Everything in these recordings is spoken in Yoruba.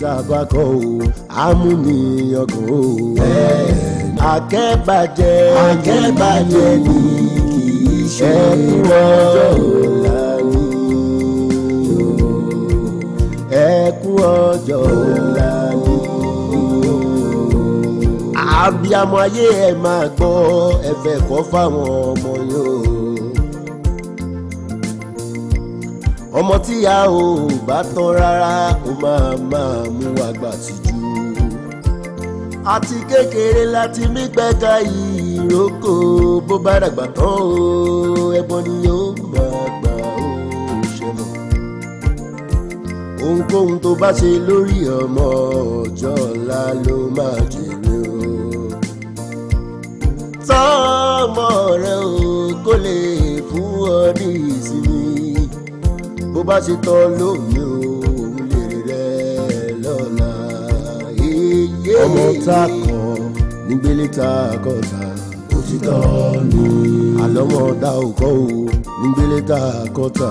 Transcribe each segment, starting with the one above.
tabakọ o amúniyangàn o. akẹ́bàjẹ́ akẹ́bàjẹ́ ni kì í ṣe ẹ̀kún ọjọ́ ọ̀la mi. ẹ̀kún ọjọ́ ọ̀la mi. abiyamọ ayé ẹ máa gbọ́ ẹ̀bẹ̀ kọ́ fáwọn ọmọ yòó. ọmọ tí a ò bá tán rárá ó máa máa mú wa gbà tìjú. àti kékeré láti mí gbẹ́ka ìrókò bó bá dàgbà tán o ẹbọn ni yóò máa gbà ó ṣẹlẹ̀. ohunkóhun tó bá ṣe lórí ọmọ ọjọ́ ọ̀la ló máa jèrè o. tọ́ ọmọ rẹ o kó lè fún ọ ní ìsinmi bá ṣe tọ́ lómi o òun lè rẹ lọ́la. ọmọ tá a kọ nígbélé tá a kọ ta òtítọ́ ni. àlọ́mọ tá ò kọ́ o nígbélé tá a kọ ta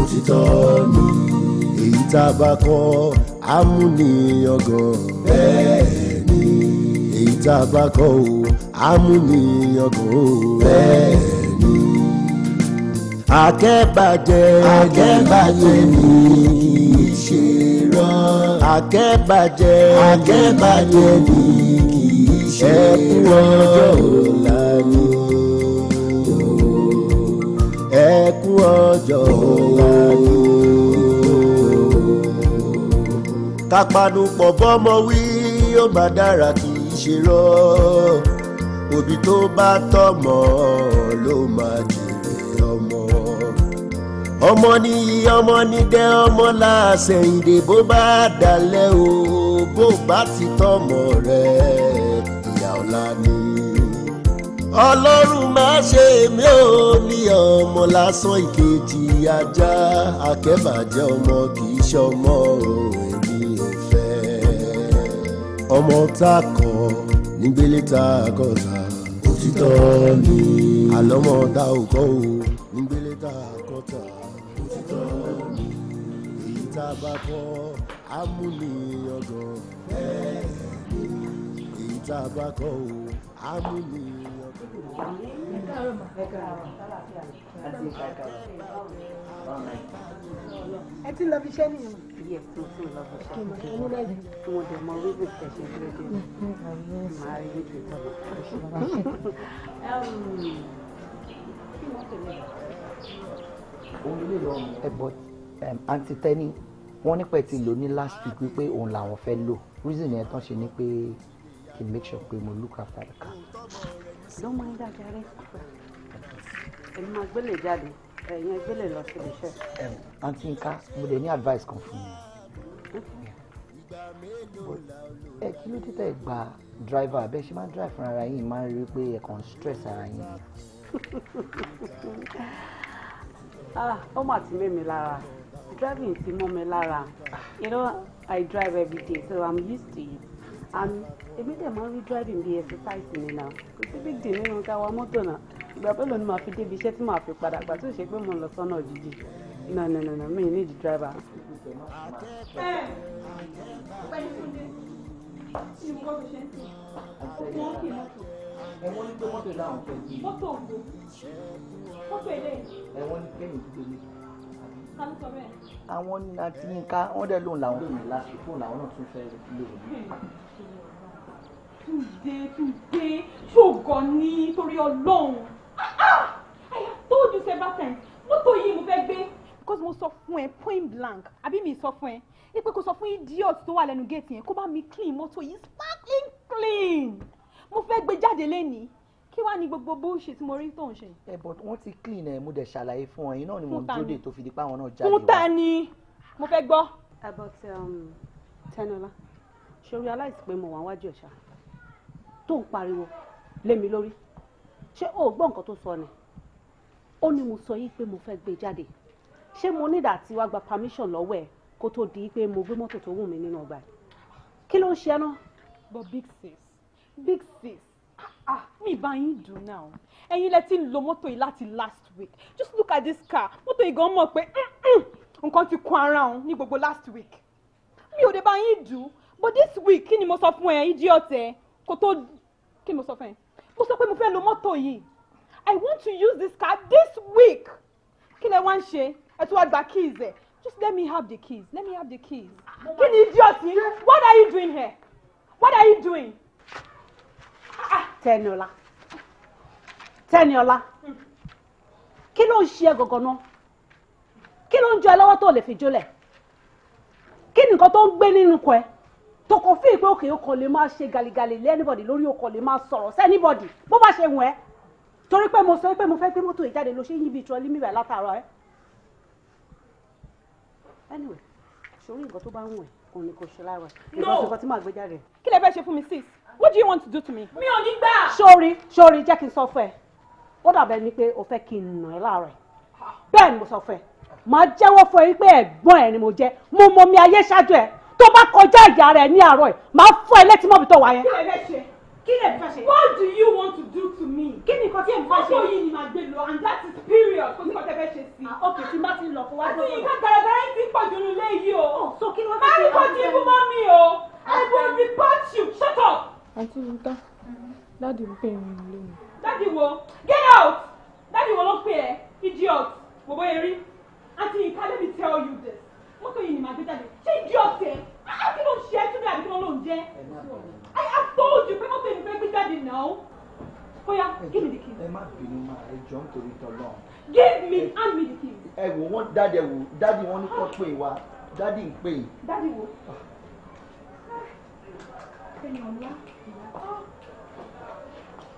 òtítọ́ ni. èyí tá a bá kọ́ amúniyangàn. bẹ́ẹ̀ ni. èyí tá a bá kọ́ o amúniyangàn o. bẹ́ẹ̀ ni akẹ́bàjẹ́ akẹ́bàjẹ́ mi kì í ṣe rọ. akẹ́bàjẹ́ akẹ́bàjẹ́ mi kì í ṣe rọ. ẹkú ọjọ́ ọ̀la ni ẹkú ọjọ́ ọ̀la ni. kápánupọ̀ bọ́mọ wí ó má dára kì í ṣe rọ òbí tó bá tọmọ ló máa ọmọ nìyí ọmọ nìdẹ ọmọ làṣẹyìndè bó bá dalẹ̀ o bó bá ti tọmọ rẹ ìyá ọ̀la ni. ọlọ́run má ṣe mí ò ní ọmọ lásán ìkejì ajá akẹ́bàjẹ́ ọmọ kì í ṣọmọ èmi ò fẹ́. ọmọ tá a kọ nígbélé tá a kọ ta òtítọ́ ni àlọ́mọ tá a o. bàbọ amúniyangàn èyí tá a bá kọ o amúniyangàn. ẹ ti lọ fi ṣẹ́ nìyẹn. yes mo ti lọ fi ṣẹ́ nìyẹn. mo wọ́n nípa ẹ̀ ti lò ní last week wípé òun làwọn fẹ́ lò reason yẹn tán ṣe ni pé kí make sure pé mo look after the car. ló máa ń dájà èmi máa gbélé jáde ẹ̀yin gbélé lọ sí iṣẹ́. àǹtí nǹkan mo dẹ̀ ní advice kan fún yín ẹ kí ló dé tẹ́ gba driver bẹ́ẹ̀ ṣe máa drive fún ara yín máa ń rí pé ẹ kàn ń stress ara yín. Ah, ó mà ti mé lára. Driving ti mọ́ mi lára. You know, I drive every day, so I'm used to it. And èmi dẹ̀ máa ń driving bí exercise mi náà. Kò sí big deal nínú ká wa mọ́tò náà. Ìgbà pẹ́lú ni màá fi débi iṣẹ́ tí màá fi padà gbà tó ṣe pé mo lọ sọ́nà òjijì. No, no, no, no, me ì need driver. Ẹ̀wọ̀n ní pé mọ́tò dáhùn pẹ̀lú. Mọ́tò ògbó. Mọ́tò eléyìí. Ẹ̀wọ̀n ní pé èyí tó lé àwọn àti nǹka wọ́n dẹ̀ lóun làwọn fún mi láti làwọn náà tún fẹ́ lò ó. túnde túnde ṣògo ní torí ọlọ́run I have told you several times yìí mo fẹ́ gbé. because mo sọ fún ẹ point blank àbí mi sọ fún ẹ ẹ pé kò sọ fún idiot tó wà lẹ́nu géètì yẹn kó bá mi clean mọ́tò yìí sparkling clean mo fẹ́ gbé jáde lénìí kí wàá ní gbogbo bullshit mo rí tó ń ṣe. ẹ eh, but wọn ti clean ẹ mo dẹ ṣàlàyé fún ọ yín náà ni mo ń jóde tó fi di pa àwọn náà jáde wá. fún ni mo fẹ́ gbọ́. about um, Tẹnọlá ṣe o realize pé mo wà wájú ẹ̀ṣà tó ń pariwo lé mi lórí ṣé o gbọ́ nǹkan tó sọ ni ó ní mo sọ yìí pé mo fẹ́ gbé e jáde ṣé mo nídà tí wàá gba permission lọ́wọ́ ẹ̀ kó tó di pé mo gbé mọ́tò tó wù mí nínú ọgbà yìí kí ló ń ṣe ẹ náà. but big sis big sis ah mi bá yín dùn náà ẹ̀yin lẹ ti ń lo mọ́tò yìí láti last week just look at this car mọ́tò yìí gan mọ̀ pé nǹkan ti kún ara òun ní gbogbo last week mi ò dé bá yín do, but this week kí ni mo sọ fún ẹ idiot ẹ kó tó kí ni mo sọ fún ẹ mo sọ pé mo fẹ́ lo mọ́tò yìí i want to use this car this week kí lẹ wá ń ṣe ẹ tún wá gba keys ẹ just let me have the keys let me have the keys kí ni idiot yìí what are you doing here what are you doing. Tẹniọlá Tẹniọlá kí ló ń ṣe ẹ́ gangan náà kí ló ń jọ ẹ́ lọ́wọ́ tó lè fi jólẹ̀ kí nìkan tó ń gbé nínú kọ ẹ tó kọ fún ìpè òkè òkò lè máa ṣe gàlìgàlì lé anybody lórí òkò lè máa sọ̀rọ̀ sí anybody bó bá ṣe wọ̀n ẹ́ torí pé mo sọ pé mo fẹ́ gbé mọ́tò yìí jáde lọ ṣé yín bíi trọ́lí mìíràn látara ẹ. anyway sori nǹkan tó bá ń wọ̀ ẹ́ kò ní kò ṣe lára ẹ̀ nǹkan tí màá gbé jáde. kí lè fẹ́ ṣe fún mi sis What do you want to do to me? Mi ò ní gbà. Sori Sori jẹ́ kí n sọ fún ẹ. Ó dàbẹ̀ ni pé o fẹ́ kí n nà ẹ́ mo sọ fún ẹ. Màá jẹ́wọ́ fún ẹ wípé ẹ̀gbọ́n ẹ ni mo jẹ́. Mo mọ mi ayé ṣáájú ẹ. Tó bá kọjá ìyá rẹ ní àárọ̀ ẹ̀, màá fún ẹ létí mọ́bi tó wà yẹn. Kí lè fẹ́ ṣe? Kí lè What do you want to do to me? Kí ni nǹkan tí èmi fẹ́ ṣe? Mọ́tò ni màá gbé lọ and that is period. Kò sí ọ̀tẹ̀ fẹ́ ṣe sí. Òkè ah, tí má ti lọ fún wa. Àti ìka gàràgàrà yìí ti pọ̀ jù nílé yìí o. Oh, sọ kí ni wọ́n fẹ́ ṣe? Má rí kọ́ di ibú mọ́ mi o. I will report you. Shut up àǹtí rúta dáàdì ń pè mí lónìí. Daddy will get out Daddy will not pay, idiot wò bóyá rí àǹtí Yinka let me tell you this mọ́tò yìí ni màá gbé jáde ṣé idiot ẹ̀ kí ló ń ṣe to tún ní àbí kí ló I have told you pé mọ́tò yìí ni fẹ́ gbé jáde náà bóyá give me the key. ẹ má bínú máa ẹ to nítorí alone. give me hand me the key. ẹ wò wọ́n Daddy ẹ wò dáàdì wọn ní kọ́ pé Daddy dáàdì ń pè. dáàdì wo. Ah. Ah. ẹ̀yin ọ̀la.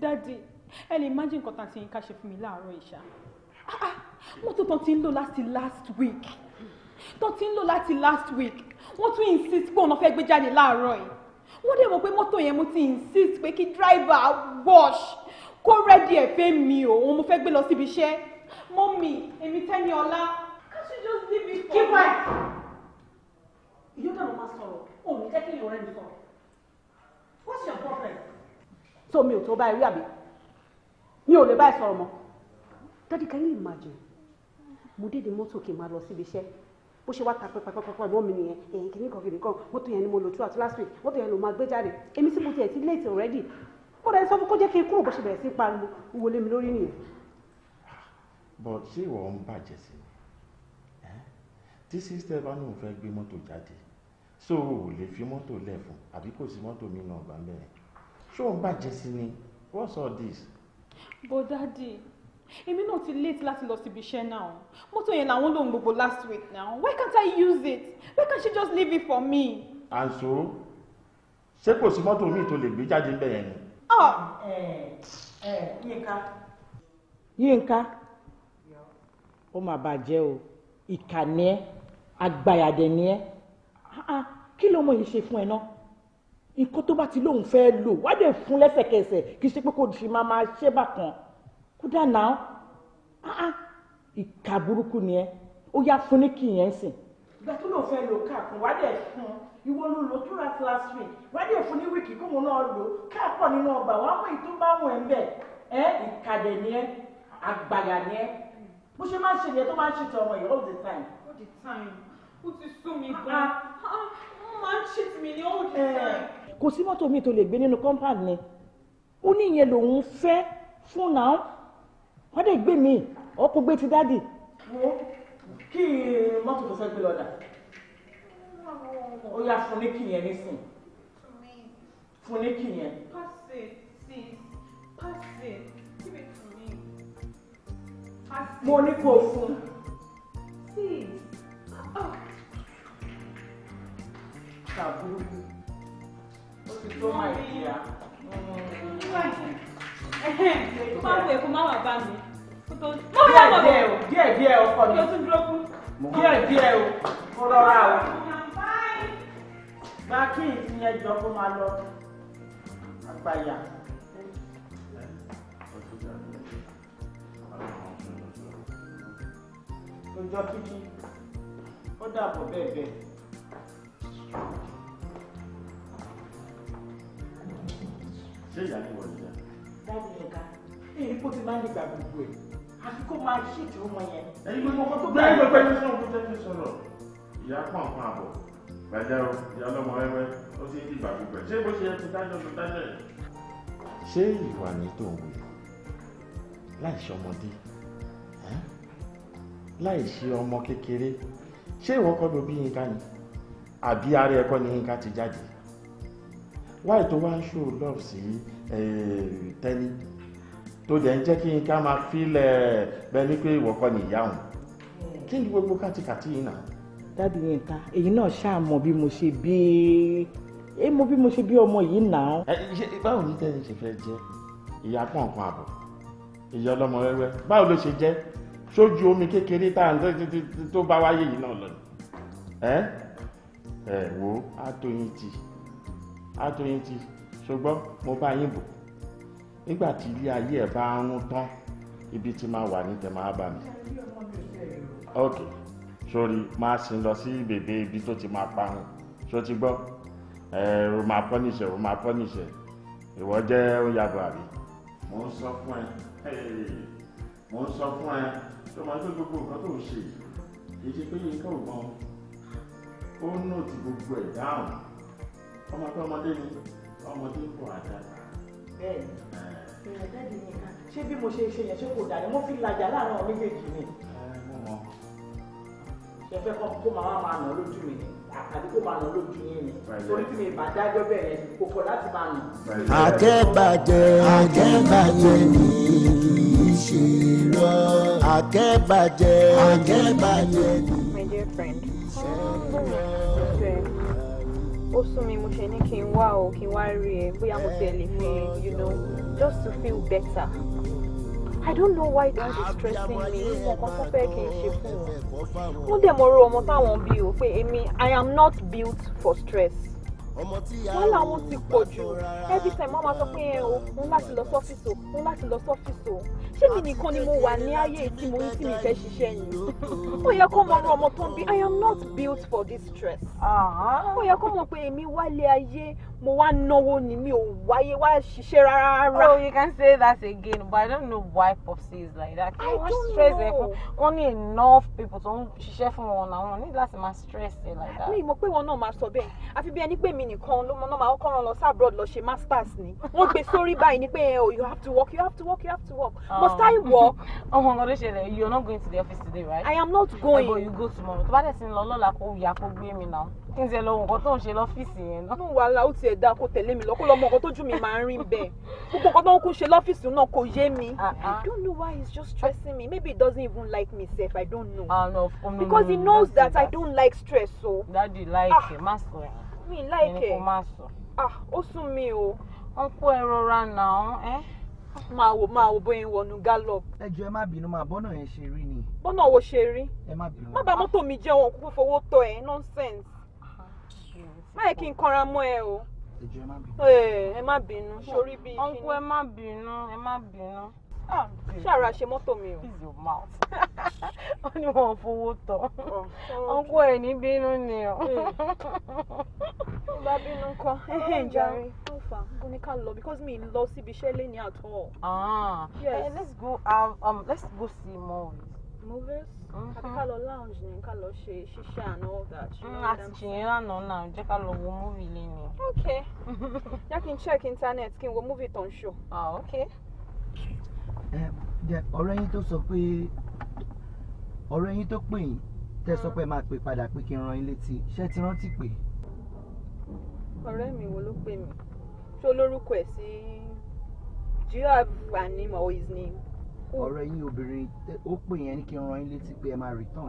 dadi ẹ lè imagine nǹkan tá a ti yín ká ṣe fún mi láàárọ̀ ìṣá ah, ah, mọ́tò tó ti ń lò láti last week tó ti ń lò láti last week wọ́n tún insist pé òun fẹ́ gbé jáde láàárọ̀ yìí wọ́n dẹ̀ mọ̀ pé mọ́tò yẹn mo ti insist pé kí driver wash kó rẹ́dí ẹ̀ fẹ́ mi o òun mo fẹ́ gbé lọ síbi iṣẹ́ mọ́mì èmi tẹ́ni ọlá can't you just leave me for me. ìyókè ló máa sọ̀rọ̀ òun jẹ́ kí ìyọ̀rẹ́ mi sọ̀rọ̀ what's your problem? so mi ò tó báyìí rí àbí mi ò lè báyìí sọ̀rọ̀ mọ́ daddy can you imagine mo dédé mọ́tò kì í máa lọ síbi iṣẹ́ bó ṣe wá ta pẹpẹpẹpẹ ìwọ mi nìyẹn èyàn kìíní kan kìíní kan mọ́tò yẹn ni mo lò through at last week mọ́tò yẹn ló máa gbé jáde èmi sì mo tiẹ̀ ti late already kó dẹ́ sọ fún kó kí n kúrò bó ṣe bẹ̀rẹ̀ sí pariwo wọlé mi lórí nìyẹn. but ṣé ìwọ ń bàjẹ́ sí i tí sísítẹ́ bá ní òun fẹ́ gbé mọ́tò jáde so o lè fi mọ́tò lẹ̀ fún àbí kò sí mọ́tò mi náà bá bẹ̀rẹ̀ ṣó ń bàjẹ́ sí ni what's all this. but daddy èmi náà ti late láti lọ síbi iṣẹ́ náà mọ́tò yẹn làwọn lòun gbogbo last week now why can't i use it why can't she just leave it for me. and so ṣé kò sí mọ́tò míì tó lè gbé jáde bẹ́ẹ̀ ni. Ah! yínká yínká ó mà bàjẹ́ o ìkànnì ẹ àgbàyàdẹ̀ ni ẹ. Ah, kí lọmọ yìí ṣe fún ẹ náà nǹkan tó bá ti lóun fẹ́ lò wá dẹ̀ fún lẹ́sẹ̀kẹsẹ̀ kì í ṣe pé kò sì máa máa ṣe bákan kódà náà ah, ah, ìka burúkú ni ẹ ó yá fún ní kí yẹn sìn. ìgbà tó lóun fẹ́ lò káàkùn wá dẹ̀ fún ìwọ ló lò tó láti last week wá dẹ̀ fún ní wíìkì kó wọn náà lò káàpọ̀ nínú ọgbà wá mú ìtó bá wọn ẹ̀ ń bẹ̀ ẹ́ ìkàdẹ̀ ni ẹ àgbàyà ni ẹ bó ṣe máa ń ṣe yẹn tó máa ń ṣe tọmọ yìí all the time. all the time ó ti sún mi gan ah, ah, máa ń cheat mi ní all the eh, time. kò sí mọ́tò mi tó lè gbé nínú compound ni ó ní ìyẹn lòun fẹ́ fún náà wọ́n dẹ̀ gbé mi ọkọ̀ gbé ti dádì. mo kí mọ́tò tó fẹ́ gbé lọ́dà ó yá fún ní kìyẹn nísìn fún ní kìyẹn. pass it sis pass it give it to me. mo Money kó fún. sis. ṣàbúrú ó ti tó máa ìyá. kó má wẹ̀ kó má wà bá mi kó tó mọ́ bí ọmọ bẹ̀. díẹ̀ díẹ̀ ọkọ mi díẹ̀ díẹ̀ o kó rọra o gba kí ìsinyẹ jọ kó máa lọ àgbàyà. lójọ́ kíkí ó dàbọ̀ bẹ́ẹ̀ bẹ́ẹ̀ ṣé ìyá ni wọ̀nyí yá. dáàbì nìkan èyí kò ti máa ń gbà gbogbo ẹ̀ àfi kó máa ṣì tí ó mọ yẹn. ẹyin gbogbo ọkọ tó gbà yín gbogbo ẹni sọ̀rọ̀ fún tẹ́lẹ̀ sọ̀rọ̀ ìyá pọ̀npọ̀n àbọ̀ gbàjá o ìyá ọlọ́mọ wẹ́wẹ́ ó ti ń di ìgbà gbogbo ẹ̀ ṣé bó ṣe yẹ ti dájọ́ tó dájọ́ yìí. ṣé ìwà ní tòun láìṣe ọmọdé láìṣe ọmọ kékeré ṣé ìwọ kọ́ ló bí yín ká ni. àbí ara ẹ̀kọ́ ni yínká ti jáde wáì tó wá ń show love sí eh, tẹ́ni tó dẹ̀ ń jẹ́ kí yínká máa fílẹ̀ eh, bẹ́ẹ̀ ni pé ìwọ kọ́ ni ìyá òun kí ni gbogbo kàtìkàtì yìí náà. dádì yínká èyí náà ṣáà mọ bí mo ṣe bí ẹ mọ bí mo ṣe bí ọmọ yìí náà. báwo ni tẹ́ni ṣe fẹ́ jẹ ìyá pọ̀npọ̀n àbọ̀ ìyá ọlọ́mọ wẹ́wẹ́ báwo ló ṣe jẹ sójú omi kékeré tá à ń tó bá wáyé yìí náà lọ ẹ wo àtòyìn tì àtòyìn tì ṣùgbọ́n mo bá yín bò nígbà tí ilé ayé ẹ̀ bá ń tán ibi tí máa wà ní tẹ̀ máa bà mí ok sori máa sì lọ sí bèbè ibi tó ti máa parun ṣó ti gbọ́ ẹ o máa pọ́nìṣẹ́ o máa pọ́nìṣẹ́ ìwọ jẹ́ oyagbọ̀ àbí. mo ń sọ fún ẹ mo ń sọ fún ẹ tó máa tó gbogbo nǹkan tó ń ṣe kì í ṣe pé yín kọ́ ò ó nóòtù gbogbo ẹ̀ dáhùn ọmọ tó ọmọdé ni ọmọdé ń bọ̀ àdàlà. ṣé bí mo ṣe ṣe yẹn ṣé kò dà ní mo fi làjà láàrin àwọn méjèèjì ni. ṣe fẹ́ kọ́ kó máa máa nà lójú mi ni kó máa nà lójú yín ni torí tí mi bá dájọ́ bẹ̀rẹ̀ kò kọ̀ láti máa nà. akẹ́bàjẹ́ akẹ́bàjẹ́ ni ìṣirò akẹ́bàjẹ́ akẹ́bàjẹ́ ni. my dear friend ó sún mi mo ṣe ní kí n wá o kí you know just to feel better. I don't know why that is stressing me I am not built for stress wọ́n làwọn ti pọ̀ jù every time wọ́n máa sọ pé ẹ mo ń láti lọ sọ́fíìsì mo ń láti lọ sọ́fíìsì o ṣé mi nìkan ni mo wà ní ayé tí mo ń tí mi fẹ́ ṣiṣẹ́ yìí ó yẹ kó mọ ọmọ tó ń bí I am not built for this stress ó ah yẹ kó mọ̀ pé èmi wálé ayé mo wá náwó ni mi ò wáyé wá ṣiṣẹ́ rárá. oh you can say that again but i don't know why popsi is like that. i don't stress know. ẹ̀fọ́ wọ́n ní enough people tó ń ṣiṣẹ́ fún wọn náà wọ́n ní láti máa stress ẹ̀ like that. mi mọ̀ pé wọn náà máa sọ bẹ́ẹ̀ àfi bí ẹni pé mi nìkan ló mọ náà máa kọ́ ran lọ sí abroad lọ ṣe masters ni wọ́n gbé sórí báyìí ni pé oh you have to work you have to work you have to work must ah. I work. ọmọ oh ọmọ ṣẹlẹ̀ you are not going to the office today right. i am not going. ẹ bọ̀ you go tomorrow tó bá dẹ̀ sí ń lọ lọ́la kó yà kó gbé mi náà tó ń ṣe lọ́fíìsì yẹn náà. inú wàhálà ó tiẹ̀ dáa kó tẹ̀lé mi lọ kó lọ mọ tójú mi máa ń rìn bẹ́ẹ̀ gbogbo nǹkan tó ń kún ṣe lọ́fíìsì náà kò yé mi. Ah, ah. I don't know why he's just stressing me maybe he doesn't even like me sef I don't know. Ah no, no, because he knows that I don't like stress so. dadi láìkè ah. má Maso. ẹ mi láìkè ẹni ah ó sún mi o. wọn kó ẹ rọra nà án ẹ máa wò máa wò bóyá wọnú gallop. ẹ jọ̀ọ́ ẹ má bínú máa bọ́nà yẹn ṣe rí ni. bọ́nà wo ṣe rí. ẹ má bínú. má bà mọ́tò mi jẹ́ wọn kúkú fowó tọ ẹ nonsense má yẹ kí n kanra mọ́ ẹ o ẹ má bínú sórí bíi kíni ọ̀nkú ẹ má bínú ẹ má bínú ah, ṣàrà ṣe mọ́tò mi o. ó ní wọn fowó tọ ọ̀nkú ẹ ní bínú ni o. bá bínú kọ́ ẹ ń jarí far. Go make her because me lọ síbi iṣẹ́ lé at all. Ah. Yes. Hey, eh, let's go have um let's go see movies. Movies? Mm-hmm. àbí ká lọ lounge ni ká lọ ṣe ṣíṣe and all that. Mm, àti jìyìn lánàá náà jẹ́ ká lọ wo múvi lé ni. ok jẹ́ kí n check internet kí n wo múvi tó ń ṣò. Ah, ok. Eh, ọ̀rẹ́ yín tó sọ pé ọ̀rẹ́ yín tó pè yín tẹ́ sọ mm. pé máa pè padà pé kí n ran yín létí ṣé ti rántí pé. ọ̀rẹ́ mi wo ló pè mí ṣó lórúkọ ẹ̀ sí do you or his name ọ̀rẹ́ yín obìnrin ó pè yẹn ní kí n rán yín létí pé ẹ máa return.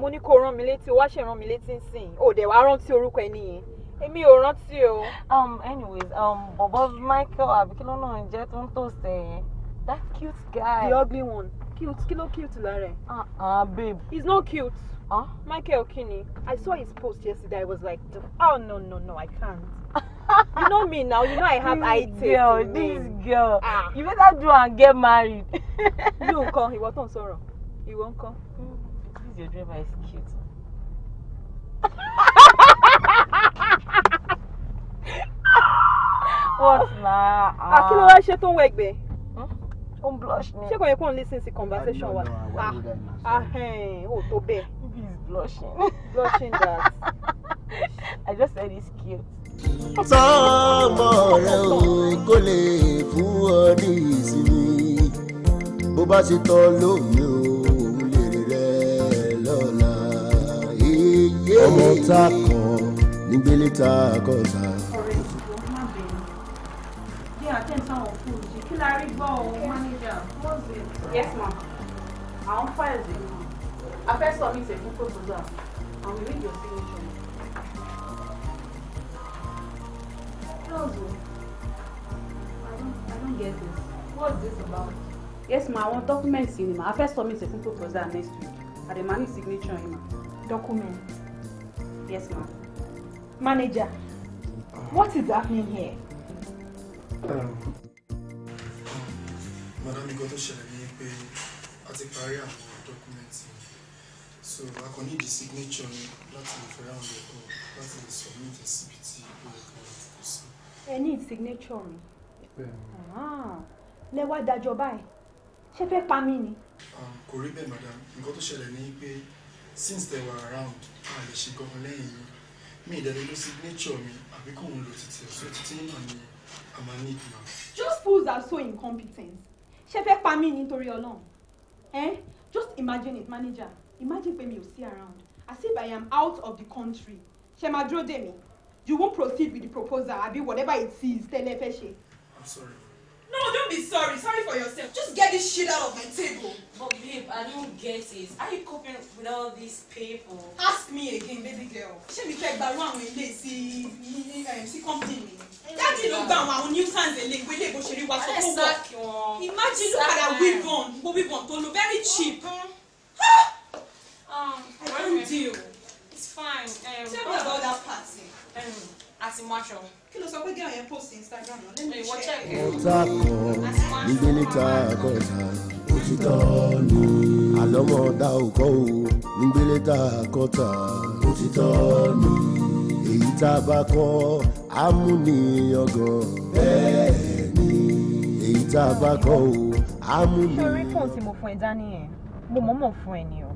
mo ní kó rán mi létí wá ṣe rán mi létí nsìn ò dẹ̀ wá rántí orúkọ ẹni yẹn èmi ò rántí o. um anyways um bọ̀bọ̀ michael abikilo náà ń jẹ́ tó ń tòsẹ̀ yẹn that cute guy. the ugly one cute kí ló cute lára ẹ̀. ah ah babe. he's not cute. Huh? michael kini i saw his post yesterday i was like oh no no no i can't you know me now. You know I have IT. Girl, this mm. girl. Ah. You better do and get married. you come. He won't come. Sorrow. He won't come. This your driver is cute. What na? Ah, kí ló wá ṣe tó ń wẹ̀gbẹ́? Ó blush me. Ṣé kò yẹ kó ń listen sí conversation wa? Ah, ah eh, ó tó bẹ́ẹ̀. He is blushing. Blushing that. I just said he's cute sọmọ rẹ ò kó lè fún ọ ní ìsinmi bó bá ṣe tọ́ lómi o òun lè rẹ lọ́la. ọmọ tá a kọ nígbélé tá a kọ sá. ọ̀rẹ́ ìṣòro má bẹ̀rù bí àtẹ̀sán òkú yìí kí la rí gbọ́ ọ̀hún mánéjà mọ́ọ̀sì. yes ma àwọn fáìlì yìí ma a fẹ́ sọ mi ṣe fún kòtò dà àwọn ìwé get it. What's this about? Yes, ma, àwọn documents yìí ni ma. I fẹ́ submit fún proposal next week. Àdèmá ní signature yìí ma. Document? Yes, ma'am. Manager, what is happening here? Um, madam, nǹkan tó ṣẹlẹ̀ ni pé a ti parí àwọn documents yìí. So, I kàn ní the signature That's láti lè fẹ́ràn That's láti lè submit the síbi tí ó signature Ah. lẹ́wà dájọ́ báyìí ṣé fẹ́ pa mí ni. Um, kò rí bẹ́ẹ̀ madam nǹkan tó ṣẹlẹ̀ ni pé since they were around a lè ṣe gan-an lẹ́yìn yìí mi ìdẹ́nu ló signature mi àbí kò ń lo títí ọ̀sẹ̀ títí náà ni a máa ní ìdùnnà. just fools are so incompetent ṣé fẹ́ pa mí nítorí ọlọ́run eh? just imagine it manager imagine pé mi ò sí around as if I am out of the country ṣe máa dúró dè mí you won't proceed with the proposal Abi whatever it is tẹ́lẹ̀ fẹ́ ṣe. I'm sorry. No, don't be sorry. Sorry for yourself. Just get this shit out of my table. But babe, I don't get it. Are you coping with all these people? Ask me again, baby girl. Ṣé mi fẹ́ gba irú àwọn ilé sí eh, eh, sí company mi? Dájú ló gba àwọn àwọn newsans èlé ìwé ilé ìbò ṣeré wa sọ tó wọ̀. Imagine look at that weapon, gbogbo weapon tó lo very uh-huh. cheap. Um, I don't deal. It's fine. Um, Tell me about that party. Um, àti mọ aṣọ wọn. kí ló sọ pé gẹ́gẹ́ yẹn post Instagram lẹ́nu ìwọ check. ọ̀tá kan gbígbé níta àkọ́ta òtítọ́ ni àlọ́mọ̀dá òkọ́ o gbígbé níta àkọ́ta òtítọ́ ni èyí tá a bá kọ́ amúniyangàn bẹ́ẹ̀ ni èyí tá a bá kọ́ o amúniyangàn. ṣé orí tí mo fún ẹ dání yẹn mo mọ̀ọ́mọ̀ fún ẹ ni o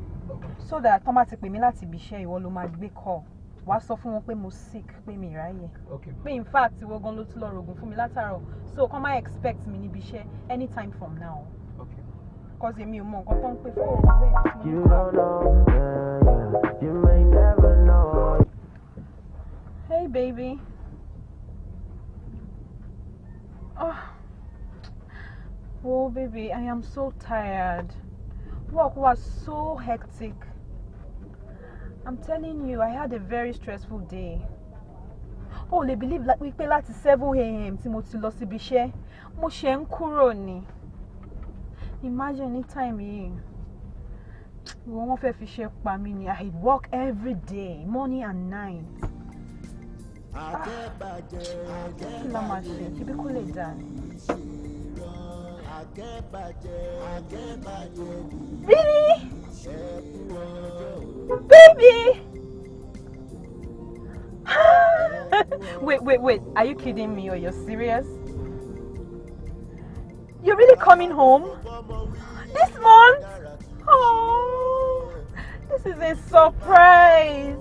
so that tọ́ bá ti pè mí láti ibi iṣẹ́ ìwọ ló máa gbé kọ́ ọ wàá sọ fún wọn pé mo sick pé mi ìráyè pé in fact ìwọ gan ló tún lọ rògùn fún mi látàárọ̀ so kàn má expect mi níbi iṣẹ́ anytime from now cause èmi ò mọ nǹkan tó ń pè fún ọ̀rọ̀ hey baby. Oh. Oh, baby, I am so tired. Work was so hectic. I'm telling you, I had a very stressful day. oh, they believe like, wípé láti seven a.m. tí mo ti lọ síbi iṣẹ́, mo ṣe Imagine ní time yìí, We won't fẹ́ fi ṣe pa mí I work every day, morning and night. Ah, kí la máa ṣe? Ibi kò lè dà ní. Baby! Baby! wait, wait, wait. Are you kidding me or you're serious? You're really coming home? This month? Oh, this is a surprise!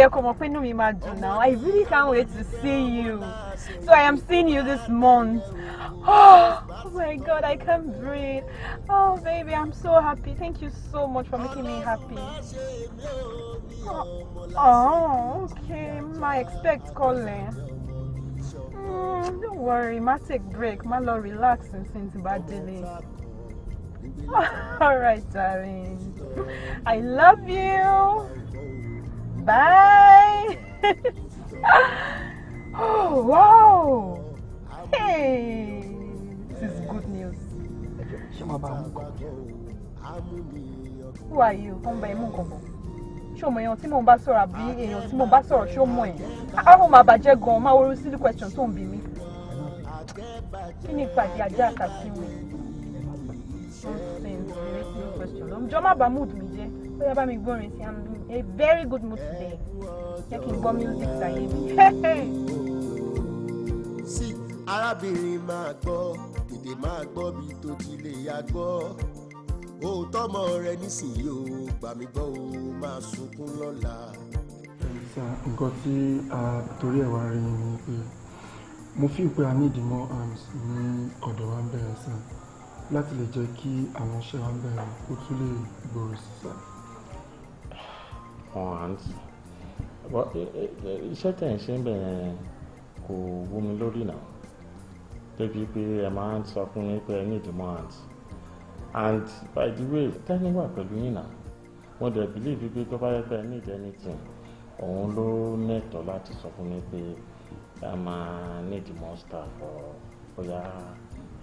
yẹ kó mọ̀ pé inú mi máa dùn now I really can't wait to see you so I am seeing you this month oh, oh my God I can't breathe oh baby I'm so happy thank you so much for making me happy oh, oh okay ma expect calling. Mm, don't worry, ma take break, ma lọ relax and since bad day. All right, darling. I love you. Bye. oh, wow. Hey. This is good news. Who are you? Come by, mú Show me your team. mọ èèyàn tí mò ń bá sọ̀rọ̀ àbí èèyàn tí mò ń bá sọ̀rọ̀ ṣé o mọ̀ ẹ̀? Àwọn ọmọ àbàjẹ́ gan-an máa wọlé sílùú question tó ń bí mi. Kí ni ìpàdé ajá àkàtúwẹ̀? Nonsense, seriously mood mi ó yẹ bá mi gbórin sí i'm in a very good mood today jẹ́ kí n gbọ́ music sáyé mi. sí arábìnrin máa gbọ́ tètè máa gbọ́ bí tó ti lè yá gbọ́ òótọ́ ọmọ rẹ nísìnyí o gbà mí gbọ́ o máa sunkún lọ́la. ẹ̀sà nǹkan tí a torí ẹ̀ wá rí ni pé mo fi pé a ní ìdìmọ́ arms ní ọ̀dọ̀ wa ń bẹ̀rẹ̀ sàn láti lè jẹ́ kí àwọn iṣẹ́ wa ń bẹ̀rẹ̀ kó tún lè gbòòrò sí sáà hands eh, eh, iṣẹ́ tẹ̀ ń ṣe ń bẹ̀rẹ̀ kò wú mi lórí náà débi pé ẹ máa ń sọ fún mi pé ẹ ní ìdìmọ́ hands and by the way tẹ́ni wà pẹ̀lú yín náà mo dẹ̀ believe pé tó bá yẹ pé ẹ ní anything òun ló nẹ̀tọ́ láti sọ fún mi pé ẹ máa ní ìdìmọ́ staff bóyá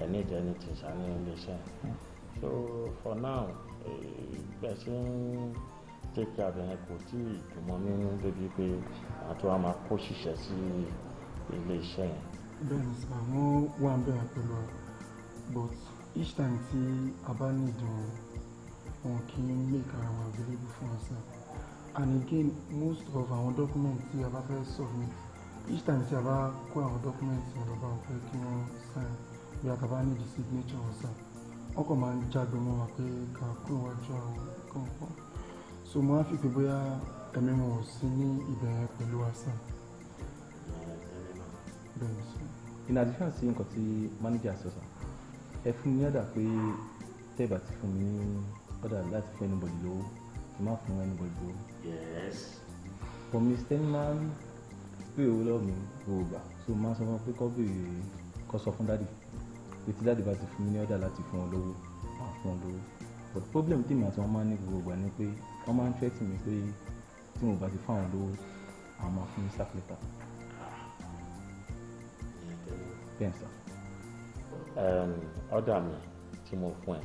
ẹ ní anything ṣá ní iléeṣẹ́ so for now eh, ẹ ṣe ń take care kò tí ì dùnmọ́ nínú débi pé àti máa kó ṣiṣẹ́ sí ilé iṣẹ́ yẹn. bẹ́ẹ̀ni sọ àwọn wà ń bẹ̀rẹ̀ pẹ̀lú ọ but each time tí a bá ní ìdùn wọn kì í make ara wọn available fún ọ̀sẹ̀ and again most of our documents tí a bá fẹ́ submit each time tí a bá kó àwọn document yẹn lọ bá wọn pé kí wọ́n sign bí a kà bá need the signature ọ̀sẹ̀ ọkọ̀ máa ń jágbe mọ́ wa pé ká kúrò wájú àwọn kan kan so mo á fi pé bóyá ẹ̀mí wọn ò sí ní ibẹ̀ pẹ̀lú asan. in addition sí nǹkan tí manager sọ sọ ẹ fún mi yàdà pé tẹ́ẹ̀bà ti fún mi ní ọ̀dà láti fún anybody lówó ẹ má fún anybody lówó. yes. for mr stenman pé owó lọ́wọ́ mi ò so mo máa sọ fún pé kọ́ bèrè kọ́ sọ fún dádì pé tí dádì bá ti fún mi ní ọ̀dà láti fún ọ lówó máa fún ọ lówó but problem tí màá tí wọ́n máa ń ní gbogbo ìgbà ni pé wọ́n máa ń tẹ́tì mi pé tí mo bá ti fún àwọn lówó àwọn máa fún mi sack letter. bẹ́ẹ̀ sà. ọ̀dà mi tí mo fún ẹ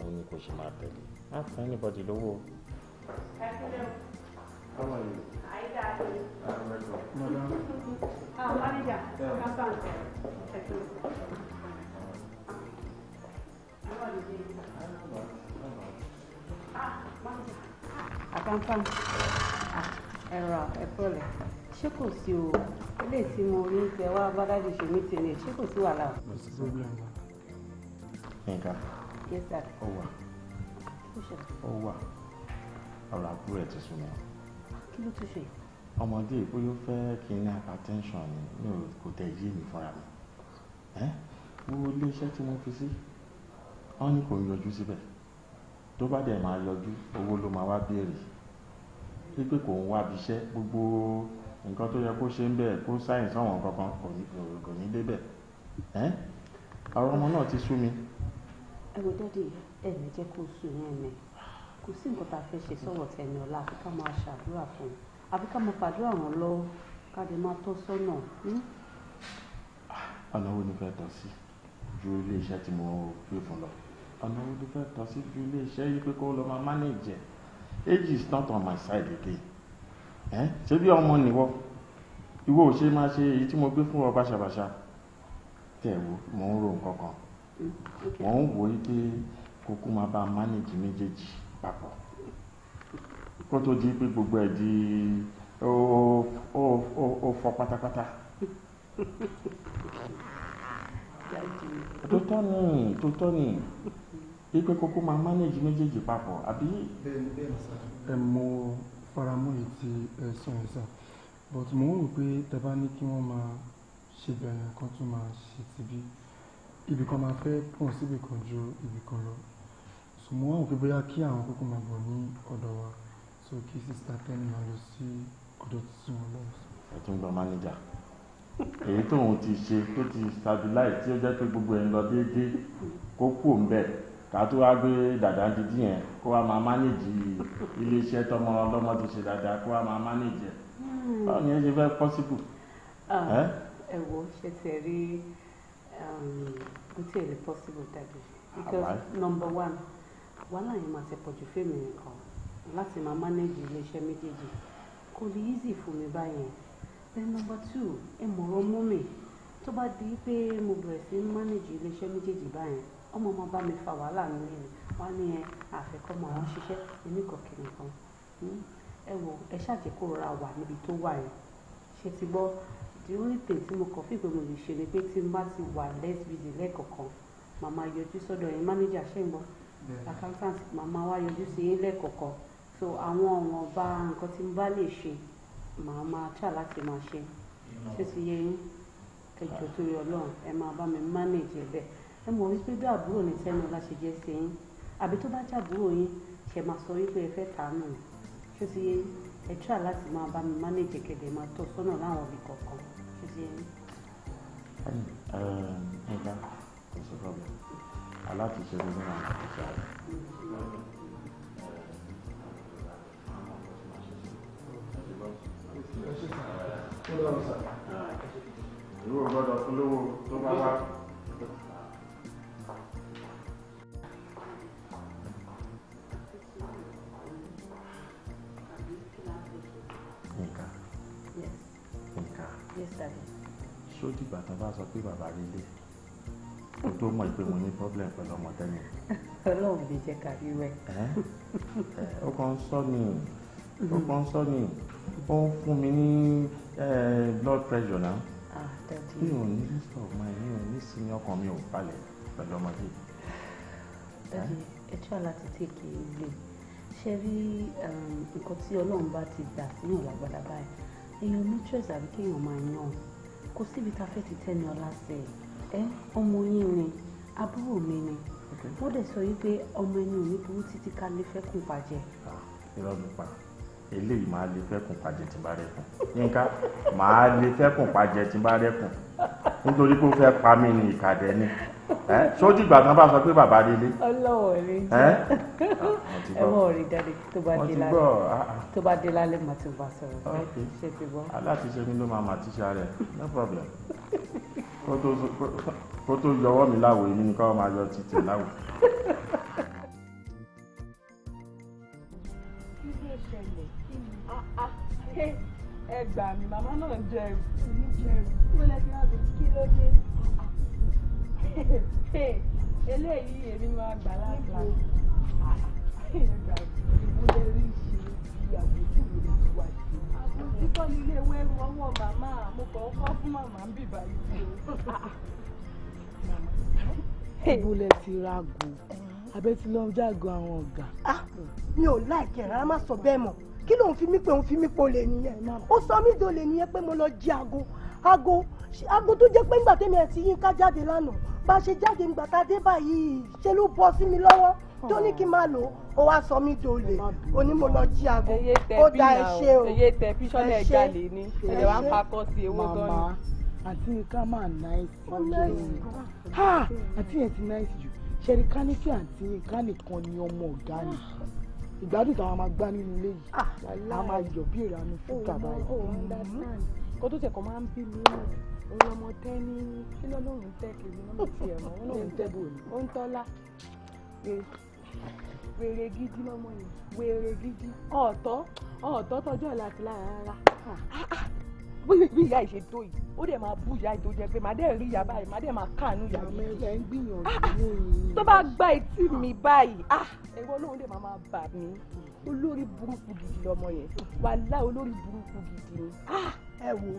òun ni kò ṣe máa tẹ̀lé má fún anybody lówó. Thank you. àkàǹfà ah, ẹ̀rọ ẹ̀pọ̀lẹ̀ ṣé kò sí o ilé tí mo rí ń tẹ wá bádájú ṣe mí tẹ̀lé ṣé kò sí wàhálà o. kò sí problem wa. nǹka ó wà ó wà ọ̀rọ̀ àbúrò ẹ̀ ti sún mi. kí ló tún ṣe. ọmọdé bóyá ó fẹ́ kí n ní hypertension ni mi ò kò tẹ̀ yé mi fúnra mi. wo ilé tí mo fi sí wọ́n ní kò yọjú síbẹ̀ tó bá dẹ̀ máa yọjú owó ló máa wá béèrè pípé kò ń wábi iṣẹ́ gbogbo nǹkan tó yẹ kó ṣe ń bẹ̀ kó sáyìn sọ̀wọ́n kankan kò ní débẹ̀ ẹ́ àwọn ọmọ náà ti sú mi. ẹ wo dádì ẹ ní jẹ́ kó sùn yẹn ni kò sí nǹkan tá a fẹ́ ṣe sọ̀rọ̀ tẹ̀mí ọ̀la àfi ká máa ṣàdúrà fún un àfi ká máa fàdúrà ràn lọ́wọ́ ká lè máa tọ́ sọ́nà. Hmm? ọ̀nà wo ni fẹ́ tọ́ sí ju ilé tí mo gbé fún lọ ọ̀nà ojú fẹ́ tọ́ sí ju iléeṣẹ́ yìí pé kó lọ máa manage age is not on my side again ẹ ṣé bí ọmọ nìwọ ìwọ ò ṣe máa ṣe èyí tí mo gbé fún ọ báṣabàṣa tẹ̀ wò mò ń ro nǹkan kan mò ń wò ó pé kókó máa bá manage méjèèjì papọ̀ kó tó di pé gbogbo ẹ̀ di ó ó fọ pátápátá tó tọ́ ni tó tọ́ ni pípé kókó máa manage méjèèjì papọ̀ àbí. bẹ́ẹ̀ni bẹ́ẹ̀ni sá. ẹ mọ faramọ́ yìí ti ẹsùn but mo ń rò pé tẹbá ní kí wọ́n ma ṣe bẹ̀rẹ̀ kan tún máa ṣe ti bí ibì kan fẹ́ pọ̀ síbì kan ju ibì lọ so mo wá wò pé bóyá kí àwọn kókó máa bọ̀ ní ọ̀dọ̀ wa so kí sista tẹni máa lọ sí ọ̀dọ̀ tuntun wọn lọ. ẹ tún gba mánéjà èyí tóun ti ṣe tó ti stabilize tí ó jẹ́ pé gbogbo ẹ̀ ń lọ déédéé kó kú òun ká tó wá gbé dàda dídí yẹn kó wá máa mánéjì iléeṣẹ́ tọmọ ọlọ́mọ ti ṣe dáadáa kó wá máa mánéjì ẹ̀ hmm. báwo ni ẹ ṣe fẹ́ pọ́sibù. Ah, ẹ wo ṣe ti ẹ rí um, kò tí ì dàbí ah, because number one wàhálà yẹn máa ti pọ̀jù fèmí nìkan láti máa mánéjì iléeṣẹ́ méjèèjì kò ní easy fún mi báyẹn then number two ẹ mọ̀rọ̀ mú mi tó bá di pé mo bẹ̀rẹ̀ sí mánéjì iléeṣẹ́ méjèèjì báyẹn ọmọ ọmọ bá mi fa wàhálà mi lẹ́nu wọn ní ẹ àfikọ́mọ àwọn ṣiṣẹ́ èmi kò kìnnì kan hmm? ẹ wò ẹ ṣàjẹ́ kó rọra wà níbi tó wà yẹn ṣe ti gbọ́ the only thing tí mo kàn fi ìgbẹ́ mo lè ṣe ni pé tí n bá ti wà less busy lẹ́ẹ̀kọ̀kan màmá yọjú sọ́dọ̀ yẹn mánéjà ṣe ń gbọ́ accountant màmá wa yọjú sí yín lẹ́ẹ̀kọ̀kan so àwọn ọ̀wọ́n ọba nǹkan tí n bá lè ṣe màá máa tà láti máa ṣe ṣé ti yẹ yín ẹjọ́ tó yọ lọ́rùn ẹ máa bá mi manage ẹ ẹ mọ̀ wípé bí àbúrò ní sẹ́nu la ṣe jẹ́ sí yín àbí tó bá jẹ́ àbúrò yín ṣe máa sọ wípé ẹ fẹ́ tàánù ni ṣé ti yé ẹ tíra láti máa bá mi mánéjì kẹ̀dẹ̀ máa tọ́ sọ́nà láwọn ibì kọ̀ọ̀kan ṣé ti yé yín. nígbà kò sí problem aláàtúnṣe ló máa ń ṣe àrẹ. Olúwo gbọ́dọ̀ olówó tó bá wá. tó bá sọ pé bàbá rí lé kó tó mọ̀ pé mo ní problem pẹ̀lú ọmọ tẹ́lẹ̀. ọlọ́run lè jẹ́ ká rí rẹ̀. ó kàn ń sọ ni ó kàn ń sọ ni ó ń fún mi ní blood pressure náà ah, mi ò ní list of mind mi ò ní sinmi ọkàn mi ò balẹ̀ pẹ̀lú ọmọdé. dadi ẹ tí wàá láti tèké ilé ṣe rí um, nǹkan tí ọlọ́run bá ti gbà sínú ìlàgbàdà báyìí èèyàn ní àbí kéèyàn máa yàn án kò síbi tá a fẹ́ ti tẹnu ọ̀la sẹ̀ ẹ́ ọmọ yín ni àbúrò mi ni wọ́n dẹ̀ sọ wípé ọmọ ẹni ò ní burú títí ká lè fẹ́ kún pàjẹ́. irọ́ mi pa eléyìí máa lè fẹ́ kún pàjẹ́ tí bá rẹ́kùn yínká máa lè fẹ́ kún pàjẹ́ tí bá rẹ́kùn nítorí pé ó fẹ́ pa mí ní ìkàdẹ́ ni ẹ sójú ìgbà kan bá sọ pé bàbá délé. ọlọ́wọ̀ rí ẹ ẹ̀wọ̀n rí dáadé ah, ah. tó bá dé lálẹ́ tó bá dé lálẹ́ mà ti bá sọ̀rọ̀ ṣe ti gbọ́. aláti ṣe mi ló máa mà ti ṣe rẹ no problem kó tó yọwọ́ mi láwo èmi nìkan máa yọ títì láwo. Ah, ẹ gbà mí màmá náà jẹ ẹrù kí ló dé eléyìí èmi máa gbà lágbà mo lè rí ṣe ìyàwó tí mo lè fi wá ṣe. àbùtí kọ́ ni ilé ewé ọwọ́ màmá mo kàn kọ́ fún màmá ń bì báyìí tí o. ibo lẹ ti ra go abẹ́ ti lọ jágo àwọn ọ̀gá. Ah, mi ò láìkẹ́ rárá má sọ bẹ́ẹ̀ mọ̀ kí lòun fi mí pé òun fi mí pọ̀ lè nìyẹn ó sọ mí dò nìyẹn pé mo lọ jí aago aago aago tó jẹ́ pé ńgbà tẹ́mi ẹ̀ ti yín ká jáde lánàá bá ṣe jáde nígbà tá a dé báyìí ṣe ló bọ́ sí mi lọ́wọ́ tó ní kí n máa lò ó wá sọ mí dolè onímọ̀ lọ jí aago ó da ẹ o ẹ ṣe ẹ ṣe àti nǹkan máa náìsì àti yẹn ti náìsì jù ṣẹ̀rí káníkì àti nǹkan nìkan ni ọmọ ọ̀gá ni ìgbádùn táwọn máa gbá nínú ilé yìí ah, a máa yọ̀ bí ìranú fún oh, tàbá oh, kó tó tẹ̀kọ́ máa ń bí mi òun ọmọ tẹ ní kí lọ́lọ́run tẹ kiri lọ́mọ tiẹ̀ mọ́ ọlọ́run tẹ bò ní. ó ń tọ́lá wèrè gidi lọ́mọ yẹn wèrè gidi ọ̀tọ̀ ọ̀tọ̀ tọjọ́ láti lára rárá bóyá bí ìyá ìṣe tó yìí ó dẹ̀ máa bú ìyá ìtò jẹ pé màá dẹ̀ rí ìyá báyìí màá dẹ̀ máa káàánú ìyá mi. ẹ ń gbìyànjú ah, yìí. tó bá gba etí mi báyìí ah, ẹ̀rọ olóhùn dẹ̀ máa máa bà mí olórí burúkú gidi lọmọ yẹn wàhálà olórí burúkú gidi ni. Ah, ẹ wo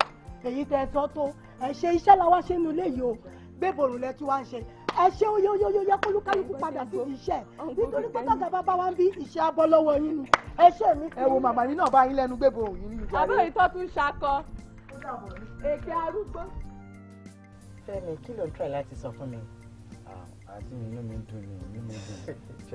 èyí tẹ ẹ sọ tó ẹ ṣe iṣẹ́ làwa ṣe nu léyìí o gbébòrùn lẹ tí wàá ṣe ẹ ṣe ó yóyóyó padà sí iṣẹ́ nítorí pé tọ́gà bàbá wa ń bí iṣẹ́ abọ́ lọ́wọ́ yín ni ẹ ṣe mí. ẹ wo màmá yín náà bá yín lẹ́nu gbébòrùn yín ní ìjà rẹ. àbúrò tún ṣakọ èké arúgbó. Fẹ́mi kí ló ń tọ́ láti sọ fún mi. Ah, àti inú mi dùn ní inú mi dùn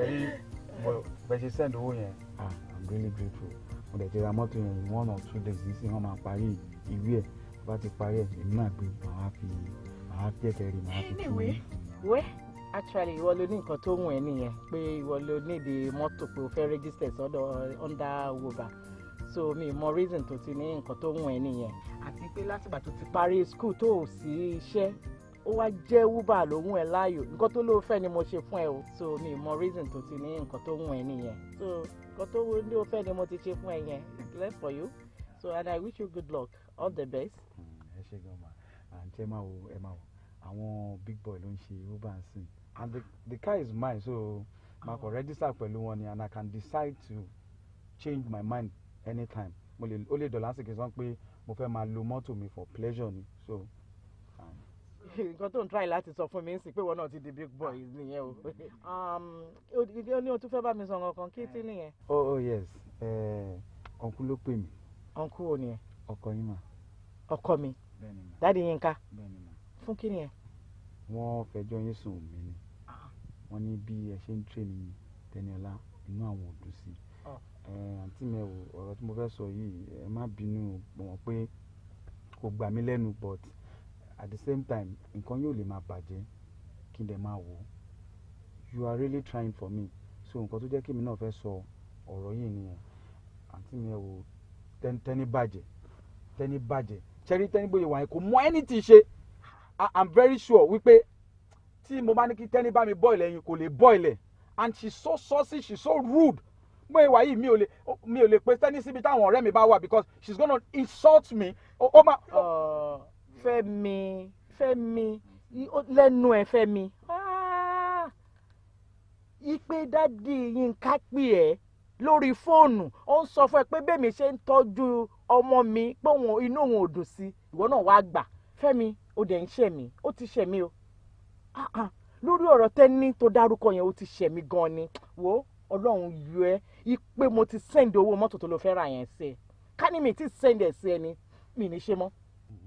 ṣe rí send owó yẹn. Ah, I'm really grateful mo dẹ̀ ti ra mọ́tò yẹn one or two days yìí sí wọ́n máa parí ìwé ẹ̀ bá ti parí ẹ̀ èmi náà gbé màá fi màá fi ẹ̀kẹ́ rí màá fi tú. wẹ́ actually ìwọ ló ní nǹkan tó wù ẹ́ nìyẹn pé ìwọ ló ní ìdí mọ́tò pé o fẹ́ rẹ́gísítà sọ́dọ̀ under wover so mi mọ reason tó ti ní nǹkan tó wù ẹ́ nìyẹn àti pé látìgbà tó ti parí school tó ò sí iṣẹ́ ó wá jẹ́ uber lòun ẹ̀ láàyò nǹkan tó ló fẹ́ ni mo ṣe fún ẹ o so mi mọ reason tó ti ní nǹkan tó wùn ẹ nìyẹn so nǹkan tó ló fẹ́ ni mo ti ṣe fún ẹ yẹn it's left for you so and I wish you good luck all the best ṣe gan ma and ẹ máa wo ẹ máa wo àwọn big boy ló ń ṣe uber and sin and the car is mine so ma kọ ah. register pẹ̀lú wọn ni and I can decide to change my mind anytime mo lè ó lè dọ̀là sí kí n sọ pé mo fẹ́ máa lo mọ́tò mi for pleasure ni so. nǹkan tó ń try láti sọ fún mi ń sìn pé wọn náà ti di big boy nìyẹn o ó um, ní o tún fẹ́ bá mi sọ nǹkan kí tí eh. nìyẹn. oh oh yes ọ̀nkú eh, ló pè mí. ọ̀nkú ò ní ẹ. ọkọ yín mà. ọkọ mi dáàdi yín ká fún kí ni ẹ. wọ́n fẹjọ́ yín sùn mí ni ah. wọ́n ní bí ẹ ṣe ń tírèèni Tẹniọlá inú àwọn ò dùn sí i ah. àǹtí mi ẹ̀wò ọ̀rọ̀ tí mo fẹ́ sọ yìí ẹ má bínú wọn pé kò gbà mí lẹ́nu but at the same time nǹkan yóò lè máa bàjẹ́ kí n dẹ̀ máa wò ó you are really trying for me so nǹkan tó jẹ́ kí mi náà fẹ́ sọ ọ̀rọ̀ yìí nìyẹn àǹtí mi ẹ̀wò tẹ́ni bàjẹ́ tẹ́ni bàjẹ́ ṣẹ́rí tẹ́nibóye wà kò mọ ẹni tí ì ṣe i'm very sure wípé tí mo bá ní kí tẹ́ni bá mi bọ́ìlẹ̀ ẹyin kò lè bọ́ìlẹ̀ and she so saucy she so rude mo ìwà yìí mi ò lè mi ò lè pe tẹ́ni síbi táwọn ọ̀rẹ́ mi bá wà because she's gonna insult me ó máa. Uh, Fẹ́mi Fẹ́mi lẹ́nu ẹ̀ Fẹ́mi ah! ipe dádì Yínká pè ẹ́ lórí fóònù ó ń sọ fún ẹ pé bẹ́ẹ̀ mi ṣe ń tọ́jú ọmọ mi pé òun inú òun ò dùn sí ìwọ náà wàá gbà fẹ́mi ó dẹ̀ ń ṣẹ̀ mí ó ti ṣẹ̀ mí o lórí ọ̀rọ̀ tẹ́ni tó dárúkọ yẹn ó ti ṣẹ̀ mí gan ni wo ọlọ́run yọ ẹ́ ipe mo ti send owó mọ́tò tó lọ fẹ́ ra yẹn sí ẹ ká ní mi ti send ẹ̀ sí ẹ ni mi ní ṣe mọ́.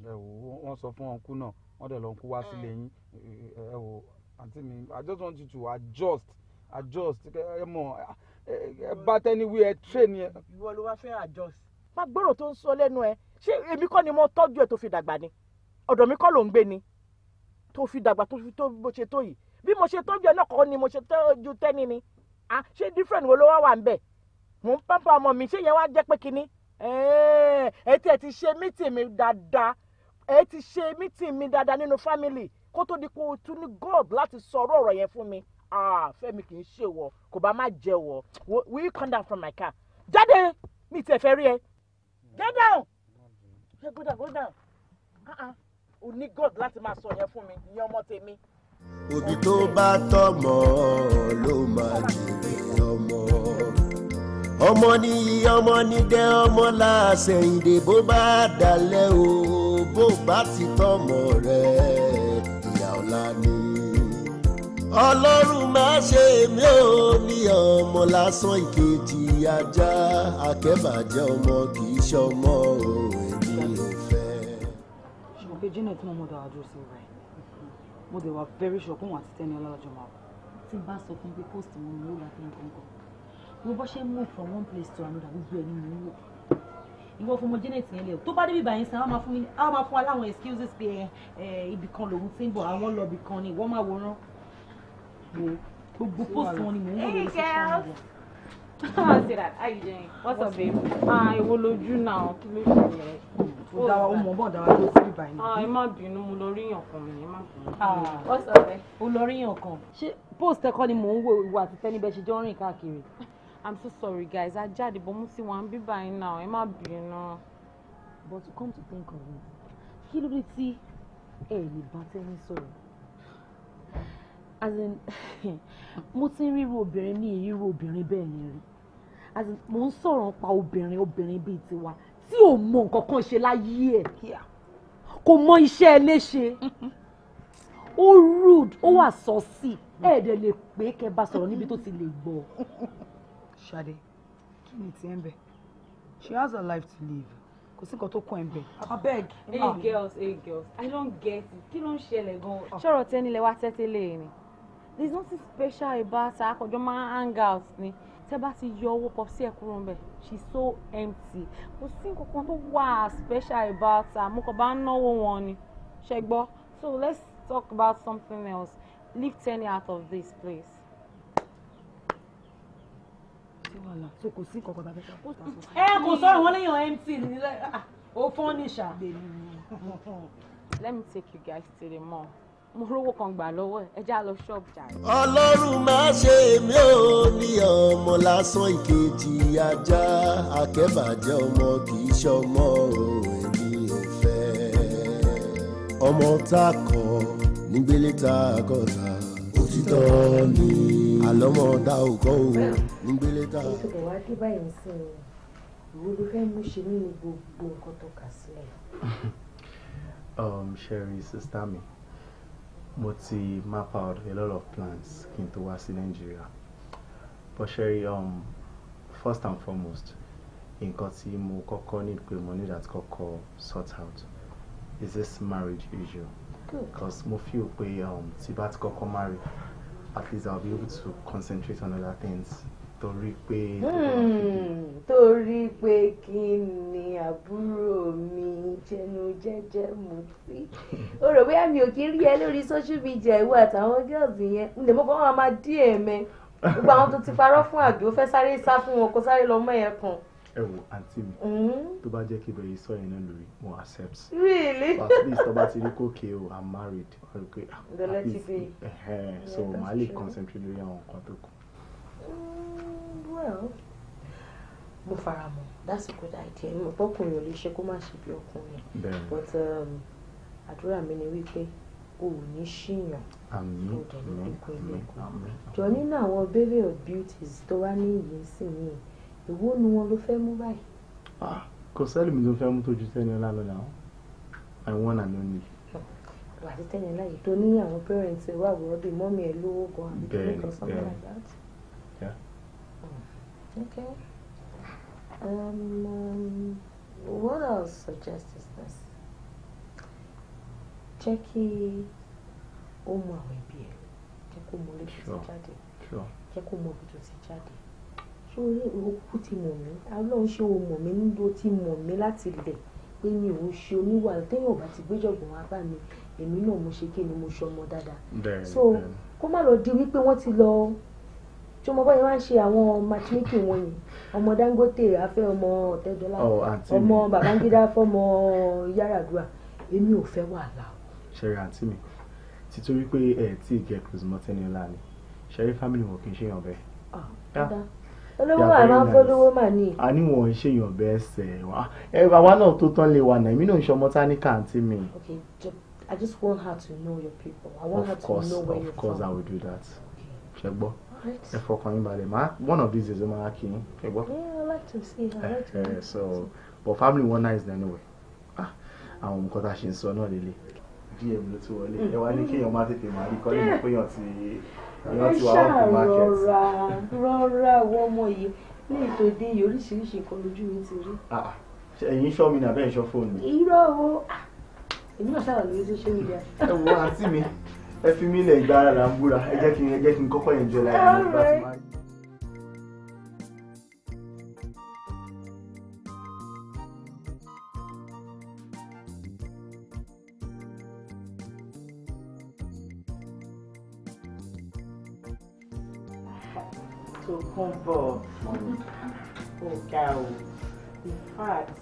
ẹ wo wọn sọ fún ọkùn náà wọn dẹ̀ lọ ń kú wá sílé yín ẹ wo àǹtí mi i just want you to adjust adjust ẹ mọ ẹ bá tẹ́ni wí ẹ train yẹn. ìwọ ló wá fẹ́ adjust má gbọ́rọ̀ tó ń sọ lẹ́nu ẹ ṣé èmi kọ́ ni mo tọ́jú ẹ tó fi dàgbà ni ọ̀dọ̀ mi kọ́ ló ń gbé ni tó fi dàgbà tó fi tó bó ṣe tó yìí bí mo ṣe tọ́jú ẹ náà kọ́ ni mo ṣe tọ́jú tẹ́ni ni ah ṣé different wo ló wá wà ń bẹ̀ mò ń pápá ọmọ mi ṣé yẹn wá jẹ́ pé kinní ẹ tí ẹ ti ṣe mítì mi dáadáa ẹ ti ṣe mítì mi dáadáa nínú fámìlì kó tó di pé o tún ní god láti sọ ọ̀rọ̀ ọ̀rọ̀ yẹn fún mi ah fẹ́mi kì í ṣe wọ kò bá má jẹ wọ will you come down from my car jáde mi tiẹ̀ fẹ́ rí ẹ get down ṣe go down go down o ní god láti máa sọ yẹn fún mi ìyẹn ọmọ tèmi. òbí tó bá tọ́mọ ló máa jèrè ọmọ ọmọ nìyí ọmọ nídẹ ọmọ làásẹ̀yìndè bó bá dalẹ̀ o bó bá ti tọ́mọ rẹ̀ ìyá ọ̀la ni ọlọ́run má ṣe mí ò ní ọmọ lásán ìkejì ajá akẹ́bàjẹ́ ọmọ kì í ṣọmọ èmi ò fẹ́. ṣùgbọ́n pé janet náà mo dára dúró sí ìwà mo dẹ̀ wá very sure pé òun àti tẹ́ni ọlọ́jọ́ máa wà. tí n bá sọ fún pé post mi ló la fi ń kọ́ńkọ́ mo bọ́ ṣe move from one place to another gbogbo ẹ̀ ni mo ń wò ìwọ fún mo janet yẹn lẹ o tó bá débi báyìí sàn á máa fún wa láwọn excuses pé ibì kan lòun ti ń bọ̀ àwọn lọ ibì kan ni ìwọ máa wòran gbogbo gbogbo post wọn ni mò ń wò lórí social How you doing? What's up, babe? Ah, ìwo lójú náà kí ló ṣe yẹ. Ó dáwà ó mọ̀ bọ̀ dáwà ló sí ibà yìí. Ah, ẹ má bínú ah. what's up, babe? O lọ ríyàn kan. post ẹ̀kọ́ ni mò ń wo ìwà àti tẹ́ni bẹ́ẹ̀ ṣe jọ I'm so sorry guys, I jáde bọ́ mú sí wa ń bíbá yín náà, ẹ má bínú. But come to think of it, kí ló dé tí ẹ lè bá tẹ́ni sọ̀rọ̀? as in mo ti ń ríru obìnrin ní ìríru obìnrin bẹ́ẹ̀ ni rí as in mo ń sọ̀rọ̀ pa obìnrin obìnrin bíi tiwa tí ò mọ nǹkan kan ṣe láyé ẹ̀ kò mọ iṣẹ́ ẹ léṣe ó rude ó wà sọ́ọ̀sì ẹ̀ẹ́dẹ̀ lè pé kẹ́ bá sọ̀rọ̀ níbi tó ti lè gbọ́. Ṣadé kí ni tiẹ̀ ń bẹ̀ she has a life to live kò sí nǹkan tó kàn ẹ̀ bẹ̀. abeg hey girls hey girls i don get it kí ló ń ṣẹlẹ̀ gan-an. ṣọ̀rọ̀ tẹ́nilẹ̀ wá tẹ́tẹ́lẹ̀ e ni there is nothing special about her akọjọ máa hang out ni tẹ́ bá ti yọ owó pọ̀ sí ẹ̀ kúrò she is so empty kò sí nǹkan tó wà special about her mo kàn bá ń náwó wọn ni ṣe gbọ́ so let's talk about something else leave Tenny out of this place. so kò sí nǹkan kan tàbí ṣe. Eh, ẹ kò sọ̀rọ̀ wọn léèyàn empty nílẹ̀ ó fọ́nìṣà. let me take you guys to the mall mo rówó kan gbà lọ́wọ́ ẹ̀ ẹ já lọ ṣọ́ọ̀bù jàre. ọlọ́run máa ṣe èmi ò ní ọmọ lásán ìkejì ajá akẹ́bàjẹ́ ọmọ kì í ṣọmọ èmi ò fẹ́ ọmọ tá a kọ nígbélé tá a kọ ta òtítọ́ ni àlọ́mọ tá a òun nígbélé tá a. ètò ìwà dé báyìí sí i ìwé ló fẹ́ mú ṣe nínú gbogbo nǹkan tó kà sílẹ̀. ṣe um, rí mi mo ti map out a lot of plans kí n tó wá sí Nàìjíríà but ṣẹ́rí um, first and foremost nǹkan tí mo kọ́kọ́ ní pé mo need at kọ́kọ́ sort out is this marriage issue because mo feel pé um, tí bá ti kọ́kọ́ marry at least I'll be able to concentrate on other things torí pé. Hmm, torí pé kí ni àbúrò mi jẹnu jẹ́jẹ́ mu sí. o rò bóyá mi ò kí rí ẹ lórí social media ìwọ àtàwọn girls yẹn ǹdẹ̀ mọ́ kọ́ wọn máa dí ẹ̀mẹ́ gbogbo àwọn tó ti parọ́ fún àbí ó fẹ́ sáré sá fún wọn kó sáré lọ mọ́ ẹ̀ kan ẹ wo àǹtí mi hmm? tó bá jẹ́ kí bẹ̀rẹ̀ sọ yẹn náà lórí mo accept really but please, least ọba ti rí kókè o i'm married ọ̀rọ̀ pé ah, at least eh, eh, so màá lè concentrate lórí àwọn nǹkan tó kù. Mm, well mo fara mọ́ that's a good idea mo pọkùnrin ò lè ṣe kó má ṣe bí ọkùnrin but um, àdúrà mi ni wípé o ò ní ṣìyàn o dẹ̀ ní pípín ilé ẹ̀kọ́ jọ nínú àwọn baby of beauties tó wá ní ìyẹn sì nu wọn ló fẹ́ mú báyìí. Ah, kò sẹ́ẹ̀lì mi ló fẹ́ mú tójú tẹ́ni ọlá lọ́la wọn i won and only. àti tẹ́ni ọlá yìí tó ní àwọn parents ẹ̀ wà wọ́ọ́ bíi mọ́mí ẹ̀ lówó gan-an àbí tó like that. Okay. Um, um, what I'll suggest is this. Jẹ́ kí ó mọ àwọn ẹbí ẹ̀, jẹ́ kó mọ orí tó ti jáde, jẹ́ kó mọ ibi tó ti jáde. Sórí òkú ti mọ̀ mí, Ọlọ́run ṣé o mọ̀ mí níbo ti mọ̀ mí láti lẹ̀ pé mi ò ṣe oníwà téèyàn bá ti gbéjọ̀gbọ̀n wá bá mi, èmi náà mo ṣe kí ni mo ṣọmọ dáadáa. So kó má lọ di wípé wọ́n ti lọ tí ọmọ báyìí wá ń ṣe àwọn matchmaking wọn yìí ọmọ Dangote afẹ́ ọmọ ọ̀tẹ́dọ́là oh, ọmọ Babangida fọmọ Yaradua èmi ò fẹ́ wàhálà o. àǹtí mi títorí pé ẹ̀ tí ìgẹ̀ cruise mọ́tẹ́ni ńlá ni ṣẹ̀rí family wọn kì í ṣèyàn bẹ́ẹ̀. Ah, ah, olówó àmọ́ fọlọ́wọ́ mà ní. a ní wọn ń ṣèyàn bẹ́ẹ̀ sẹ̀ wá ẹ àwa náà tó tán lè wà náà èmi náà ń ṣe ọmọ táníkà àǹtí mi. okay I just want her to know your people I want of her to know where you're from. of course of course I will do that. Okay. gbọ́. Okay ẹ fọkàn yín balẹ̀ máa one of these is ó máa kí yín ẹ yeah i like to see her i like to eh, so but family one nice then anyway ah àwọn nǹkan tá a ṣe ń sọ náà lélẹ̀ dm ló ti wọlé ẹ wá ní kéèyàn má tètè má rí kọ́lé mọ̀ pé èèyàn ti èèyàn ti wà open market. rọra rọra wọ ọmọ yìí ní ìtòdí yìí oríṣiríṣi nǹkan lójú mi ti rí. Ah, ẹ̀yin ṣọ́ mi nàbẹ́ ìṣọ́ fóònù. irọ́ o ah, èmi náà sábà lórí social media. ẹ wo àǹtí mi ẹ fi mí lẹ̀ gba ara ń búra ẹ jẹ́ kí n ẹ jẹ́ kí n kọ́kọ́ yẹn jọ láì ní ìgbà tí máa. Tòkunbọ̀ ọ̀gá o in fact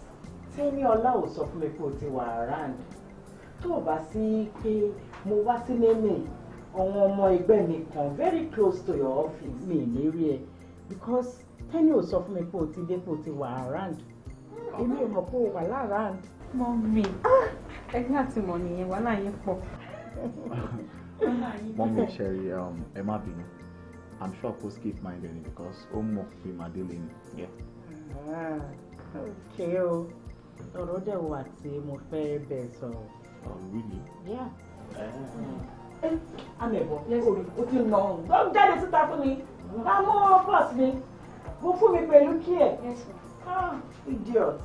tí ní ọlá ò sọ fún mi pé o ti wà around tó o bá sí pé mo wá sí lẹ́mẹ̀ àwọn ọmọ ẹgbẹ́ mi kan very close to your office mi ní rí ẹ because tẹ́ni ò sọ fún mi pé o ti dé pé o ti wà around èmi ò mọ̀ pé o wà láràánd. mọ mi ah! ẹgbẹ́ àti mọ̀ nìyẹn wàhálà yín pọ̀. mọ mi ṣẹ̀rí ẹ má bínú i'm sure kò keep my day because ó mọ̀ pé màdé lè ní. Ah, ok o ọ̀rọ̀ dẹ̀ wà tí mo fẹ́ bẹ̀ sọ̀rọ̀. oh really. yeah amẹ̀bọ̀ orí o ti nà ọ̀hún lọ jáde síta fún mi ká mọ́ pọ́s mi mo fún mi pẹ̀lú kí ẹ̀ ah, idiot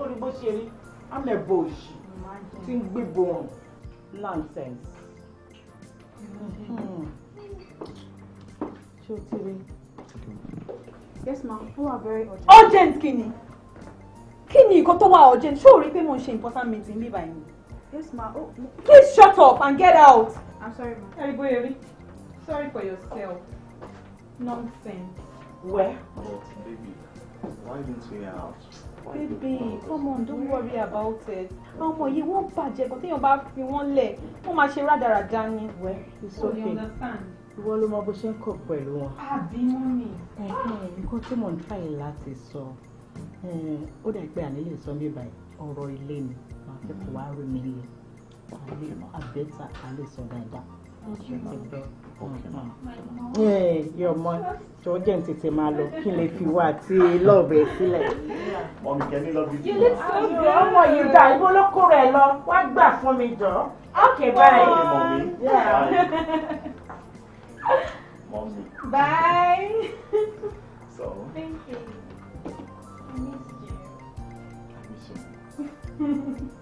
orí bó ṣe rí amẹ̀bọ̀ òṣì ti ń gbébo hàn nonsense. Hmm. ṣé o ti rí? yes ma ó are very urgent. urgent kí ni kí ni nǹkan urgent ṣé o rí pé mo ń ṣe important meeting bí Yes, ma. Oh, Please shut up and get out. I'm sorry, ma. Eriboyeri, sorry for yourself. Nonsense. Where? But baby, why didn't we out? Baby, come on, don't worry about it. Àwọn you won't budget. But kò téèyàn bá fi wọ́n lẹ̀, wọ́n she rather a ni. Where? it's oh, okay. You understand? Ìwọ ló mọ bó ṣe ń kọ̀ pẹ̀lú wọn. Àbí ah, wọ́n ni. Eh, eh, nǹkan tí mò ń try láti sọ, eh, ó dà pé àní lè sọ mí báyìí, ọ̀rọ̀ ilé ni tí kò wá rí mi lè àbẹ́ta alẹ́ sọ dáadáa yẹ ọmọ jọ jẹ́ ní tètè máa lọ kí n lè fi wá àti lọ́ọ̀bẹ sílẹ̀. mọ̀mí kẹ́ni lọ bí. yìí tó bí ọmọ yìí dá ìwọ lóko rẹ lọ wá gbà fún mi jọ. ókè báyìí. mọ̀mí mọ̀mí. bye. so. thank you. i miss you. i miss you.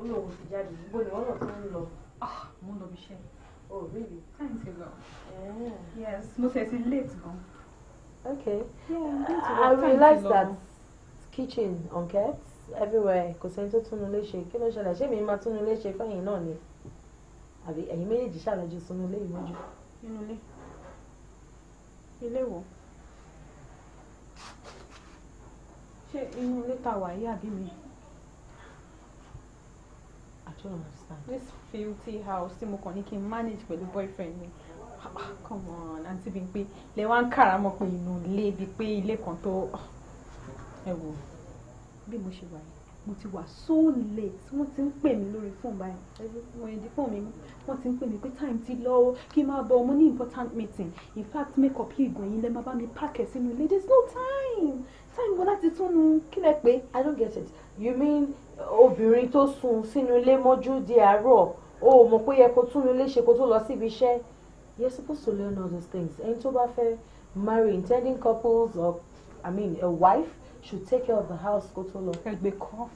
ó lóun jáde gbogbo ni wọn náà tún ń lọ. Ah, mo lọ bí iṣẹ́. oh really. time to go. Eh. yes mo ṣe ti late gan. okay. yeah i'm i realize that kitchen unkempt everywhere kò sẹ́ni tó túnú lé ṣe kí ló ṣẹlẹ̀ ṣé mi máa túnú lé ṣe fẹ́yìn náà ni àbí ẹ̀yin méjèèjì ṣàlọ́jù sínú ilé ìmọ́jú. nínú ilé ilé wo ṣé inú ilé ta wà àbí mi understand? This filthy house tí mo kàn ní kí n manage pẹ̀lú boyfriend mi. Ah, come on, àǹtí bíi pé lè wá ń kára mọ́ pé inú ilé bíi pé ilé kan tó ah, ẹ bí mo ṣe wà yìí mo ti wà so late wọ́n ti ń pè mí lórí fóònù báyìí wọ́n yẹn di fóònù mi mú wọ́n ti ń pè mí pé time ti lọ o kí n máa bọ̀ mo ní important meeting in fact make up yìí gan yín lẹ́ máa bá mi pack ẹ̀ sínú ilé there is no time time bọ́lá ti tún nu kí lẹ pé i don't get it you mean obìnrin tó sùn sínú ilé mọ́jú di àárọ̀ o mọ̀ pé yẹ kó tún ilé ṣe kó tó lọ síbi iṣẹ́ you're supposed to learn all those things ẹni tó bá fẹ́ marry intending couples or i mean a wife should take care of the house kó tó lọ. ẹgbẹ́ kọ́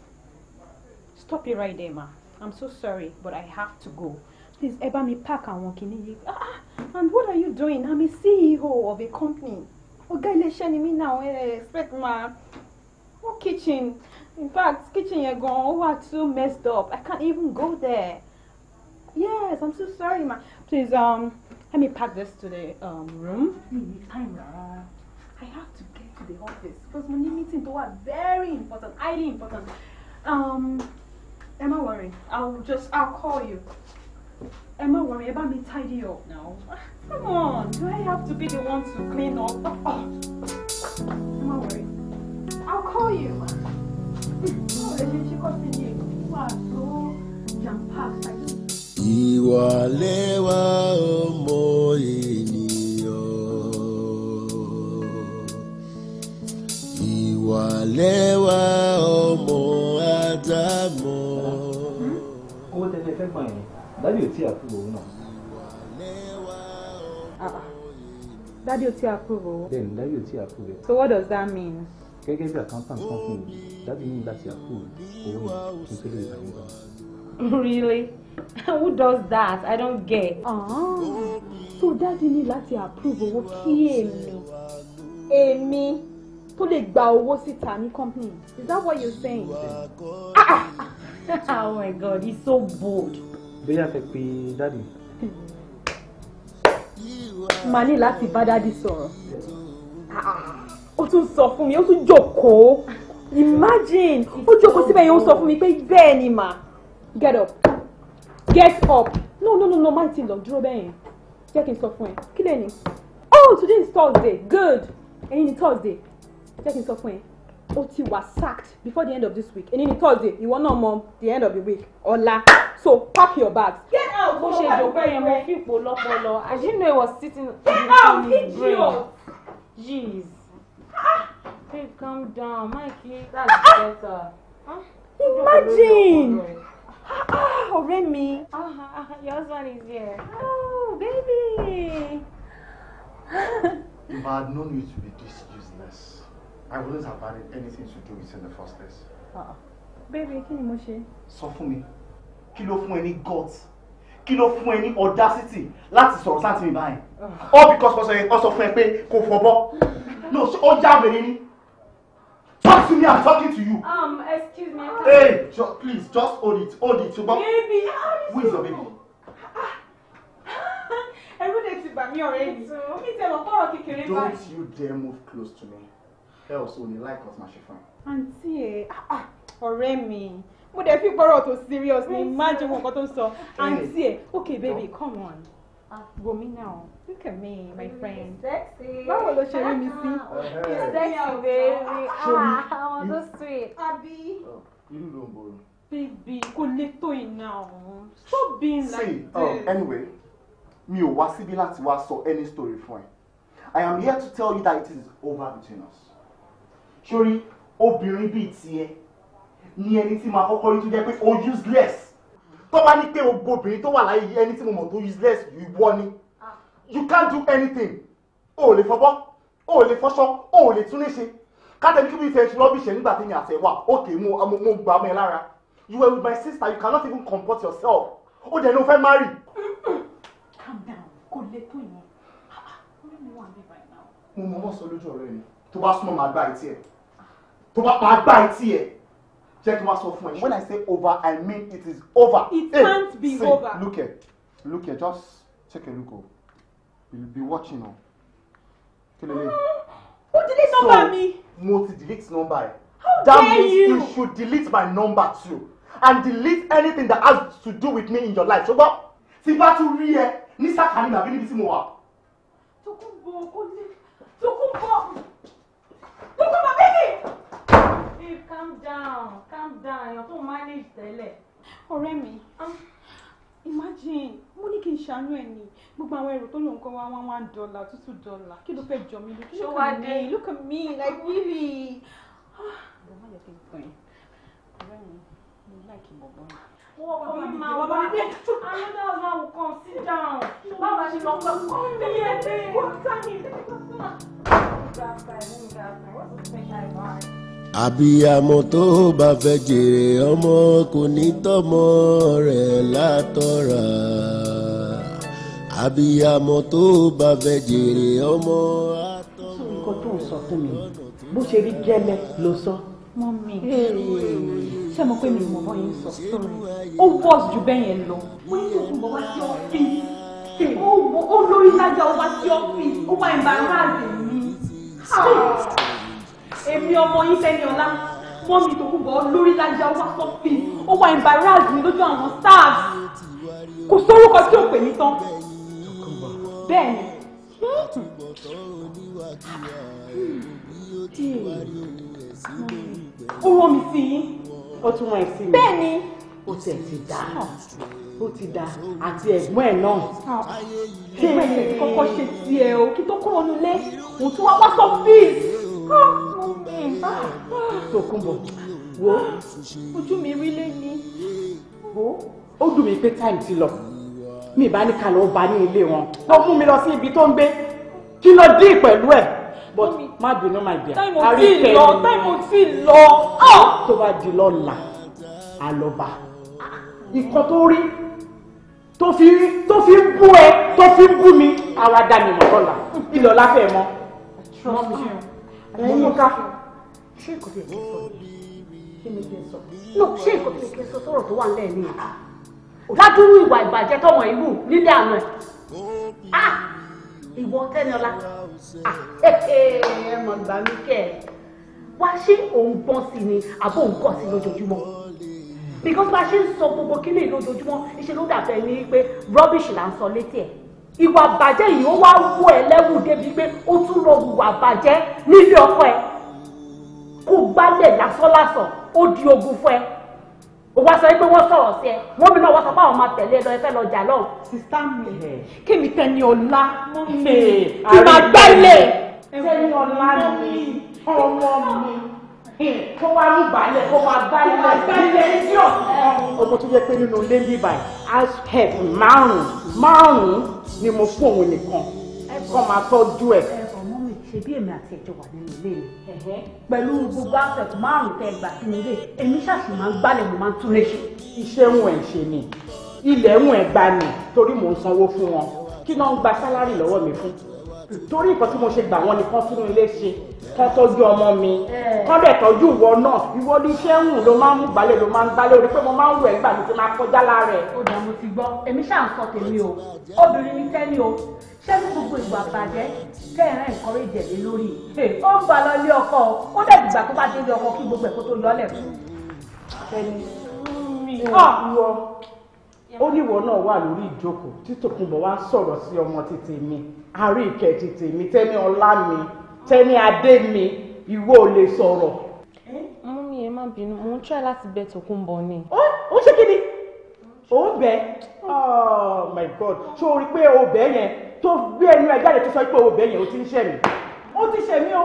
stop it right there ma i'm so sorry but i have to go please ẹ me pack and kìíní in ah and what are you doing i'm a ceo of a company ọ̀gá iléeṣẹ́ ni mí náà ẹ expect ma What kitchen in fact kitchen you're gan ó wà too messed up i can't even go there yes i'm so sorry ma please um, let me pack this to the um, room. mi mm-hmm, time rárá i have to to the office because mo ní meeting tó wà very important highly important um, Emma, má worry i just I'll call you Emma, má worry ẹ bá tidy up now come on do i have to be the one to clean up ẹ má worry i will call you relationship continue you are so jam packed i just. ìwà lẹ́wà ìwà lẹ́wà ọmọ Ádámọ̀. owó tẹ́lẹ̀ fẹ́ gbà yẹn dádì ò tí ì àpúrò owó náà. Ah, dádì ò tí ì àpúrò owó. bẹ́ẹ̀ni dádì ò tí ì àpúrò so what does that mean. gẹ́gẹ́ bí accountant company dádì ní láti àpúrò owó yẹn kí n tó lè gbà yín really who does that i don't get. Ah, so dádì ní láti àpúrò owó kí èmi èmi tó lè gba owó síta ní company is that what you're saying? ah, ah. oh my god he's so bold. bóyá fẹ́ pe dáàdì. màá ní láti bá dáàdì sọ̀rọ̀ ah, ah. ó tún sọ fún mi ó tún jókòó imagine ó jókòó síbẹ̀ yẹn ó sọ fún mi pé bẹ́ẹ̀ ni mà get up get up no no no no má ti lọ dúró bẹ́ẹ̀ yẹn jẹ́ kí n sọ fún ẹ kí lè oh today is thursday good ẹ̀yin ni thursday jẹ́ kí n sọ fún ẹ ó ti wà sacked before the end of this week èyí ni thursday ìwọ náà mọ the end of the week ọ̀la so pack your bags. get out mo ṣe jòpẹ́ yẹn mo fipò lọ́pọ̀lọ́ i didn't know he was sitting get out idiot jeez ah! babe calm down mikey that's ah! better. Huh? Ah! imagine ọ̀rẹ́ mi. your husband is here. oh baby. if i had known you to be this useless. I wouldn't have had anything to do with it in the first place. Ah. Bébí, kí ni mo ṣe? Sọ fún mi, kí ló fún ẹ ní guts? Kí ló fún ẹ ní audacity láti sọ̀rọ̀ sáàtì mi ah. All because wọ́n sọ fún ẹ pé kò fọbọ́. No, ó já wèrè ni. Talk to me, I'm talking to you. Um, excuse me. Hey, just, please, just hold it, hold it. Baby, who is your baby? Ẹrú ah. lè ti bà mí ọ̀rẹ́ mi. Mi tẹ̀wọ̀ Don't you dare move close to me else ò ní láìkọ́ tí màá ṣe fún ẹ. àǹtí ẹ ọ̀rẹ́ mi mo dẹ̀ fi gbọ́rọ̀ tó serious ni imagine wọn kan tó ń sọ àǹtí ẹ eh, okay baby come on wòmí ah, náà look at me my friend báwo ló ṣe rí mi sí. Ah, ah. Uh-huh. sexy oh, baby Ah, I àwọn tó sweet. àbí. Oh, irú ló ń borò. baby kò lè tó iná ọ̀hún stop being like this. see oh, anyway mi ò wá síbí láti wá sọ any story fún ẹ i am here to tell you that it is over between us sórí obìnrin bíi tiẹ̀ ni ẹni tí máa kọ́kọ́ rí tó jẹ́ pé o useless tó bá ní pé gbogbo obìnrin tó wà láyé yìí ẹni tí mo mọ̀ tó useless ìwọ ni you can't do anything o ò lè fọbọ́ o ò lè fọṣọ o ò lè tún lè ṣe kátẹ́ni kí bí ìfẹ́ ṣe lọ́bìṣẹ́ nígbà tí mi àtẹ̀ òkè mo mo gbà ọmọ ẹ lára you were with my sister you cannot even comport yourself ó dẹ̀ ní o fẹ́ marry. calm down kò lè tó yẹn ah, ah, orí mi wà ní báyìí náà. mo mọ̀ mọ́ sọ lójú ọ̀rẹ́ mi tó bá súnmọ́ màá gbá etí ẹ̀ tó bá pa agbá etí ẹ̀ jẹ́ kí n wá sọ fún ẹ. when i say over i mean it is over. it hey, can't be see, over. look here look here just take a look o oh. you be watching o. Oh. kí ló dé. o number me? mo ti delete number how that dare you. that means you should delete my number too and delete anything that has to do with me in your life ṣùgbọ́n tí bá tún rí ẹ ní sàkánì nàbí níbi tí mo wà. Tokunbo olè Tokunbo Tokunbo bẹ́ẹ̀ ni. Steve, calm down, calm down, èèyàn tó manage tẹ́lẹ̀. Ọ̀rẹ́ mi, imagine, mo ní kí n ṣàánú ẹ̀ ní gbogbo àwọn ẹrù tó lòun kọ́ wá one one dollar two two dollar kí ló fẹ́ jọ mí lójú. Ṣé wàá dé? Look at me, like really. Bọ̀ má yẹ kí n pọ̀ yẹn. Ọ̀rẹ́ mi, mo láìkí bọ̀bọ̀ náà. Wọ́n kọ́ mi máa wá bá mi. Another one will come, sit down. Bàbá ṣe lọ pẹ́ kọ́ Come yẹn dé. Wọ́n sá mi. What's the special advice? àbíyamọ tó bá fẹ́ jèrè ọmọ kò ní tọ́mọ rẹ̀ látọ̀ra àbíyamọ tó bá fẹ́ jèrè ọmọ àtọmọ. sọ nǹkan tó ń sọ fún mi bó ṣe rí gẹ́lẹ́ ló sọ. mọ mi ṣé mo pé mi ò mọ bọ́ yín sọ sórí ó wọ́ ju bẹ́ẹ̀ yẹn lọ mo ní sọ̀tún bọ́ wá sí ọ́fíìsì ó lórí lájà ó wá sí ọ́fíìsì ó wá ìbára àgbè mi èmi ọmọ yín fẹ́ni ọlá mọ́ mi tó kú bọ́ lórí lájà ó wá sọ pé ó wá embarrass mi lójú àwọn stars kò sórúkọ tí ò pè mí tán bẹ́ẹ̀ ni. ó rán mi sí yín. ó tún rán ẹ sí mi. bẹ́ẹ̀ ni. ó tiẹ̀ ti dáa ó ti da àti ẹ̀gbọ́n ẹ̀ náà. Ah. ṣé ẹ̀yìn kọ́kọ́ ṣe tiẹ̀ o kí tó kúrò nílé òun tún wá wá sọ bíi. Tòkunbọ̀, wo, ojú mi rí lé ní. Wo, ó dùn mí pé táìmù ti lọ. Mi ìbá ní kalọ̀ ó ba ní ilé wọn. Lọ mú mi lọ sí ibi tó ń gbé. Kí ló dín pẹ̀lú ẹ̀? But má bínú my dear. Táìmù ti lọ, táìmù ti lọ. Ah! Tó bá di lọ́la, àlọ́ba. Ìkan tó rí tó fi tó fi bú ẹ tó fi bú mi àwa dá mi mọ̀ lọ́la. Ìlọ́lá fẹ́ mọ́. Trust you àyíká ṣé kò tó yẹ kí n sọ kí ni kí n sọ no ṣé kò tó yẹ kí n sọ sọ̀rọ̀ tó wà nílẹ̀ ní ìlú ládùúrú ìwà ìbàjẹ́ tọmọ ìlú nílé àná ẹ̀ ìwọ tẹ́niọlá ẹ mọ̀ gbà mí kẹ́ ẹ̀ wá ṣé òun bọ́n sí ni àbó òun kọ̀ sí lójoojúmọ́ because bá a ṣe ń sọ gbogbo kí lè lójoojúmọ́ iṣẹ́ ló dàbẹ̀ ní pé rubbish là ń sọ létí ẹ̀ ìwà bàjẹ́ yìí ó wá wọ ẹ lẹ́wù débi pé ó tún lọ hùwà bàjẹ́ nílé ọkọ ẹ kó gbálẹ̀ lásánlásán ó di ogun fún ẹ o wá sọ pé wọ́n sọ̀rọ̀ sí ẹ wọ́n mi náà wá sọ pé àwọn máa tẹ̀lé ẹ lọ ẹ lọ jà lọ. sísá mi kí mi tẹni ọlá mi kí máa gbálẹ̀ tẹni ọlá mi ọmọ mi kó wá ní balẹ̀ kó máa gbálẹ̀ gbálẹ̀ ní ọ̀sán. ọmọ tó yẹ pé nínú ilé ń bí báyìí aspect márùn-ún márùn-ún ni mo fún òun nìkan kọ́ máa tọ́jú ẹ̀. ọmọ mi ṣe bí èmi àti ẹjọ́ wà nínú ilé mi pẹ̀lú gbogbo aspect márùn-ún tẹ́ gbà sínú ilé èmi ṣàṣì máa ń gbálẹ̀ mo máa ń túnlé ṣe. iṣẹ́ ń wẹ̀ ṣe ni ilẹ̀ ń wẹ̀ gbani torí mò ń sanwó fún wọn kí náà ń gba sálárì lọ́wọ́ mi fún torí nǹkan tí mo ṣe gbà wọ́n nìkan sínú ilé ṣe kán tọ́jú ọmọ mi kán dẹ̀ tọ́jú ìwọ náà ìwọ ní iṣẹ́ ń wù ló máa ń mú gbálẹ̀ ló máa ń gbálẹ̀ orí pé mo máa ń wẹ̀ nígbà mi ti máa kọjá lára ẹ̀. ó dà mo ti gbọ́ èmi ṣáà ń sọ tèmi o obìnrin ni tẹ́ni o ṣé ní gbogbo ìwà àbàjẹ́ tẹ́ ẹ̀rẹ́ ìkọ́rí ìjẹ̀lẹ̀ lórí ó ń bá lọ ilé ọkọ ó dẹ̀ dìgbà tó bá dé ilé ọkọ kí gbogbo ẹ̀ kó tó yọlẹ̀ fún ah! ó ní ìwọ náà wà lórí ìjókòó títòkùnbọ̀ wá sọ̀rọ̀ sí ọmọ títí mi àrí ìkẹtì tèmi tẹ́ni ọlá mi tẹ́ni adé mi ìwọ ò lè sọ̀rọ̀. mú mi ẹ má bínú mò ń try láti bẹ Tòkunbọ̀ ni. ó ṣe kí ni òun bẹ oh my god ṣó o rí pé o bẹ yẹn tó gbé ẹnu ẹ jáde tó sọ pé o bẹ yẹn o ti ń ṣẹ̀ mí o ti ṣẹ̀ mí o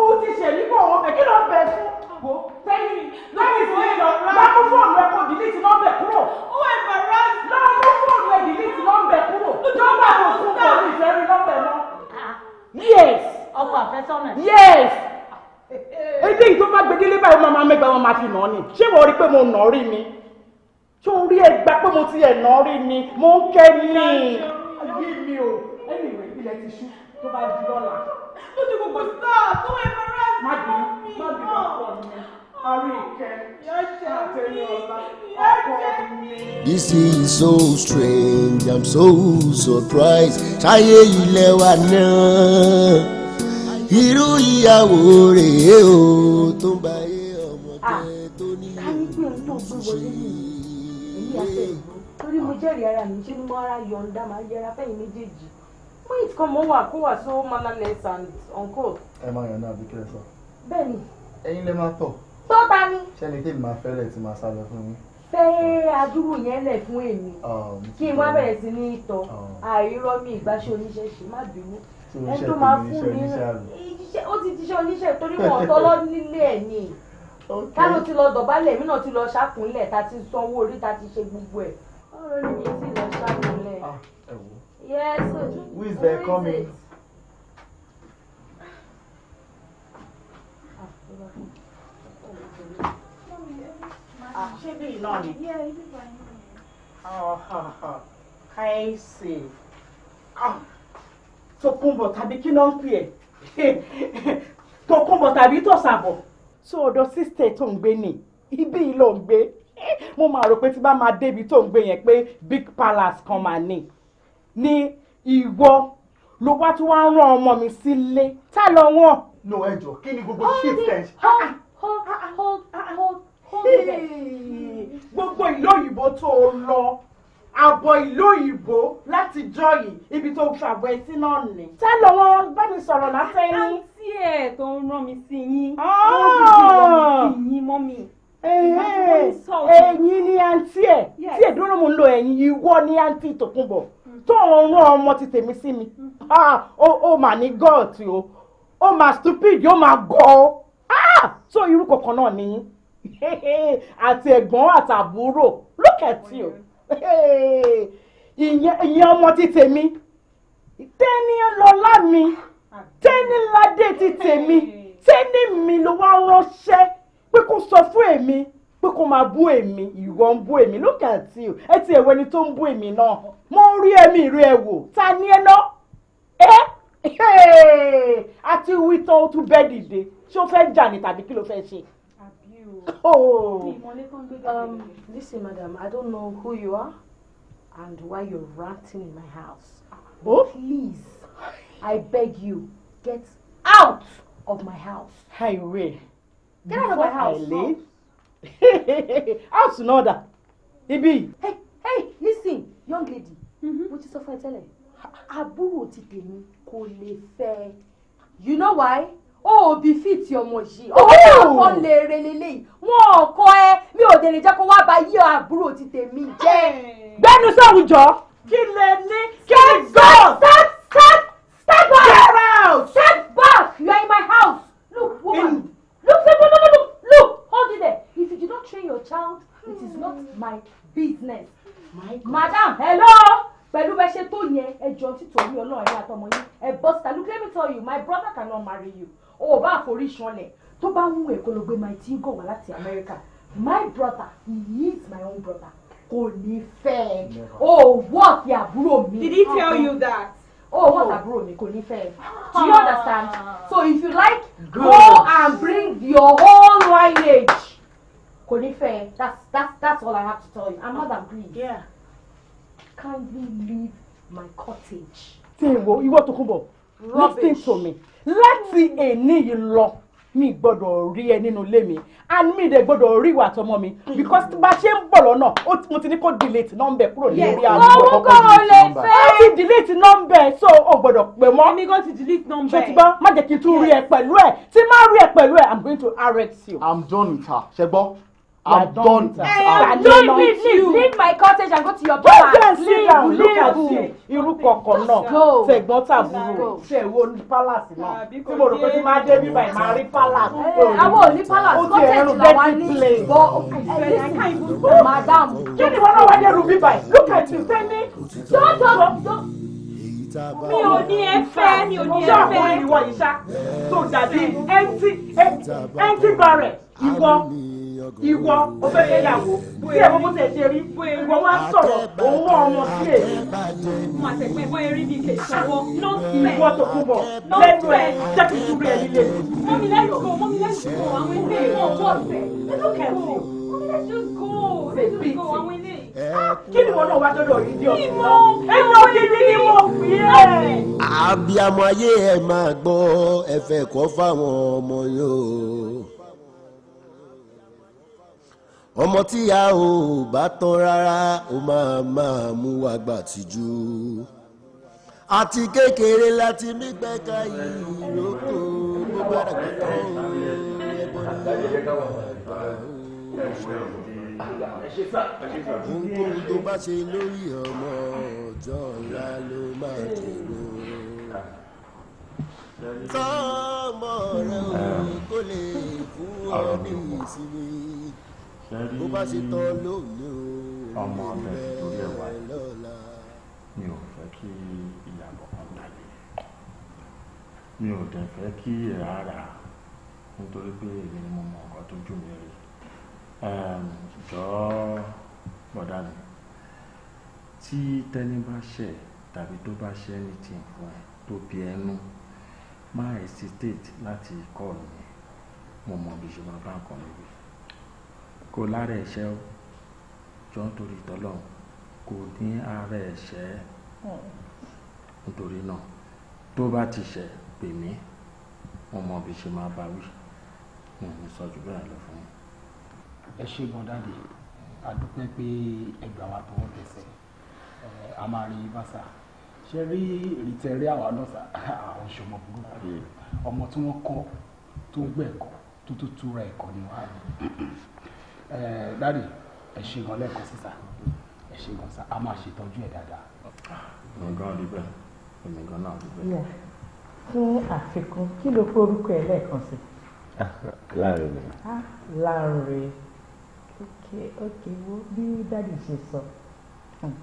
o ti ṣẹ̀ mí kó o bẹ kí ló bẹ fún wo tẹ́lẹ̀ lẹ́yìn ìfowópamọ́ lọ́kùn fóònù ẹ̀ kò dìlítì nọ́ọ̀bẹ̀ kúrò. ó ẹ̀ bàrá lọ́wọ́ ẹ delete nọ́mbẹ̀ kúrò nọ́mbà tó fún kò ní ìfẹ́ rí nọ́mbẹ̀ mọ́. Ah. yes. ọkọ àfẹ́sọ́nà. yes. Ah. eléyìí tó bá gbedele báyìí máa máa mẹ́gbàá wọn máa fi nà ọ́ ni ṣé wọ́n rí pé mo nà ọ́ rí mi tó rí ẹ gbà pé mo ti ẹ̀ nà ọ́ rí mi mo ń kẹ́ ní. ayé mi o ẹnì rẹ̀ ilẹ̀ ti ṣú tó bá di lọ́la. ó ti gbogbo sáà tó ẹ fẹ́rẹ́ sí mọ́ mi náà. This is so strange, I'm so surprised. Táyé ilé wa náà, irú ìyàwó rèé o tó ń bá yé ọmọdé ah, tó ní ìwé. Torí mo jẹ́rìí ara mi ṣé mo ara yọ̀ǹda máa yẹra fẹ́yìn méjèèjì. Wait, come over, kó wà so mannerless and uncle. Ẹ máa yànnà àbíkẹ́ sọ. Bẹ́ẹ̀ni. Ẹ̀yin lè máa tọ̀ tó ta ni. sẹ́ni tí màá fẹ́rẹ̀ tí màá sábẹ́ fún mi. fẹ́ adúrú yẹn lẹ̀ fún èmi kí n wá bẹ̀rẹ̀ sí ní ìtọ̀ àìrọ́ mi ìgbàṣẹ́ oníṣẹ́ṣe má bínú ẹni tó máa fún mi ó ti tiṣẹ́ oníṣẹ́ torí wọn tọ́lọ́ nílé ẹ̀ ni kálọ̀ ti lọ dọ̀bálẹ̀ èmi náà ti lọ ṣàkúnlẹ̀ ta ti sanwó orí ta ti ṣe gbogbo ẹ̀ ọ̀rọ̀ ni mi ti lọ ṣàkúnlẹ̀. Ah, yes. Who is there coming? Ah, ṣé bí iná ni káyìsì tòkunbọ̀ tàbí kí ló ń pè ẹ́ tòkunbọ̀ tàbí tòsàbọ̀ tó ọ̀dọ̀ sísè tó ń gbé ni ibí yìí ló ń gbé mo máa rò pé tí bá máa débi tó ń gbé yẹn pé big palace kan máa ní ní ìwọ ló bá tún wá rán ọmọ mi sílé tá lọ wọn. no ẹjọ kí ni gbogbo shift ẹ. hold hold hold hold gbogbo ìlú òyìnbó tó o lọ àbọ̀ ìlú òyìnbó láti jọ yìí ibi tó fi àbọ̀ ẹtí náà nì. tẹ́lẹ̀ wọn bá mi sọ̀rọ̀ lásán yín. àǹtí ẹ̀ tó ń rán mi sí yín. ọ̀ọ́ oh! yín mọ́ mi. ẹ̀yin ni àǹtí ẹ̀ tí èdúró mo ń lo ẹ̀yin ìwọ ni àǹtí tòkunbọ̀ mm. tó ń rán ọmọ ti tèmi sí mi. ó mm. mà ní gọ́ọ̀tì o ó mà stupid ó mà gọ̀ ọ́ ah! so irú kọ̀ọ̀kan náà nìyí. àti ẹ̀gbọ́n àtàbúrò look at you ìyẹn ọmọ ti tèmi Tẹ́nílọlá mi Tẹ́níládé ti tèmi tẹ́ni mi ló wá ránṣẹ́ pé kó sọ fún èmi pé kó máa bú èmi ìwọ ń bú èmi look at you ẹ ti ẹ̀wọ́ ẹni tó ń bú èmi náà mo ń rí ẹ̀mí rí ẹ wò ta ni ẹ náà ẹ àti wí tán ó tún bẹ́ẹ̀ dìde ṣé ó fẹ́ jà ní tàbí kí ló fẹ́ ṣe. Oh. Um, listen, madam, I don't know who you are and why you're ranting in my house. Oh? Please, I beg you, get out of my house. Hi, Ray. Get out of my house. I leave. No. house in order. Ibi. Hey, hey, listen, young lady. What you so fún ẹ tẹ́lẹ̀. Àbúrò ti tèmi kò You know why? ó bí fíìtì ọmọ yìí ọmọ yìí ọkọ lè relele yìí wọn ọkọ ẹ mi ò dèrè jẹ́ kó wá bá yí àbúrò ti tèmi jẹ́. gbẹ́nu sọ̀rọ̀ jọ. kí lè ní. get go step step step back. get out. step back you are in my house. look woman look look look look look look hold it there if you do not train your child it is not hmm. my business. My madam hello pẹ̀lú bẹ́ẹ̀ ṣe tó yẹn ẹjọ́ títorí ọlọ́run ní àtọmọ yín ẹ bọ́ síta look let me tell you my brother cannot marry you o ò bá àforí sanlẹ̀ tó bá ń wẹ̀ kólógbé máa ti ń gọ̀ wá láti Amẹ́ríkà my brother he is my own brother kò ní fẹ́ ẹ o wọ́ọ̀kì àbúrò mi. did he tell you that. o wọ́ọ̀kì àbúrò mi kò ní fẹ́ do you understand so if you like go and bring your whole lineage kò ní fẹ́ that's that's that's all I have to tell you I'm not agree yeah. kindly leave my cottage. tí ìwọ ìwọ tó kún bọ̀ listen to me láti èní yìí lọ mi gbọ́dọ̀ rí ẹ nínú ilé mi and mi dẹ̀ gbọ́dọ̀ rí ìwà àtọmọ mi because bá ṣe ń bọ̀ lọ́nà mo ti ní kó delete number kúrò ní orí àwọn ọmọ ọkọ mi ó ti delete number so o gbọ́dọ̀ pè mọ́ èmi gan ti delete number ṣe ti bá má jẹ́ kí n tún rí ẹ pẹ̀lú ẹ tí má rí ẹ pẹ̀lú ẹ i'm going to arrest you. i'm done with her ṣe gbọ́ I'm done. I am done with you. Leave my cottage and go to your palace. Go there, sit down, look at you. Irú kọ̀ọ̀kan náà. Tẹ̀gbọ́n tàbúrò. Ṣé èwo ní palace náà? Tí mo rò pé tí máa dé bíbá ẹ̀ máa rí palace. Àwọn ò ní palace cottage làwọn ní. Bọ́ ọkùnrin madam. Kí ni wọ́n náà wá dé rú bíbá ẹ̀? Look at you, Fẹ́mi. Dọ́dọ̀ mi ò ní ẹ fẹ́ mi ò ní ẹ fẹ́. Ṣé àwọn ìwọ yìí ṣá? Tó dàbí empty empty barrel ìwọ ìwọ o fẹ́ fẹ́ yàwó tí ẹ̀ mọ́mọ́ tẹ̀ ṣe rí ìwọ wá sọ̀rọ̀ òun wọ ọmọ sí ẹ̀. mà tẹ̀pẹ́ bọ́ erí mi kè sọ́wọ́ nọ́ọ̀sì ìwọ tó kú bọ̀ lẹ́nu ẹ̀ jẹ́kì tú rẹ̀ líle. mọ́mi lẹ́yìn kò mọ́mi lẹ́yìn kò àwọn ilé ìwọ̀n bọ̀ọ̀sẹ̀ lọ́kẹ̀ kò mọ́mi lẹ́yìn just go just go àwọn ilé ah! kí ni wọn náà wá dọdọ yìí di ọsùn náà ẹ lọ di ní ìwọ fi ẹ. àbíamọ ayé ẹ máa gbọ́ ẹ fẹ́ kọ́ fáwọn ọmọ yóò ọmọ tí a ò bá tán rárá ó máa máa mú wa gbà tìjú àti kékeré láti mí gbẹ́ka ìrókò bó bá dàgbà tán ẹ̀bọ̀n ní ìgbà ohunkóhun tó bá ṣe lórí ọmọ ọjọ́ ńlá ló máa dúró tọ́mọ rẹ ò kó lè fún ọ ní ìsinmi bó bá ṣe tán lónìí o ọmọ ọbẹ̀ torí ẹ̀ wá mi ò fẹ́ kí ìyàbọ̀ kan dàbí mi ò dẹ̀ fẹ́ kí ẹ̀ nítorí pé èmi ni mo mọ ọ̀gá tó jù mí rí jọ bọ̀dá mi tí tẹni bá ṣẹ̀ tàbí tó bá ṣe anything fún ẹ tó bí ẹnu má hesitate láti kọ́ mi mo mọ bí ṣe máa bá nǹkan mi wí kó lára ẹ̀ṣẹ̀ o jọ nítorí tọ́lọ̀ kò ní ara ẹ̀ṣẹ̀ nítorí náà tó bá ti ṣẹ̀ pè mí mo mọ bí ṣe máa bá wí mo ní sọ jù bẹ́ẹ̀ lọ fún un. ẹ ṣe gan dáàdi a pé ẹgbẹ́ àwọn àtọwọ́ tẹ̀sẹ̀ a máa rí bàṣà ṣe rí ìrìtẹ̀rí àwa lọ́sà àwọn ìṣọmọ burúkú ọmọ tí wọ́n kọ́ tó gbẹ̀kọ́ tó tó túra ẹ̀kọ́ ni wọ́n á rí ẹ dáàdì ẹ ṣe gan lẹ́ẹ̀kan sísà ẹ ṣe gan sá a máa ṣètọ́jú ẹ̀ dáadáa. èmi gan dúpẹ́ èmi gan náà dúpẹ́. fún àfikún kí ló forúkọ ẹ lẹ́ẹ̀kan sí. láàrin mi. Ah, láàrin ok ok wo bí dáàdì ṣe sọ hmm.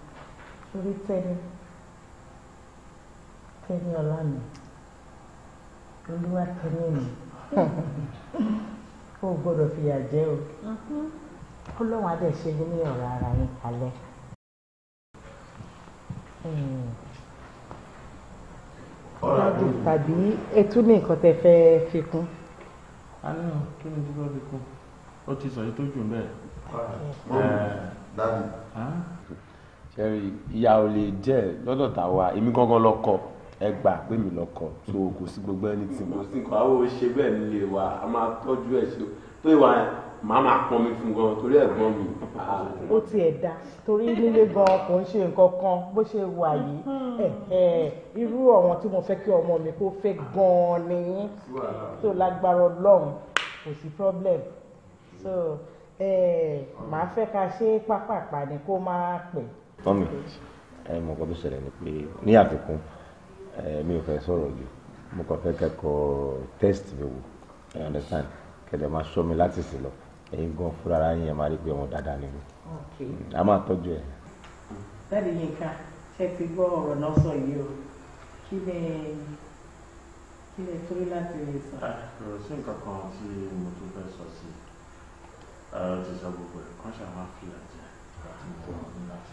orí tẹni tẹni ọlá mi olúwa tẹni mi o gbọ́dọ̀ fìyà jẹ o mm-hmm. ọlọ́run adé ṣe ní ọ̀rọ̀ ara yín kalẹ̀ hmm. tàbí etú ní nǹkan tẹ́ fẹ́ fi kún. àná kí ni tí wọ́n fi kún ó ti sọ yìí tó jù bẹ́ẹ̀. Eh, ṣe ìyá ò lè jẹ́ lọ́dọ̀ tàwa èmi gangan lọ́kọ ẹ gbà pé mi lọkọ tó kò sí gbogbo ẹni tì mí. kò sí kò àwọn ṣe bẹ́ẹ̀ nílé wa a máa tọ́jú ẹ̀ ṣe tó ìwà màá máa pọn mi fún gan torí ẹ̀gbọ́n mi. ó ti ẹ̀ dá torí nílé gan kò ń ṣe nǹkan kan bó ṣe wà yìí mm-hmm. irú ọ̀wọ́n tí mo fẹ́ kí ọmọ mi kó fẹ́ gan-an nìyí tó lágbára ọlọ́run kò sí problem so màá fẹ́ ká ṣe pápápá ni kó máa pè. mọ́mí ẹ mọ̀ kọ́ bí ṣẹlẹ̀ ni pé ní àfikún mi ò fẹ́ sọ̀rọ̀ jù mo kàn fẹ́ kẹ́kọ̀ọ́ test mi wò understand kẹ̀dẹ̀ máa ṣọ́ mi láti sì lọ ẹ̀yin gan fúnra ara yín ẹ̀ máa rí pé ọmọ dáadáa ni a máa tọ́jú ẹ̀. bẹ́ẹ̀ ni ṣe ti gbọ́ ọ̀rọ̀ náà sọ yìí o kí ni kí ni torí láti lè sọ. Ah, kò sí nǹkan kan tí mo tún fẹ́ sọ sí i ti sọ gbogbo ẹ̀ kọ́ńṣà máa fi àjẹ́ àti mo tó láti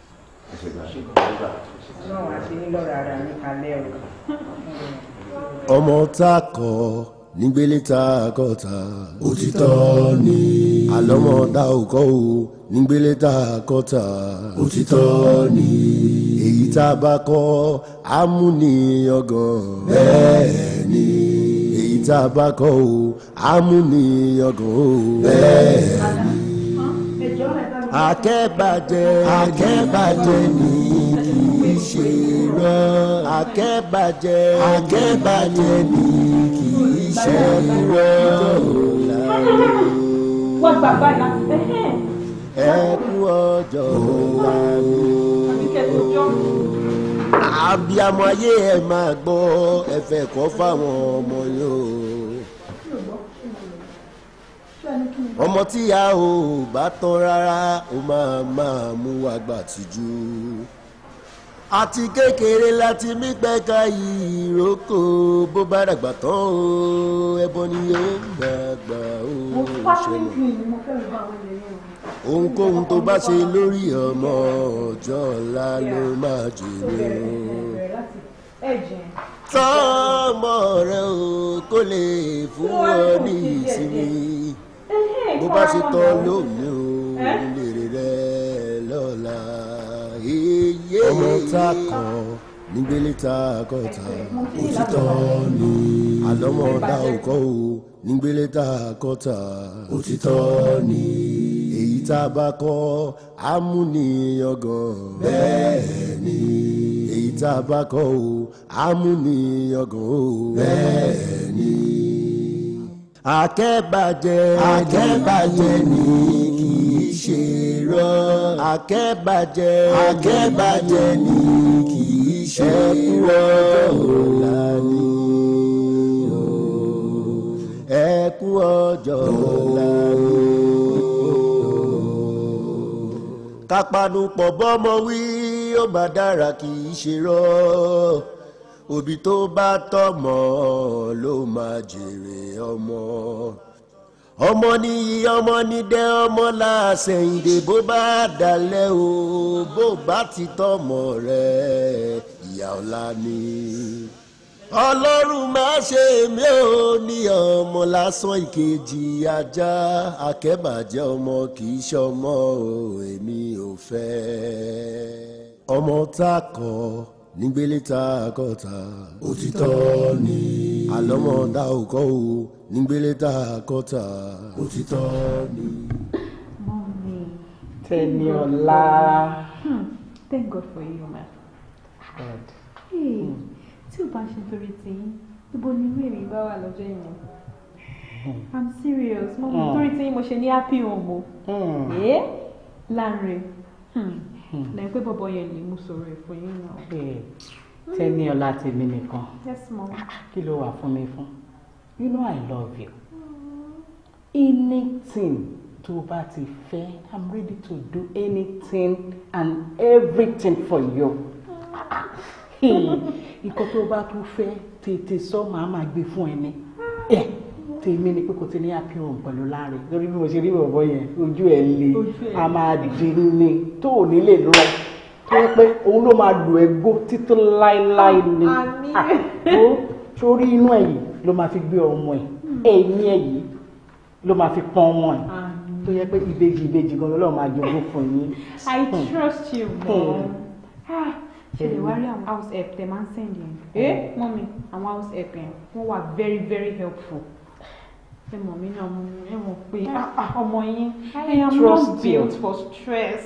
ọmọ tá kọ nígbélé tá kọ ta òtítọ́ ni àlọ́mọ tá a o nígbélé tá kọ ta òtítọ́ ni èyí tá a bá kọ́ á mú bẹ́ẹ̀ ni èyí tá a bá kọ́ o á o bẹ́ẹ̀ ni akẹ́bàjẹ́ akẹ́bàjẹ́ ni kì í ṣe irọ́ akẹ́bàjẹ́ akẹ́bàjẹ́ ni kì í ṣe irọ́ wọ́n gbà báyà ẹ kú ọjọ́ ọ̀la mi abiyamọ ayé ẹ máa gbọ́ ẹ fẹ́ fáwọn ọmọ yìí ọmọ tí a ò bá tán rárá ó máa máa mú wa gbà tìjú àti kékeré láti mí pẹ́ka ìrókò bó bá dàgbà tán o ẹbọ ni ó gbàgbà ó ṣẹlẹ̀ ohunkóhun tó bá ṣe lórí ọmọ ọjọ́ ọ̀la ló máa jèrè tọ́mọ rẹ o kó lè fún ọ ní ìsinmi bó bá ṣe tọ́ lónìí o lèrè rẹ lọ́la ọmọ tá a kàn nígbélé tá a kọ̀ ta òtítọ́ ni àlọ́mọ dá òkọ́ o nígbélé tá a kọ̀ ta òtítọ́ ni èyí tá a bá kọ́ á mú bẹ́ẹ̀ ni èyí tá a bá kọ́ o á o bẹ́ẹ̀ ni akẹ́bàjẹ́ akẹ́bàjẹ́ ni kì í ṣe rọ́ akẹ́bàjẹ́ akẹ́bàjẹ́ ni kì í ṣe rọ́ ọ̀la ni ẹ kú ọjọ́ ọ̀la ni kápánú pọ̀ bọ́mọ wí ó bá dára kì í ṣe rọ́ òbí tó bá tọ́mọ ló máa jèrè ọmọ ọmọ níyì ọmọ nídẹ ọmọ làásẹ̀yìndè bó bá dalẹ̀ o bó bá ti tọ́mọ rẹ ìyá ọ̀la ni ọlọ́run má ṣe mí ò ní ọmọ lásán ìkejì ajá akẹ́bàjẹ́ ọmọ kì í ṣọmọ o èmi ò fẹ́ ọmọ tá a kọ́ ọ nígbélé ta kọta òtítọ́ ni. àlọ́mọ dá òkọ o nígbélé ta kọta òtítọ́ ni. mọ́mí. tẹ̀mí ọ̀la. Hmm, thank God for you ma. God. tí o bá ṣe torí ti yín ibo ni mary bá wà lọ́jọ́ ìmọ̀. Hmm. i'm serious mọ́mí hmm. torí ti yín mo ṣe ní happy home o. Eh? láàrin lẹ́yìn hmm. pé bọ́bọ́ yẹn ni mo sọ̀rọ̀ ẹ̀ fún yín náà. tẹ́ni ọlá tèmi nìkan kí ló wà fún mi fún you know i love you anything tó bá ti fẹ́ i'm ready to do anything and everything for you nǹkan tó bá tún fẹ́ tètè sọ màá máa gbé fún ẹni. Eh tèmi ni pé kò ti ní happy pẹ̀lú láre lórí bí mo ṣe rí bọ̀bọ̀ yẹn ojú ẹ̀ le a máa dín ní tó ò ní lè lọ tó yẹ pé òun ló máa lù ẹ́ títí láéláé ah, ni torí ah, inú ẹ̀ yìí ló máa fi gbé ọmọ ẹ̀ hmm. ẹ̀yìn ẹ̀ yìí ló máa fi pọ́n ọmọ ẹ̀ tó yẹ pé ìbejì ìbejì gan lọ́wọ́ máa jogún fún yín. I hmm. trust you hmm. mom. Ah, ṣe lè wá rí àwọn house help tẹ̀ máa ń send yẹn. ẹ eh? mọ́mi àwọn house help yẹn wọ́n wà very very helpful ẹ mọ̀ mí náà mo ẹ mọ̀ pé ah, ah, ọmọ yín I am not built for stress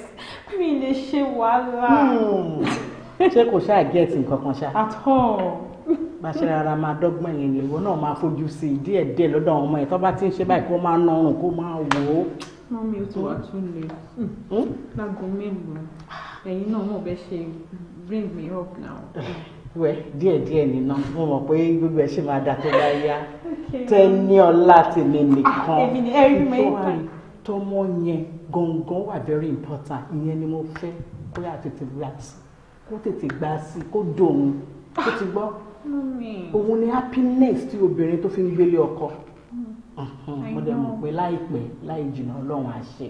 mi lè ṣe wàhálà. Hmm. ṣé kò ṣáà gẹ̀ẹ́tì nǹkan kan ṣá. at all bàṣẹ rárá máa dọ́gbọ́n yẹn ni ìwọ náà máa fojú sí i díẹ̀ díẹ̀ lọ́dọ̀ àwọn ọmọ yẹn tó bá ti ń ṣe báyìí kó máa ná kó máa wò ó. wọ́n mi ò ti wá tún lè hmm? lágọ̀ọ́ mélòó ẹ̀yin náà mọ̀ bẹ́ẹ̀ ṣe bring me up now. wẹ díẹ̀díẹ̀ nínà mo mọ̀ pé gbogbo ẹ̀ ṣe máa dà tó bá yá tẹ́ni ọlá tèmi nìkan ah, tọmọ yẹn gangan wà very important ìyẹn ni mo fẹ́ kó yà tètè gbà sí kó tètè gbà sí kó dòun kó ti gbọ́ òun ni happiness tí obìnrin tó fi ń gbélé ọkọ mo dẹ̀ mọ̀ pé láìpẹ́ láì jìnnà ọlọ́run àṣẹ.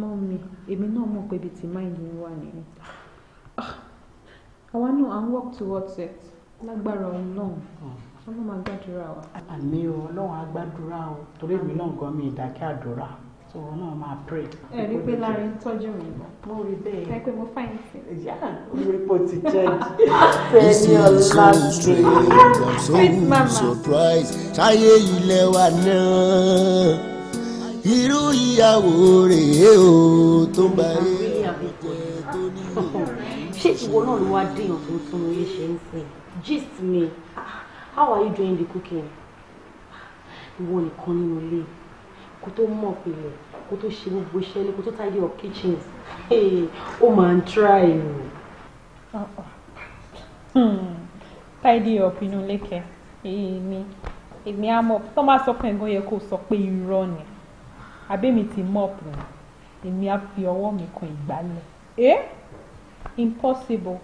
mọ́mí èmi náà mọ̀ pé ibi tí máìlì wà nìyẹn àwa náà à ń work towards it lágbára ọlọ́run hmm. ọlọ́run máa gbàdúrà wa. àmì o ọlọ́run á gbàdúrà o torí èmi náà gan mi ìdákẹ́ àdúrà so wọn náà máa pray. ẹ rí i pé láàrin tọ́jú mi lọ. mo rí bẹ́ẹ̀. ẹ pé mo fáyín sí. ìyá orí ti jẹ́ ẹni ọ̀la surprise ṣáyé ilẹ̀ wa náà irú ìyàwó rèé o tó bá ṣé ìwọ náà ló wá déèyàn tó tún mi yé ṣe ń sìn gist me how are you doing the cooking ìwọ nìkan nínú ilé kó tó mọ̀ pilẹ̀ kó tó ṣe gbogbo iṣẹ́ ní kó tó tidy your kitchen ó máa ń try o. Uh-uh. Hmm. tidy up inú lẹ́kẹ̀ẹ́ èmi èmi á mọ̀ tó bá sọ pé nǹkan yẹ kó sọ pé irọ́ ni àbẹ́mi ti mọ̀ pọ̀ èmi á fi ọwọ́ mi kan ìgbálẹ̀. Eh? impossible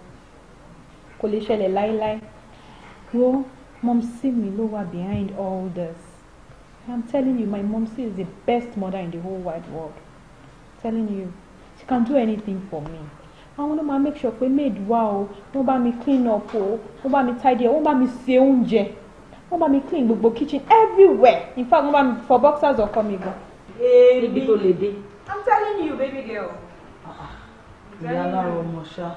kò lè ṣẹlẹ̀ láéláé wo mọ̀mísí mi ló wà behind all this i'm telling you my mọ̀mísí is the best mother in the whole wide world I'm telling you she can do anything for me àwọn ló máa make sure pé maid wá o wọ́n bá mi clean up o wọ́n bá mi tidy up wọ́n bá mi ṣe oúnjẹ wọ́n bá mi clean gbogbo kitchen everywhere in fact wọ́n bá mi fọ boxers ọkọ mi gan. níbi tó lè dé. i'm telling you baby girl. Uh -uh ìyá alára ọmọ ṣá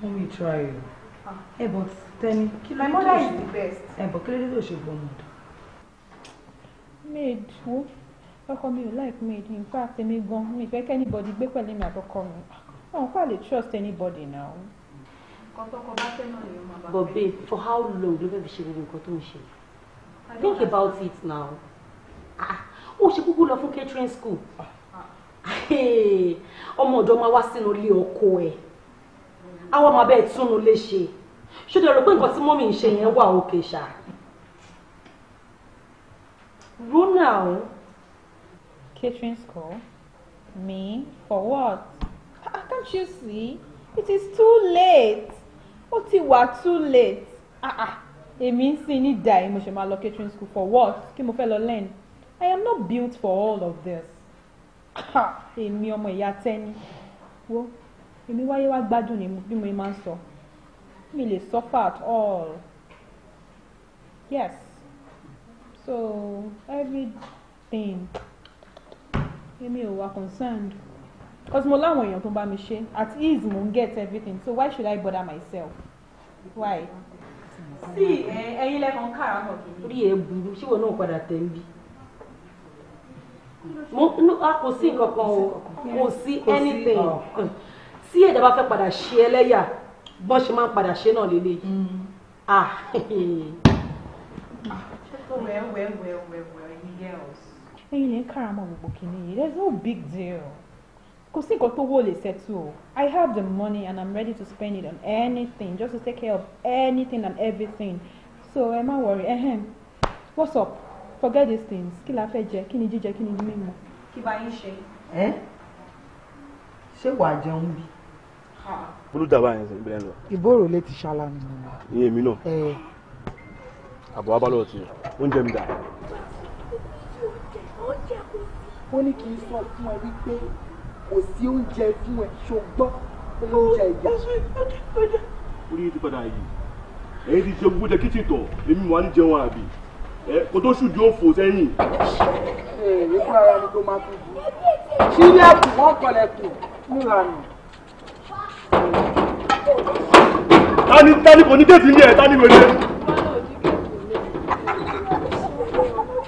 wọ́n mi try you ẹ ah. eh, bọ̀ tẹni kí ló dé tó ṣe ẹ bọ̀ eh, kí ló dé tó ṣe gbọmọ ọdọ. maid wo how come you like maid in fact èmi gan mi fẹ́ kẹ́ anybody gbé pẹ̀lú mi àtọkọ mi wọn kò lè trust anybody now. but babe for how long do you fi ṣe gbogbo nǹkan tó ń think about it now ah, ah. ó ṣe kúkú lọ fún catering school ọmọ ọ̀dọ́ máa wá sínú ilé ọkọ ẹ̀ àwọn ọmọ abẹ́ túnú lè ṣe ṣó dẹ̀ rò pé nǹkan tí mọ́mì ń ṣe yẹn wà òkè ṣá. ronald. catering school me for what ah, can't you see it is too late ó ti wà too late Ah, ah. èmi ń sìn ní dàí mo ṣe máa lọ catering school for what kí mo fẹ́ lọ learn i am not built for all of this èmi ọmọ ìyá tẹ́ni wo èmi wáyé wá gbádùn ni bí mo máa ń sọ mi lè suffer at all yes so everything èmi ò wá concerned Cause mo láwọn èèyàn tó bá mi ṣe at ease mo ń get everything so why should I bother myself why. sí eh, ẹ̀yin lẹ́kọ̀ọ́ kàrà náà kì í. orí ẹ̀ burú ṣé wọn náà padà tẹ̀ ń bí kò sí nǹkan kan o kò sí anything ah. tí ẹ̀dá bá fẹ́ padà ṣe ẹlẹ́yà bọ́n ṣe máa ń padà ṣe náà lélẹ̀ mm. ah. ẹ̀yin lè ń káràmọ́ gbogbo kìíní yìí is no big deal kò sí nǹkan tó wó lè settle o I have the money and I'm ready to spend it on anything just to take care of anything and everything so ẹ má worry ehem what's up forget these things kí la fẹ́ jẹ kí ni jíjẹ kí ni mímu. kí bá yín ṣe. ẹ ṣé wàá jẹun bí. bólú dàbà yẹn sọ ìbílẹ̀ lọ. ìbòrò lè ti ṣàlà mi. iye mi náà àbọ̀ abálọ̀ ti oúnjẹ mi dà. ó ní kí n sọ fún ẹ wípé kò sí oúnjẹ fún ẹ ṣùgbọ́n oúnjẹ ìyá. orí ti padà yìí èyí ti ṣe gbogbo jẹ kí ti tọ̀ èmi wà ń jẹun àbí kò tó ṣùjú òfò sẹ́yìn. èyí fún ara ni kó máa fi bu sílẹ̀kùn wọ́n kọlẹ̀kùn nílànà. tani tani kò ní kéètì ilé ẹ̀ tani wèrè.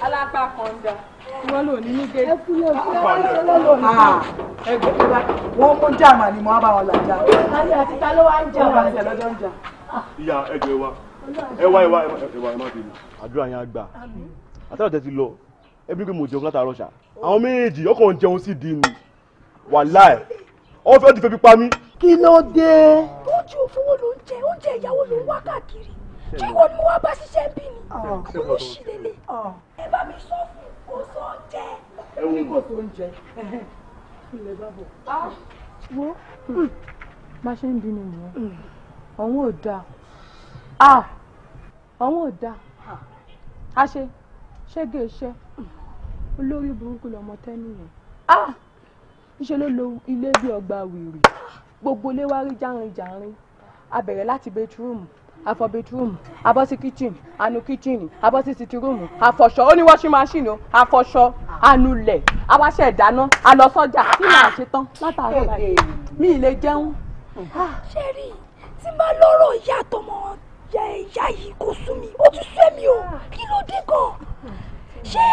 alápá kan dá wọ́n lò ní nígbè. ẹ kú lè fún ẹ wọ́n lò ní. Ah, ẹgbẹ́ ìgbà wọ́n mú jàmà ni mo á bá wọn là já. àti àti ta ló wá ń jà. ìyá ẹgbẹ́ wa ẹ wá ẹ wá ẹ wá ẹ má fi àdúrà yẹn á gbà àtàwọn tẹ ti lọ ẹbí pé mo jẹun látàárọ̀ ṣá àwọn méjèèjì ọkọ̀ ń jẹun sí di ni wàláì ọ fẹ́ ti fẹ́ fi pa mí. kí ló dé. oúnjẹ òfowó ló ń jẹ oúnjẹ ìyàwó ló ń wá káàkiri kí ìwọ ni mo wá bá ṣiṣẹ́ bí ni àwọn ah. olóṣèlélẹ̀ ah. ẹ bá mi sọ fún kò sọ oúnjẹ. ẹ wọ́n kò tó oúnjẹ ilẹ̀ bá bọ̀. Ah. wo má hmm. ṣe ń bí ni mò hmm. ń ọ̀hún ò dáa ọ̀hún ò dáa a ṣe ṣége iṣẹ́ olórí burúkú lọmọ tẹ́ni yẹn ah! ṣe ló lo ilé bí ọgbà wèrè gbogbo ilé wa rí jàrin-jàrin a bẹ̀rẹ̀ láti bedroom afọ bedroom abọ́ sí kitchen anu kitchen abọ́ sí sitting room afọṣọ ó ní washing machine o afọṣọ anulẹ̀ awáṣẹ́ ìdáná alọ́sọ́jà tí màá ṣe tán látàárọ̀ báyìí mi ì lè jẹun. ṣé rí tí n bá lọ́rọ̀ ìyá àtọmọ ìyá ìyá yìí kò sú mi ó ti sú èmi o kí ló dé gan ṣé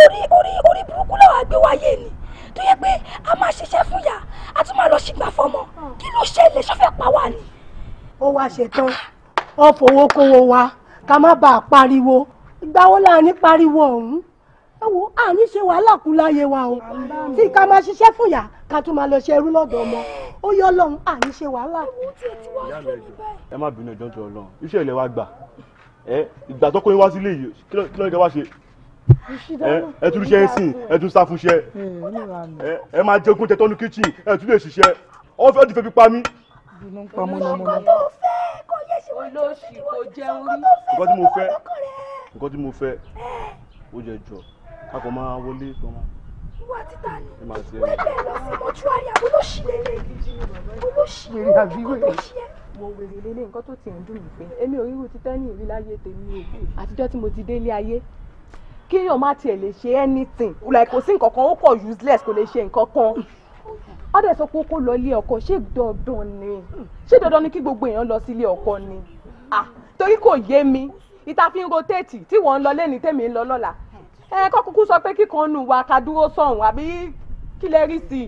orí orí orí burúkú làwọn àgbẹ̀ wáyé ni tó yẹ pé a máa ṣiṣẹ́ fún yà á tún máa lọ ṣìgbà fọmọ kí ló ṣẹlẹ̀ ṣọ́fẹ́ pa wá ni. ó wá ṣetán ó fowó kówó wa ká má bàa pariwo ìgbà wo la ní pariwo ọ̀hún ẹ wo a ní ṣe wàhálà kú láyé wa o tí ká máa ṣiṣẹ́ fún yà ká tún máa lọ ṣe ẹrú lọ́dọ̀ ọmọ ó yọ ọlọ́run a ní ṣe wàhálà. ẹ má bínú ẹjọ́ tó ọlọ́run iṣẹ́ ilé wa gbà ẹ ìgbà tó kóyún wá sílé yìí kí ló ń jẹ wá ṣe ẹ tún ṣe é ẹ tún sá fún ṣe hmm, ẹ máa jogún tẹ tọ́nu kíchìn ẹ tún lè ṣiṣẹ́ ọ fẹ́ ti fẹ́ fi pa mí. ọkọ tó jẹun rí. nǹkan tí mo fẹ́ nǹkan tí mo fẹ́ ó jẹ jọ a kò máa wọlé gan. ìwà títà ni wẹ́ẹ̀ bẹ́ẹ̀ lọ sí mọ́túárì àbólóṣì lélẹ̀ olóṣì olóṣì ẹ̀ wo wèrè lélẹ̀ nǹkan tó tiẹ̀ ń dùn mí pé èmi ò ríru títẹ́ ní ìrí láyé tèmi o àtijọ́ tí mo ti délé ayé kíyàn má tiẹ̀ lè ṣe anything like kò sí nǹkan kan ó kọ̀ useless kò lè ṣe nǹkan kan ọdẹ sọ pé kó lọ ilé ọkọ ṣé dandan ni ṣé dandan ni kí gbogbo èèyàn lọ sí ilé ọkọ ni ah torí kò yé mi ìta fi ń rotéètì tí wọ́n ń lọ lẹ́ni tèmi ń lọ lọ́la ẹ kọ́ kúkú sọ pé kíkan nù wá ká dúró sọ̀hún àbí kí lẹ rí sí i.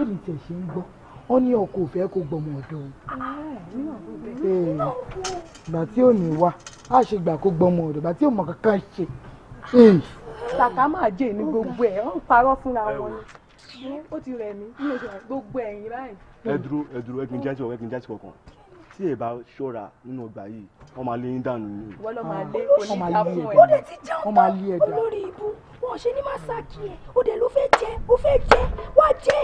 èmi tẹ̀ ṣe ń gbọ́ wọ́n ní ọkọ ò kó gbọmọ ọ̀dọ̀ o. Ah, ìgbà tí ò ní wá a ṣe gbà kó gbọmọ ọ̀dọ̀ ìgbà tí ò mọ kankan ṣe. kàkà ah, máa jẹ́ ní gbogbo ẹ̀ wọ́n ń parọ́ fúnra wọn ni ó ti rẹ̀ mí gbogbo ẹ̀yìn báyìí. ẹ dúró ẹ dúró ẹ kì í jásí ọkọ ẹ kì í jásí ọkọ tí ẹ bá ṣọ́ra nínú ọgbà yìí wọ́n máa lé yín dànù nínú. Ah, wọ́n lọ máa lé oníkà fún ẹ. ó lè ti jẹun tán olórí ibú wọn ò ṣe ní máa ṣáàkì ẹ ó dẹ̀ ló fẹ́ jẹ ó fẹ́ jẹ wá jẹ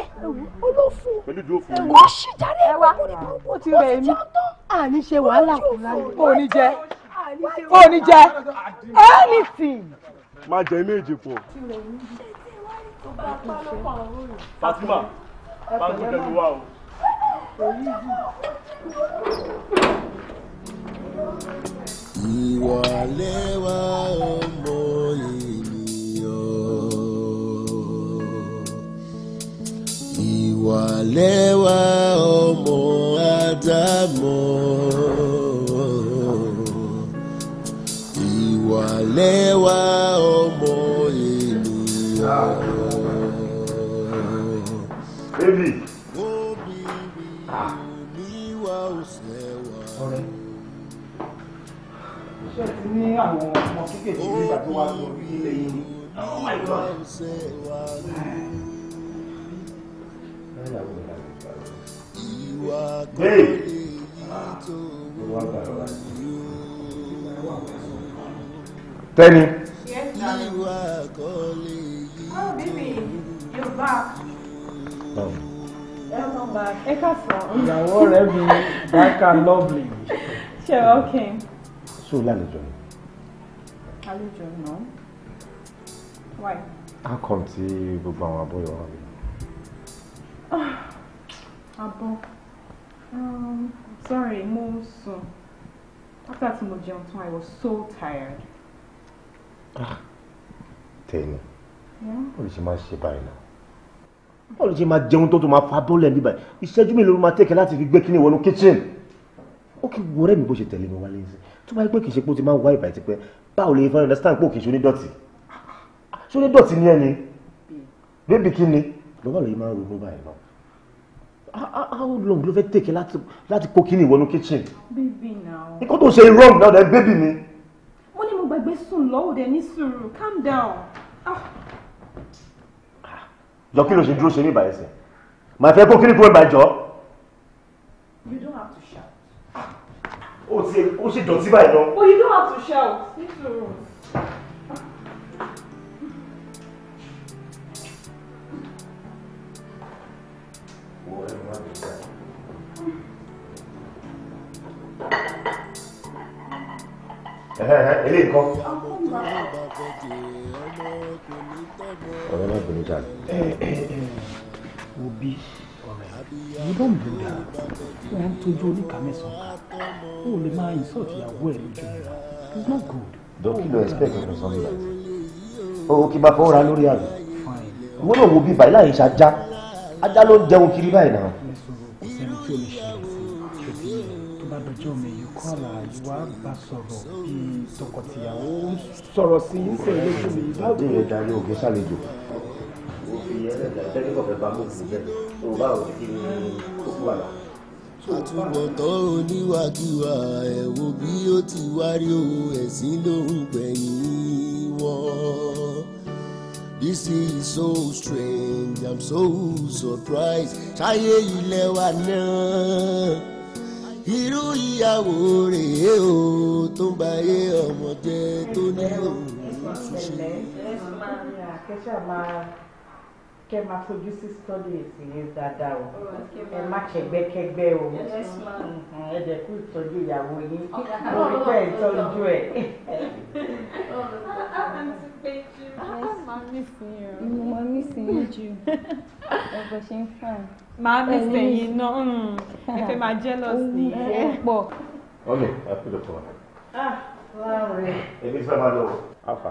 olófo ó ṣì jáde ẹ wá ó ti rẹ̀ mí àní ṣe wàhálà kù ní jẹ ó ní jẹ anything. má jẹ méje pọ̀. Fatima bá ń gbẹdẹ o ìwà lẹ́wà ọmọ ènìyàn ìwà lẹ́wà ọmọ àdámọ̀ ìwà lẹ́wà ní àwọn ọmọ kéékèèké nígbà tó wá lọ rí ilé yìí oh my god. bẹ́ẹ̀ tẹ́ni. Oh, baby, you're back. Oh. Welcome back. Ẹ káàsán. Ìyàwó rẹ̀ bí Bákà Lovely. Ṣé o kí n? Sùn lálejò ni ṣàlejò náà why. how come tí gbogbo àwọn abọ́ ìwà mi. Ah, abọ́ um, sorry mo sùn after tí mo jẹun tán I was so tired. tẹ́ni ó lè ṣe máa ṣe báyìí náà ó lè ṣe máa jẹun tó tó máa fa bọ́ọ̀lù níbàyìí ìṣẹ́jú mi ló máa tẹ̀kẹ́ láti fi gbé kíní wọnú kitchen ó kí wọrẹ́ mi bó ṣe tẹ̀lé mi wálé ṣe tó bá yẹ pé kì í ṣe pé ó ti máa ń wá ìbàyìí tipẹ́ báwo lè fẹ́ understand pé òkè ṣonídọ̀tí ṣonídọ̀tí ni ẹni bébì kí ni lọ́wọ́ lè máa ronú báyìí náà how long ló fẹ́ tèké láti kó kí ni ìwọ́nú kitchen. bébì náà. ikú tó ṣe wrong now. dẹ bébì ni. mo ní mo gbàgbé sùn lọ́wọ́ dẹ ní sùúrù calm down. jọ ah. kí ló ṣe dúró ṣe ní ìbàyẹ̀ sẹ́ màá fẹ́ kó kí ni kúrò ìbàjọ́. you don't have to shout. o ti o ṣe dọ̀tí báyìí náà. but you don't have to shout ilé nǹkan. ọ̀rẹ́ má bínú jà ní. òbí ọ̀rẹ́ you don do that wọ́n ń tọ́jú oníkà mẹ́sàn-án ká ó lè máa insult ìyàwó ẹ̀ lójú ìlà it's not good dókì lọ expect ọ̀rọ̀ sọ nígbà owó kí bá fọwọ́ra lórí àná ìwọ náà wo bí báyìí láyé ṣajá ajá ló ń jẹun kiri báyìí náà. ìṣẹ́ni tí o lè ṣe sọ̀rọ̀ sí í sẹ́yìn lójú mi bá gbé. fi ẹlẹ́dàá tẹ́lifọ̀ fẹ́ bá mọ̀ sí bẹ́ẹ̀ bá òkè kí n kókó àlà àtúbọ̀tán oníwàkiwà ẹ̀ bí ó ti wá rí ohun ẹ̀sìn ló ń gbẹ̀yìn wọn. This is so strange, I'm so surprised. Ṣáyé ilẹ̀ wa náà, irú ìyàwó rèé o tó ń báyé ọmọ jẹ tó ní òun ṣùṣe kẹ́ máa fojú sí studies yẹn dáadáa o ẹ má kẹ́gbẹ́kẹ́gbẹ́ o mm-hmm. ẹ dẹ̀ kú ìtọ́jú ìyàwó yín lórí pé ẹ tọ́jú ẹ. mo máa mí sí yín jù ẹgbẹ ṣe ń fà. máa mí sẹ́yìn náà mm. ẹ fẹ́ máa jealous ní ẹ pọ̀. ọ̀lẹ̀ àpilẹ̀kọ̀. ah láàrin. èmi sábà lọ. afa.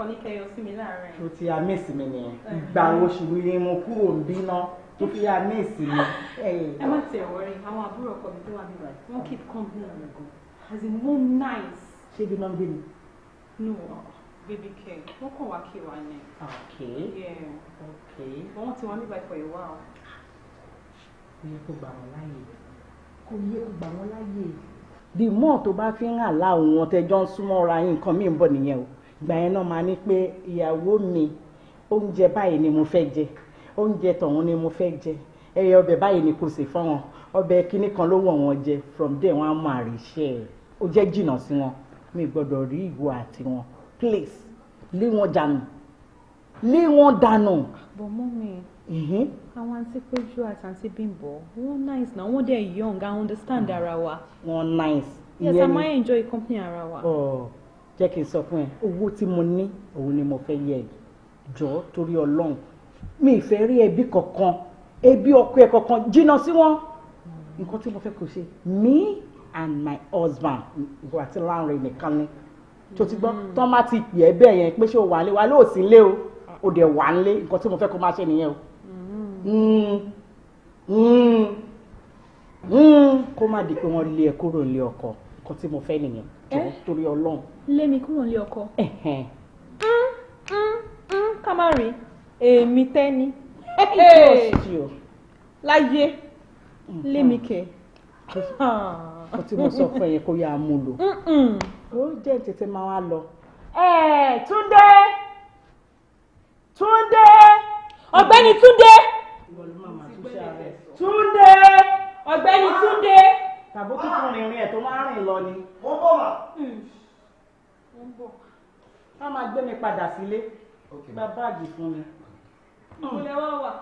kan ní kẹyọ sí mi láàárín. o ti amí ìsinmi nìyẹn gba oṣù mi mo kúrò ń bí ná tó fi amí ìsinmi. ẹ má tẹ̀ wọ́rí àwọn àbúrò ọkọ mi tó wà níbàdí wọ́n keep company on ẹ̀gọ́ as in one night. ṣé ibi máa gbé mi. no uh, baby care wọ́n kàn wá kí wa ni. ok yeah. ok wọ́n ti wá níbàdí for a while. kò yẹ kó gbà wọ́n láàyè kò yẹ kó gbà wọ́n láàyè the more tó bá fi ń hàn láwọn tẹjọ ń súnmọ́ ra yín nǹkan míì bọ̀ nìyẹn o gbà yẹn náà máa ní pé ìyàwó mi oúnjẹ báyìí ni mo fẹ́ jẹ oúnjẹ tọ̀hún ni mo fẹ́ jẹ ẹyẹ ọbẹ̀ báyìí ni kò sì fọ́ wọn ọbẹ̀ kínní kan ló wọ̀ wọ́n jẹ from there wọ́n á mọ àríṣẹ́ ẹ̀ ó jẹ́ jìnnà sí wọn mi gbọ́dọ̀ rí ìwọ àti wọn please lé wọn dànù lé wọn dànù. bọ̀ mọ́ mi àwọn àǹtí péjú àti àǹtí bímbọ wọn nice na wọn dẹ̀ young i understand mm. ara wa. wọn nice. yes i might enjoy company ara wa. Oh jẹ́ kí n sọ fún ẹ owó tí mo ní òun ni mo fẹ́ yẹ jọ torí ọlọ́run mi ì rí ẹbí kankan ẹbí ọkọ ẹ kankan jìnnà sí wọn nǹkan tí mo fẹ́ kó ṣe me and my husband ìwọ àti láàrin nìkan ni tó ti gbọ́ tán má ti pè ẹ́ bẹ́ẹ̀ yẹn pé ṣé o wà lé wa lé òsín lé o o dẹ̀ wà lé nǹkan tí mo fẹ́ kó máa ṣe nìyẹn o hmm. Hmm. Hmm. kó má di pé wọ́n lé ẹ kúrò lé ọkọ nǹkan tí mo fẹ́ nìyẹn jọ̀ọ́ eh? torí Ọlọ́run. lé mi kúrò ní ọkọ. ká má rí èmi tẹ́ni. láyé lé kẹ. mo ti mọ sọ fún ẹ kó yáa mú lò. ó jẹ́ tètè máa wá lọ. Túndé Túndé ọ̀gbẹ́ni Túndé Túndé ọ̀gbẹ́ni Túndé tàbó tuntun rìnrìn ẹ̀ tó máa rìn lọ ni. mo bọ̀ mà. mo hmm. bọ̀ ká máa gbé mi padà sílé gba báàgì fún mi. Hmm. ìpínlẹ̀ wa wà.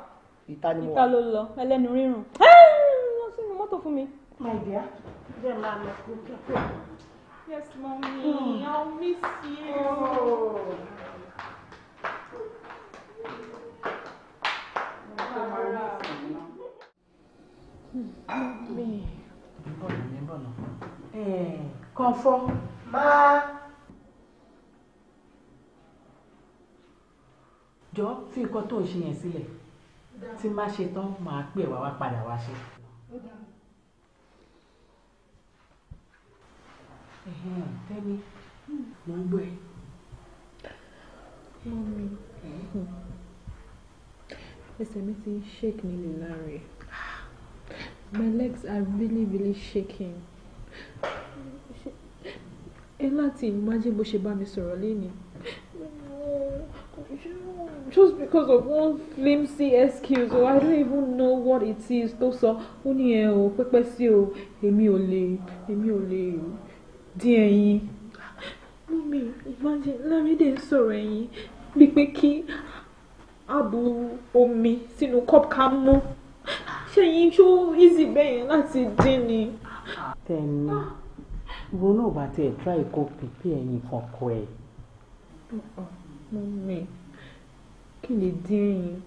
ìta ni mo wà. ìta ló lọ ẹlẹ́nu rírùn. lọ sínú mọ́tò fún mi. my dear jẹ́ máa lọ kú kẹ́kẹ́. yes mommy mm. i'll miss you. Oh. Mm. Kọ̀ǹfọ́. Máa. jo fi nǹkan tó ń ṣe yẹn sílẹ̀. Tí má ṣe tán, màá pè wá wá padà wá ṣe. Tẹ́mi, mo ń gbọ́ ẹ. Mọ́mi, mi ti ń ṣèkì nílẹ̀ láàárẹ̀. My legs are really, really shaking. Ẹ láti imagine bó ṣe bá mi sọ̀rọ̀ lénìí. Just because of one flimsy excuse or oh, I don't even know what it is tó sọ ó ní ẹ o pẹ́pẹ́ sí o èmi ò lè èmi ò lè dín ẹyin. Mummy imagine Lámídé ń sọ̀rọ̀ ẹyin bíi pé kí àbù omi sínú cup ká mú ṣẹ́yìn ṣó easy bẹ́ẹ̀ yẹn láti dín ni. tẹ̀mí ìwọ náà bá tiẹ̀ try kó pèpè ẹ̀yìn kọ̀ọ̀kọ̀ ẹ̀. mọ́mí kí lè dín ẹyin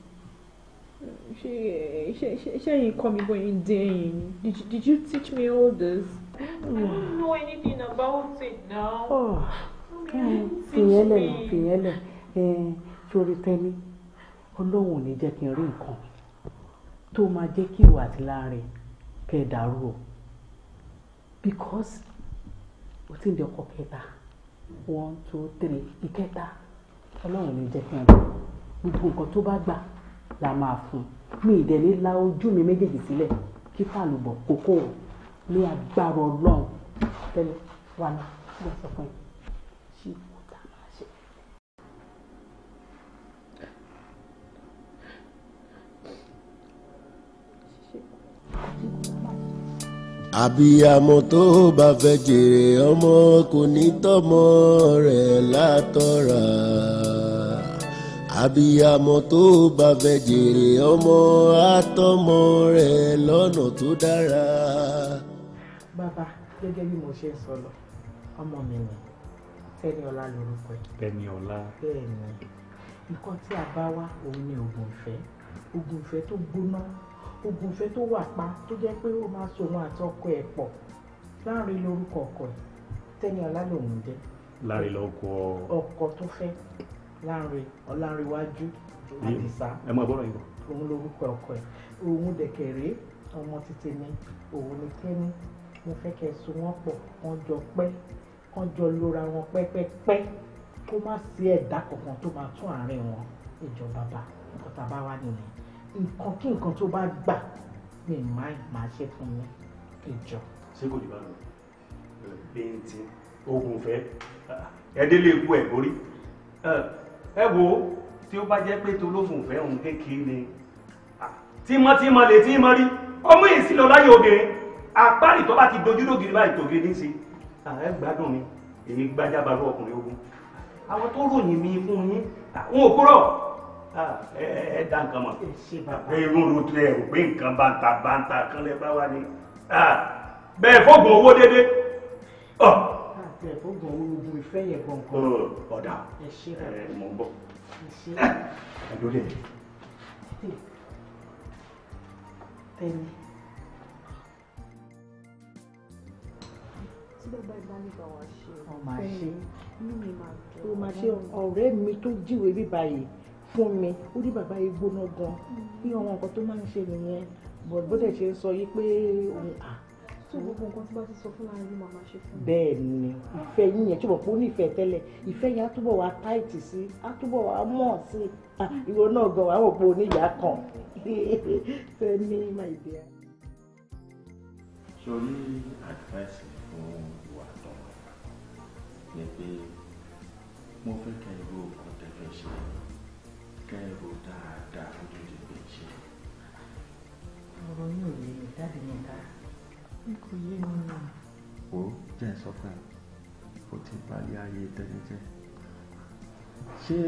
ṣẹ́yìn kọ́ mi bóyá dín ẹyin ni did you teach me all this. I don't know anything about it now. Oh, fìyẹ́lẹ̀ fìyẹ́lẹ̀ sórí tẹ́mí ọlọ́run ò ní jẹ́ kí n rí nǹkan mi tó máa jẹ́ kí ìwà àti láàrin kẹ́ ẹ dàrú o because o ti ń di ọkọ kẹta one two three ìkẹta ọlọ́run ní jẹ́ kí n gbogbo nǹkan tó bá gbà la máa fún mi ìdẹ̀lẹ́ la ojú mi méjèèjì sílẹ̀ kí fàlùbọ̀ kókó ní agbára ọlọ́run tẹ́lẹ̀ wà lọ sọ fún yín. àbíyamọ tó bá fẹ́ jèrè ọmọ kò ní tọ́mọ rẹ̀ látọ̀ra àbíyamọ tó bá fẹ́ jèrè ọmọ àtọmọ rẹ̀ lọ́nà tó dára. bàbá gẹ́gẹ́ bí mo ṣe ń sọ lọ ọmọ mi ni Tẹ́níọlá lorúkọ ẹ̀. Tẹ́níọlá. bẹ́ẹ̀ ni nǹkan tí a bá wá òun ni oògùn ìfẹ́ oògùn ìfẹ́ tó gbóná gbogbo ìfẹ́ tó wà pa tó jẹ́ pé ó máa so òun àti ọkọ ẹ̀ pọ̀ láàrin lórúkọ ọkọ ẹ̀ tẹ́ni alálòhùn jẹ́ láàrin lọ́kọ ọkọ tó fẹ́ láàrin ọ̀làrinwájú àdìsá ẹ máa gbọ́dọ̀ yìí òun lórúkọ ọkọ ẹ̀ òun dẹ̀kẹ̀rẹ́ ọmọ títí ni òun ni kẹ́ni mo fẹ́ kẹ́ so wọ́n pọ̀ wọ́n jọ pẹ́ wọ́n jọ lóra wọn pẹ́pẹ́pẹ́ kó má sí ẹ̀dá kankan tó máa tún àárín wọn ìjọba bá nǹkan tá a bá wà nìyẹn nǹkan kí nǹkan tó bá gbà lè má máa ṣe fún yín ìjọ. ṣé kò lè bá mi bẹ́ẹ̀ tí oògùn fẹ́ ẹdẹ lè kú ẹ̀ borí ẹ wo tí ó bá jẹ́ pé tolófùn fẹ́ òun kékeré ni tímọ́tímọ́ lè tí mọ́ rí ọmọ èsì lọ láyé obìnrin àpárí tó bá ti dojú lògiri báyìí tògiri ní í ṣe ẹ gbádùn mi èyí gbájá balùwẹ̀ ọkùnrin ogun àwọn tó ròyìn mi fún yín àwọn òkúrọ̀ Ah, ẹ dá nǹkan mọ̀ pé irun rotu ẹ ò pé nǹkan bàǹtà bàǹtà kan lẹ bá wà ní ah, bẹ́ẹ̀ fọ́gbọ̀n owó dédé. Ah. bẹ́ẹ̀ fọ́gbọ̀n owó gbogbo ìfẹ́ yẹn gbọ̀ngàn. Oh, ọ̀dà ẹ eh, mọ̀ ń bọ̀ ẹ lórí ẹ. Tẹ́lẹ̀. Tí bàbá ìbánibà wá ṣe, ọmọ àṣẹ, inú mi máa dùn. Ọmọ àṣẹ ọ̀rẹ́ mi tó jíwèé bí báyìí fún mi ó rí bàbá yìí gbóná gan bí àwọn nǹkan tó máa ń ṣe nìyẹn bọ̀dọ̀ bó dẹ̀ ṣe ń sọ yìí pé òun à. tó gbogbo nǹkan tí bá ti sọ fún ara yìí màmá ṣe fún mi. bẹ́ẹ̀ ni ìfẹ́ yín yẹn túbọ̀ pé ó nífẹ̀ẹ́ tẹ́lẹ̀ ìfẹ́ yẹn á túbọ̀ wá táìtì sí á túbọ̀ wá mọ̀ sí ìwọ náà gan wà á wò pé oníyà kan fẹ́mi máa dé. sori advice fún ìwà àtọ̀rọ̀ ni pé mo fẹ́ kẹ́ irú ọkọ̀ tẹ́fẹ́ ṣe dẹ́rù dáadáa lórí méjì. ọ̀rọ̀ yóò yé mi dáàbì mi ká n kò yé mi nù. ó jẹ́ sọ pé o ti parí ayé tẹ́ni jẹ́ ṣé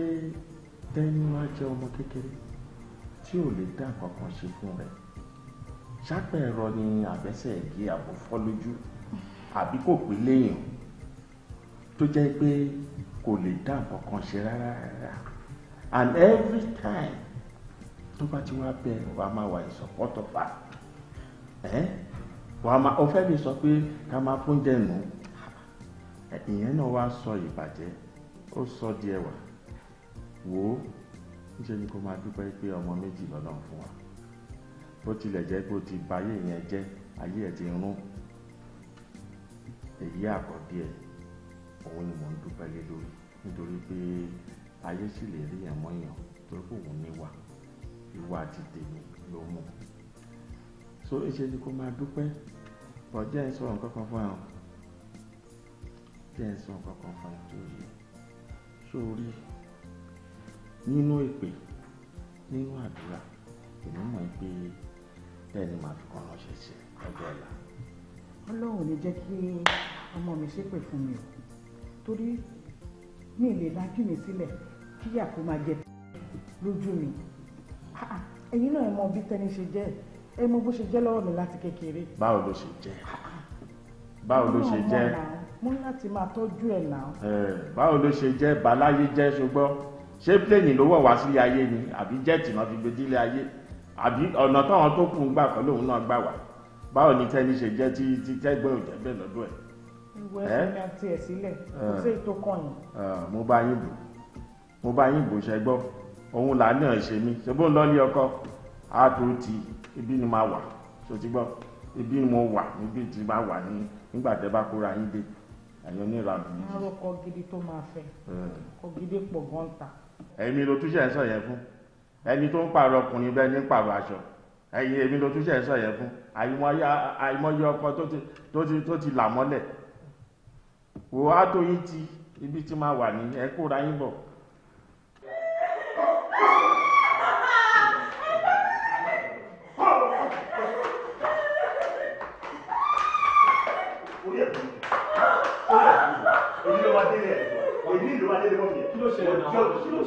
tẹ́ni wá jẹ́ ọmọ kékeré tí ò lè dá nǹkan kan ṣe fún rẹ̀ ṣápẹ́ ẹ̀rọ ni àbẹ́sẹ̀ gé àbò fọ́ lójú àbí kò pín léèyàn tó jẹ́ pé kò lè dá nǹkan kan ṣe rárá rárá and every time tó bá ti wá bẹ wàá máa wà in support wàá máa ọfẹ mi sọ pé ká máa fún jẹ nù ìyẹn náà wá sọ ìbàjẹ́ ó sọ di ẹwà wò ó níṣẹ́ ni kó máa dúpẹ́ pé ọmọ méjì lọ́nà fún wa bó tilẹ̀ jẹ́ pé ó ti ba ayé yẹn jẹ́ ayé ẹ̀ ti rún èyí àkọ́bí ẹ̀ òun ni mò ń dúpẹ́ lé lórí nítorí pé ayé sì lè rí ẹ̀mọ́ èèyàn torí kò wọ́n níwà ìwà àti tèmi ló mú so èṣe ni kó máa dúpẹ́ bọ́jẹ́ ń sọ̀rọ̀ kankan fún ẹ̀hún jẹ́ ń sọ̀rọ̀ kankan fún ẹ̀hún tó yẹ sórí nínú ìpè nínú àdúrà èmi mọ̀ pé bẹ́ẹ̀ ni màá fi kàn ránṣẹ́ sí ọjọ́ ọ̀la. ọlọ́run ní jẹ́ kí ọmọ mi ṣépè fún mi torí mi ì lè lajú mi sílẹ̀ kíyà kó máa jẹ lójú mi ah, ah, ẹ̀yin náà ẹ mọ bí tẹni ṣe jẹ́ ẹ mọ bó ṣe jẹ́ lọ́wọ́ mi láti kékeré. báwo ló ṣe jẹ́ ah, báwo ló ṣe jẹ́ mo ní láti máa tọ́jú ẹ̀ náà. báwo ló ṣe jẹ́ baláyé jẹ́ ṣùgbọ́n ṣé pléènì ló wọ̀ wá sílé ayé ni àbí jẹ́ẹ̀tì náà fi gbé dílé ayé àbí ọ̀nà táwọn tó kù ń gbà kọ́ lòun náà gbà wá báwo ni tẹ́ni ṣe jẹ́ tí tí tẹ́gbọ́n ò lọ́dún ẹ̀. ìwé ẹ̀sìn mi àti ẹ̀ kò sí ètò kan yìí. mo bá yín bù mo bá yín ìbò ṣẹgbọ́ òun là náà ṣe mí ṣebó ń lọ ní ọkọ àtò ti ibi ni máa wà tó ti gbọ́ ibi ni mo wà níbi tí máa wà ní nígbà tẹ́ bá kóra yín dé ẹ̀yin oníranù yìí. wọ́n rọkọ gidi tó máa fẹ́ hmm. ọkọ gidi pọ̀ gan ta. èmi ló túṣe ẹ̀ sọ yẹn fún ẹni tó ń pààrọ̀ ọkùnrin bẹ́ẹ̀ ní pààrọ̀ aṣọ ẹ̀yin èmi ló túṣe ẹ̀ sọ yẹn fún àìmọye ọkọ tó ti là mọ́lẹ̀ wò á tó yín ti ibi tí máa wà ní ẹ kóra yín bọ̀.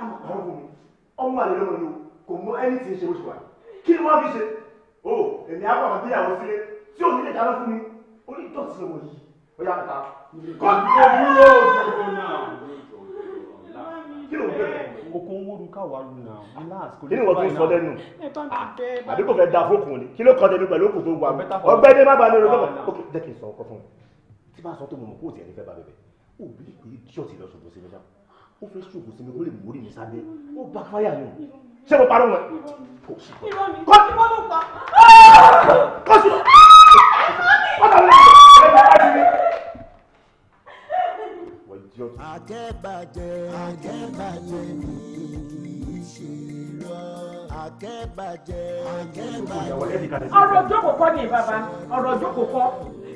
àmọ́ kàn wò mí ọmọ àlè lọ́wọ́ ni o kò mú ẹni tí ń ṣe oṣù wa kí ni wọ́n fi ṣe o èmi àpò àwọn ìgbéyàwó sílé tí òun nílẹ̀ dáná fún mi ó ní dọ̀tí lọ́wọ́ yìí ó yà ta. kọ́ ìdúró òdòdó náà kí ló ń bẹ̀rẹ̀ okun wóru káwa lu náà relax kò lè bá yín náà ẹ bá mi bẹ́ẹ̀ bá àbí kọ́ tẹnu pẹ̀lú òkú tó wà mí ọgbẹ́ dé má ba ní olùkọ́ ok jẹ́ kí n sọ ọkọ fún mi tí bá a sọ tó mọ̀ mọ́ kó o tiẹ̀ ní fẹ́ bá bẹ̀bẹ̀ o bí idiot lọ sọ̀tún sí mi ó fẹ́ ṣòfò sí mi kó lè mórí mi sábẹ́ ó bá fáyà mi ṣé mo parọ́ wọn. kọ́ sí mọ́ ló pa. kọ́ sí mọ́. ọ̀tá mi lè bá bá sí mi. akẹ́bàjẹ́ akẹ́bàjẹ́ mi kì í ṣe rọ. akẹ́bàjẹ́ akẹ́bàjẹ́. ọ̀rọ̀ ọjọ́ kò kọ́ ni bàbá ọ̀rọ̀ ọjọ́ kò kọ́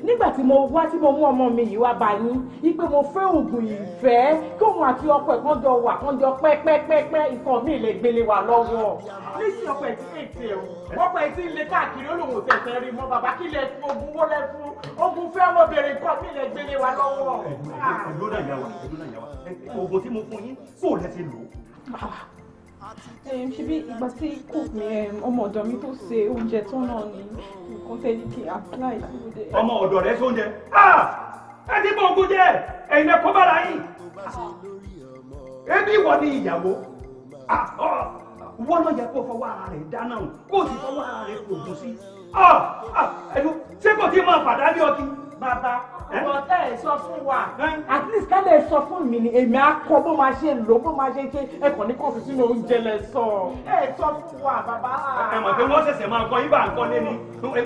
nígbà tí mo wá tí mo mú ọmọ mi yìí wá bá yín ipe mo fẹ́ oògùn ìfẹ́ kí òun àti ọkọ ẹ̀ kán jọ wà kán jọ pẹ́pẹ́pẹ́pẹ́ nǹkan mi lè gbélé wa lọ́wọ́ níṣì ọkọ ẹ̀ tí ètè o ọkọ ẹ̀ tí ń le káàkiri olóhùn tẹ̀sẹ̀ rí mọ́ bàbá kí lẹ fún ogun wó lẹ fún ogun fẹ́ ọmọbìnrin kan mi lè gbélé wa lọ́wọ́. ẹ̀dúrà ìyá wa ẹ̀dúrà ìyá wa oògùn tí mo fún yín kó o lẹ́ ti lò ó ṣebí ìgbà tí cook mi ọmọ ọ̀dọ̀ mi tó ṣe oúnjẹ tó náà ni nǹkan tẹ́lẹ̀ kí apply síbúdé. ọmọ ọ̀dọ̀ rẹ sóúnjẹ ah! ẹ ti bọ̀ ogún jẹ ẹ̀yin lẹ kọ́ bára yín ebi wọ ni ìyàwó ah, wọ́n náà yẹ kó fọwọ́ ara rẹ̀ dáná o kó o sì fọwọ́ ara rẹ̀ kò dùn sí ah, ẹnu ṣé kò tí ì máa pàdánù ọtí bàbá ọ̀tá ẹ̀ sọ fún wa at least ká lè sọ fún mi ni èmi á kọ́ bó máa ṣe lò bó máa ṣe ṣe ẹ̀kọ́ ní kófì sínú oúnjẹ lẹ sọ ẹ̀ sọ fún wa bàbá. ẹ mọ̀ pé wọ́n ṣẹ̀ṣẹ̀ máa kọ́ yín bá ń kọ́ lé ni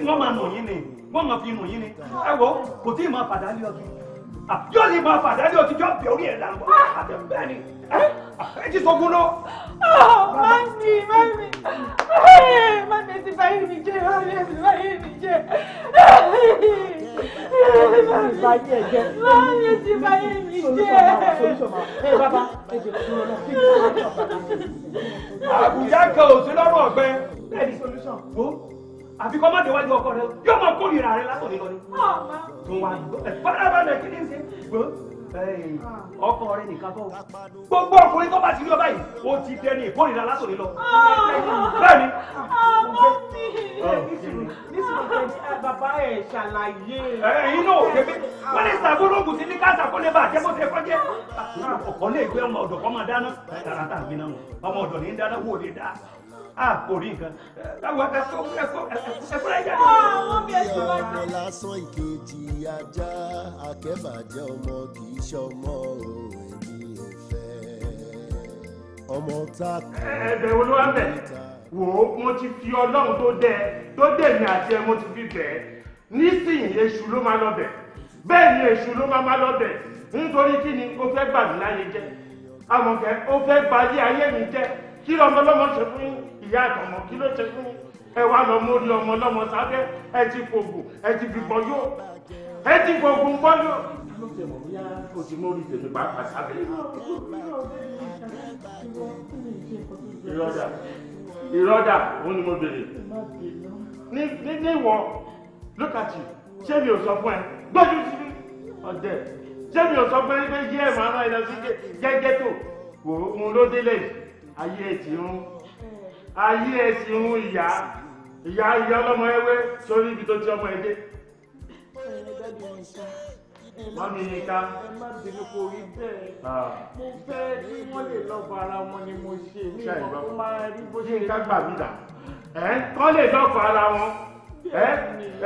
wọ́n máa nù yín ni wọ́n máa fi nù yín ni ẹ wọ kò tí ì máa fàdálẹ́ ọtí yóò lè máa fàdálẹ́ ọtí yóò bẹ̀ orí ẹ̀ làwọn ah! àtẹ̀ bẹ́ẹ̀ ni ẹ ti sọkún lọ. mami mami mami ti báyìí mi jẹ mami ti báyìí mi jẹ. mami ti báyìí mi jẹ. bàbá ẹ jẹ kúrò náà. àbújá kan ò sí lọ́rùn ọ̀gbẹ́. bẹ́ẹ̀ ni solution. àfi kọ́ má déwájú ọkọ rẹ yóò máa kórìíra rẹ látọ̀ nílọ ni. Ah, tó wá gbọ́ ẹ̀ fọ́nrán balẹ̀ kí ni ń ṣe gbọ́ ọkọ rẹ nìkan kọ́ gbogbo ọkùnrin tó bá ti rí ọ báyìí ó ti dẹni ìkórìíra látòrí lọ. bẹ́ẹ̀ni. ọmọ mi nísìnyí bàbá ẹ ṣàlàyé. ẹyin náà ò débi wọn lè ṣàgbọ́dọ̀gùn sí ní káàsà kó lè bá àjẹmọ́ ṣe kọjẹ́. ọkọ lè gbé ọmọ ọ̀dọ̀ kọ́ máa dáná tààràtà mi náà ọmọ ọ̀dọ̀ ní dáná wò lè dá a ah, kò rí nǹkan láwọn ẹ̀kọ́ ẹ̀kọ́ ẹ̀kọ́ ẹ̀jẹ̀ ló ń bẹ. ọmọ lásán ìkejì ajá akẹ́bàjẹ́ ọmọ kì í ṣọmọ èmi ò fẹ́ ọmọ tá a kọ́ ẹ̀bẹ̀ olúwa bẹ̀ wò mo ti fi ọlọ́run tó dẹ tó dẹ mi àti ẹ mo ti fi bẹ̀ nísìnyí èṣù ló máa lọ bẹ̀ bẹ́ẹ̀ ni èṣù ló máa máa lọ bẹ̀ nítorí kí ni o fẹ́ gbà mí láyé jẹ́ àmọ̀kẹ́ o fẹ́ gbalé ayé mi jẹ́ kí lọ́mọ ṣe fún yín ìyá àtọmọ kí ló ṣe fún ẹ wá lọ mórí ọmọ ọlọmọ sábẹ ẹ ti fògùn ẹ ti fi bọ yóò ẹ ti fògùn bọ yóò. ló ṣe mọ̀ ìrọ̀dà ìrọ̀dà òun ni mo bèrè ní ní ìwọ lókàtì ṣé mi ò sọ fún ẹ gbọ́dọ̀ sí mi ọ̀dẹ̀ ṣé mi ò sọ fún ẹ pé yé ẹ̀ máa ń rán ẹ gẹ́gẹ́ tó wò ó mo ló délé ayé ẹ̀ ti ń ayé ẹ̀sìn ń ìyá ìyá ìyá ọlọ́mọ ẹwé sórí ibi tó ti ọmọ ẹ dé. Mami Yinka. Ẹ má bínú kò rí bẹ́ẹ̀. Mo fẹ́ kí wọ́n lè lọ bọ ara wọn ni mo ṣe. Mi ìmọ̀ kó máa rí bó ṣe. Yinka gbà mí dà. Ẹ kọ́ lè lọ́kọ̀ ara wọn. Ẹ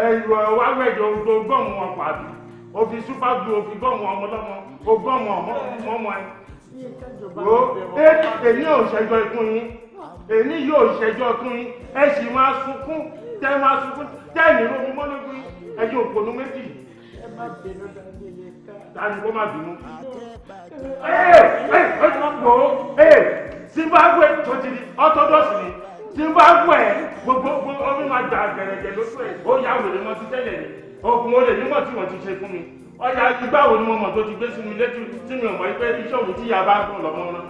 ẹ ìwọ̀ wá wẹ̀jọ odo gọ́ọ̀mù wọn pàbí. O fi súpà du o fi gọ́ọ̀mù ọmọ lọ́mọ. O gọ́ọ̀mù ọmọ ọmọ ẹ. Wo èyí ò ṣẹjọ ikú yín èmi yóò ṣẹjọ́ tún yín ẹ sì máa sunkún tẹ máa sunkún tẹ ìró mi mọ́lẹ́gbẹ́ yín ẹ yóò gbónú méjì. ẹ má bínú dání lè ká. dání kó má bínú. ẹ ẹ ẹ gbọ́ ẹ Zimbabwe tó ti di orthodox ni Zimbabwe gbogbo omi máa gbà gẹ̀rẹ̀gẹ̀ lóṣù ẹ̀ ó yà wèrè mọ́ ti tẹ́lẹ̀ ni oògùn olè níwọ̀n tí wọ́n ti ṣe fún mi ọjà ìgbà wo ni mo mọ̀ tó ti gbé sínú ilé tí mi ò mọ̀ pé iṣẹ́ òun tí yaba ń lọ́mọ náà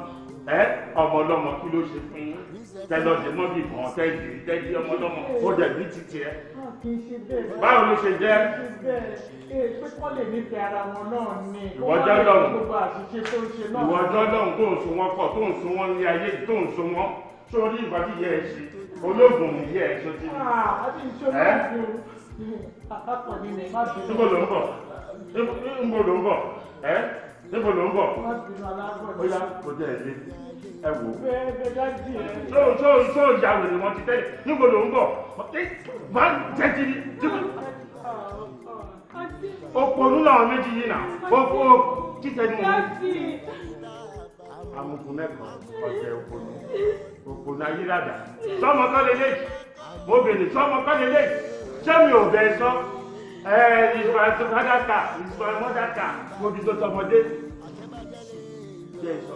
ẹ ọmọ ọlọ́mọ kí ló ṣe fún yín tẹ lọ dé mọ́bì di ọmọ lọ́mọ ó dẹ̀ bí ti tiẹ̀. báwo ló ṣe jẹ́. ṣé kọ́ lè nífẹ̀ẹ́ ara wọn náà ni. ìwọ́jọ́ lọ́hùn ìwọ́jọ́ lọ́hùn tó ń sun wọn pọ̀ tó ń sun wọn ní ayé tó ń sun wọn sórí ìgbà ẹ wò. bẹ́ẹ̀ bẹ́ẹ̀ dájú ẹ. tó tó tó ìyá wèrè ti tẹ́lẹ̀ níbo ló ń bọ̀ máa ń jẹ́ kiri. òpònú làwọn méjì yìí nà òpó títẹ̀ ní wọn. amukun mẹ́kọ̀ọ́ ọ̀sẹ̀ òpònú òpònú ayélujára sọmọ kọ́ lélẹ́yìí mo bèrè sọmọ kọ́ lélẹ́yìí sẹ́mi ò bẹ́ẹ̀ sọ ìsúwàsó mọ́dàkà ìsúwàsó mọ́dàkà mo bí tó tọmọdé jẹ́ ìsọ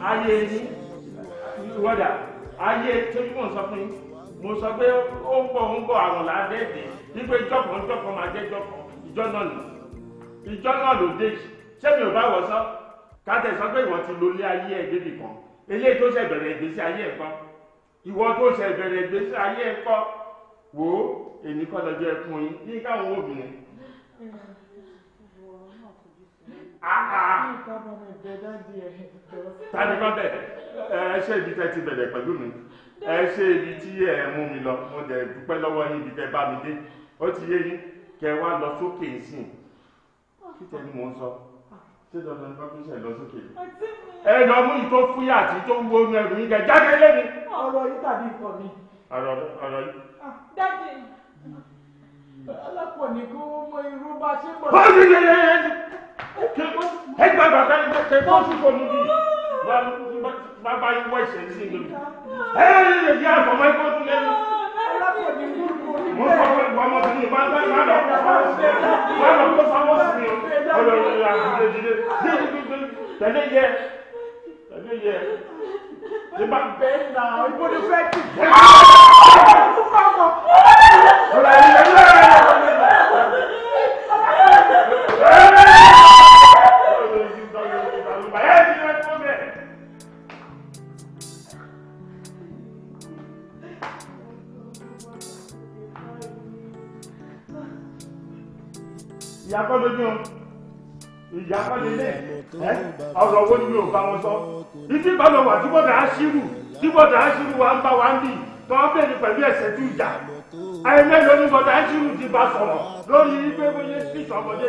ayé ní wọ́dà ayé tójú mọ̀ sọ fún yín mo sọ pé ó ń bọ̀ ń bọ̀ àwọn làádẹ́ẹ̀dẹ́ wípé jọ̀pọ̀ jọ̀pọ̀ máa jẹ́ jọ̀pọ̀ ìjọ náà nù ìjọ náà ló dé ṣé mi ò bá wọ̀ sọ kátẹ́ sọ pé ìwọ ti lo ilé ayé ẹ̀ débì kan eléyìí tó ṣe bẹ̀rẹ̀ ìgbésí ayé ẹ̀ kọ́ ìwọ tó ṣe bẹ̀rẹ̀ ìgbésí ayé ẹ̀ kọ́ wò ó èmi kọ́ lọ́jọ́ ẹkùn yín ní káwọn obìnrin tani kọ́ bẹ̀ ẹ ṣe ibi tẹ́ ti bẹ̀rẹ̀ pẹ̀lú mi ẹ ṣe ibi tí ẹ mú mi lọ mo dẹ̀ dúpẹ́ lọ́wọ́ yín ibi tẹ́ bá mi dé ó ti yé yín kẹ wá lọ sókè nsìn kí tẹ́ ni mò ń sọ ṣé dandan ni bákan ṣe lọ sókè ẹ lọ mú ìtó fúyà àti tó ń gbóhùn ẹrù yín kẹ jáde lẹ́nu. ọ̀rọ̀ yìí tàbí ikọ̀ mi. ọ̀rọ̀ yìí. Ah, dájú ọlọ́pàá ní kó mọ irú bá ṣe pọ̀ ẹgbẹ́ bàbá yìí bẹ́ẹ̀ my fọ́ọ̀sì kò níbi bàbá yìí wọ ìṣẹ̀ sí ìlú ẹ ẹ yẹ àgbọ̀n mọ́ ẹgbẹ́ tún lẹ́nu. mo sọ pé ọmọ tí mi máa ń bá lọ kó fọwọ́ sí mi máa lọ kó fọwọ́ sí mi ọ̀rọ̀ ìrìn àgùdè dìde tẹ̀lé yẹ tẹ̀lé yẹ ní bá bẹ́ẹ̀ náà ìbò ni fẹ́ẹ́ ti. ọ̀rọ̀ tí bọ̀dà aṣírù tí bọ̀dà aṣírù wa ń bá wa ń bì tó ń bèrè pẹ̀lú ẹ̀sẹ̀ tó ìjà àìmẹ́lẹ̀ oníbọ̀dà aṣírù ti bá sọ̀rọ̀ lórí pé bó ṣe sí ìtọ́mọdé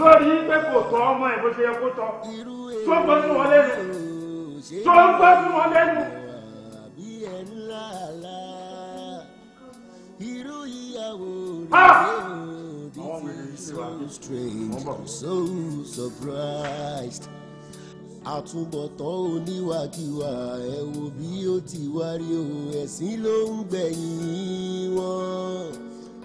lórí pé kò tọ́ ọmọ ẹ̀ bó ṣe yẹ kó tọ́ tó gbọ́ sí wọn lẹ́nu tó gbọ́ sí wọn lẹ́nu. Ah! so surprised àtúbọ̀tán oníwàkiwà ẹ wo bí ó ti wá rí o ẹ̀sìn ló ń gbẹ̀yìn wọn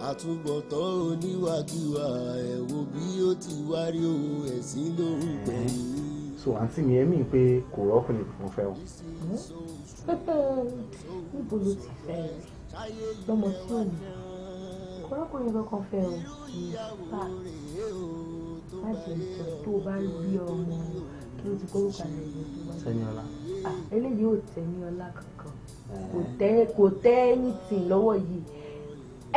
àtúbọ̀tán oníwàkiwà ẹ wo bí ó ti wá rí o ẹ̀sìn ló ń gbẹ̀yìn. so àǹtí mi ẹ mí pé kò rọ́ọ̀kùn níbi mo fẹ́ o. Hm? níbo ló ti fẹ́ lọ́mọ tí ò ní kò rọ́ọ̀kùnrin kankan fẹ́ o. Hm, má jẹ́ ìtọ́ tó o bá rí ọmọ rẹ̀ ló Ah, kórúkà rẹ̀ yìí tó wá. Tẹ́niọlá. eléyìí ò Tẹ́niọlá kankan eh. kò tẹ́ anything lọ́wọ́ yìí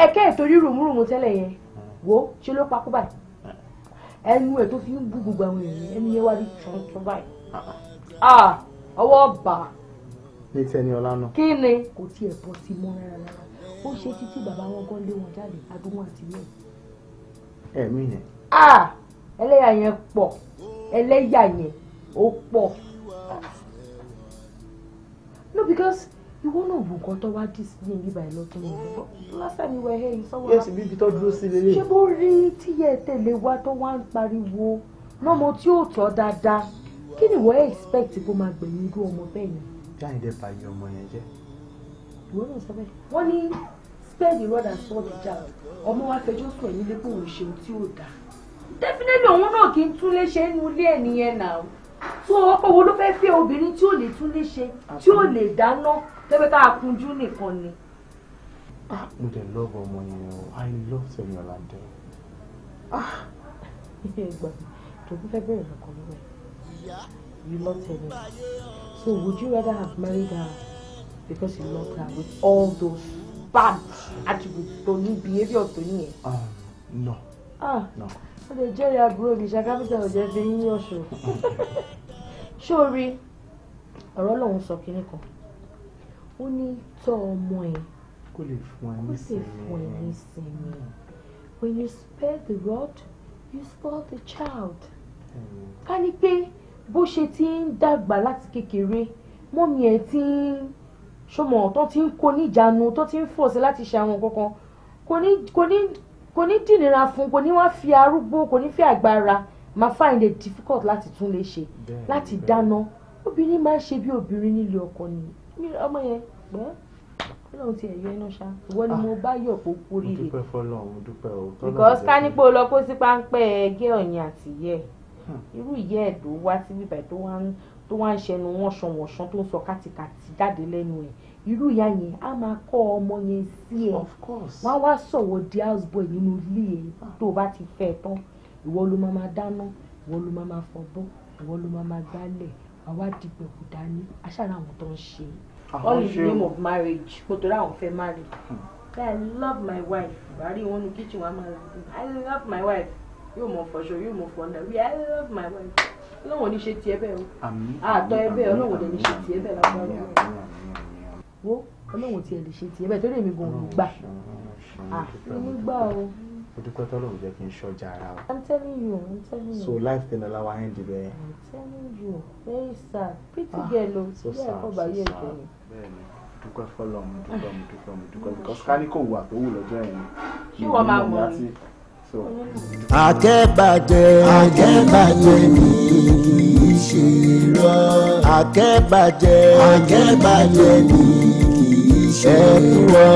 ẹ kẹ́ ìtorí rùmùrùmù tẹ́lẹ̀ yẹn eh. wo ṣe ló pa kú báyìí eh. ẹnu ẹ̀ tó fi ń bú gbogbo àwọn èèyàn ẹni yẹn wá rí tuntun báyìí ah, ah. ọwọ́ bà á. ní Tẹ́niọlá náà. kí ni kò tiẹ̀ bọ́ sí mọ́ rárá rárá ó ṣe títí bàbá wọn gan lé wọn jáde agbóhùn àti mẹ́rin. ẹ̀mí yẹn. ẹlẹ́yà yẹn pọ̀ ẹlẹ́yà yẹn ó pọ̀ no because you won't know nǹkan tó wá dì sí ní ibi báyìí lọ́tún ní last time you were here you saw yes bíbi tó dúró sí lélẹ̀. ṣé bó rí tíyẹ tẹ̀lé wa tó wá ń pariwo lọ́mọ tí ó tọ́ dáadáa kí ni wọ́n expect kó máa gbẹ̀yìn irú ọmọ bẹ́ẹ̀ yẹn. bí àyìndé bá yọ ọmọ yẹn jẹ. ìwọ náà sọ bẹ́ẹ̀ wọ́n ní spare the rod and sword the jar ọmọ wa fẹjọ́ so ẹ̀yìn lé pé òun ṣe ohun tí ò definitely òun náà kì í tún lé ṣe é nu ilé ẹ̀ nìyẹn náà so owó ló fẹ́ fẹ́ obìnrin tí ò lè tún lè ṣe tí ò lè dáná tẹ́fẹ́ ká kunjú nìkan ni. Ah, mo dẹ̀ lọ́ọ̀bù ọmọ yẹn o i love Sẹ́mi Ọ̀làdé. ìgbà ah, tòun fẹ́ bẹ̀rẹ̀ lọ́kọ̀ lọ́wọ́ you love Sẹ́mi so would you rather have married her because you love her with all those bad attributes tó ní behaviour tó ní yẹn. Um, no. Ah. no lè jẹ́rìí àbúrò mi ṣàkápítà ọ̀jẹ̀ fi yín ọ̀ṣọ́ sórí ọ̀rọ̀ lòun sọ kínní kan ó ní tọ́ ọmọ ẹ̀ kó lè fún ẹ ní sinmi when you spare the rod you spoil the child hmm. ká ní pé bó ṣe ti ń dàgbà láti kékeré mọ́mí ẹ̀ ti ń ṣọmọ tó ti ń kó níjànú tó ti ń fọ̀ sí láti ṣe àwọn kankan kò ní kò ní dìnnìra fún kò ní wọ́n fi arúgbó kò ní fi àgbára máa find it difficult láti tún lè ṣe láti dáná obìnrin máa ń ṣe bí obìnrin nílé ọkọ ni ọmọ yẹn gbẹ́ ọlọ́run ti ẹ̀yọ iná ṣá ìwọ ni mo ah. bá yọ̀ kó kú rí rè. because ká ní pé o lọ kó sí páńpẹ́ ẹgẹ́ ọ̀yìn àti ìyẹ́ hmm. irú ìyẹ́ ẹ̀ tó wá sí bíbẹ̀ tó wá ń ṣẹnu wọ́nṣanwọ̀nṣan tó ń sọ kátikàti jáde lẹ́nu ẹ̀ irú ìyá yẹn á máa kọ́ ọmọ yẹn sí ẹ wọ́n wá sọ̀wọ́ di houseboy nínú ilé ẹ tó bá ti fẹ́ ẹ ìwọ ló máa máa dáná ìwọ ló máa máa fọbọ́ ìwọ ló máa máa gbálẹ̀ àwa di pẹ̀kú dání aṣáára àwọn tó ń ṣe all in the name of marriage mo tó ráwọn fẹ́ marry hmm. I love my wife bàárí wọn ní kitchen wa máa I love my wife yóò mọ fọṣọ yóò mọ fọnà rí I love my wife ọlọ́wọ́n ní ṣe tiẹ̀ bẹ́ẹ̀ o àtọ́ ẹ bẹ́ẹ̀ ọlọ́wọ́n dẹ̀ ní ṣe tiẹ̀ bẹ́ẹ̀ lágbára wo ọlọ́run tiẹ̀ lè ṣe tiẹ̀ bẹ́ẹ̀ tó lè mi gan òun gbà àmì gbà o. o dúpẹ́ tọ́lọ́run jẹ́ kí n ṣọ́jà ara o. i'm telling you i'm telling you. so life tẹ̀lé la wa ẹ̀ ń di i'm telling you very sad pretty ah, girl o tí yẹ kó bá yẹ ìjọ ni. dúpẹ́ fọlọ́ mo dúpẹ́ mo dúpẹ́ mo dúpẹ́ because ká ní kò wà tó wù lọ́jọ́ yẹn ni. ṣé wọ́n máa wọ̀ ni akẹ́bàjẹ́ akẹ́bàjẹ́ mi kì í ṣe irọ́ akẹ́bàjẹ́ akẹ́bàjẹ́ mi kì í ṣe irọ́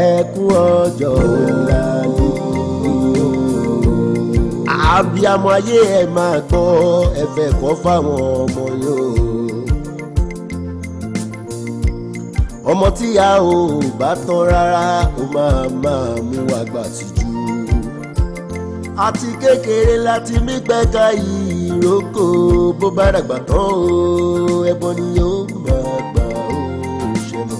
ẹkú ọjọ́ ọ̀la ni abiamọ ayé ẹ máa gbọ́ ẹ̀bẹ̀ kọ́ fáwọn ọmọ yóò. ọmọ tí a ò bá tán rárá ó máa máa mú wa gbà tìjú. àti kékeré láti mí gbẹ́ka ìrókò bó bá dàgbà tán o ẹbọ ni yóò máa gbà ó ṣẹlẹ̀.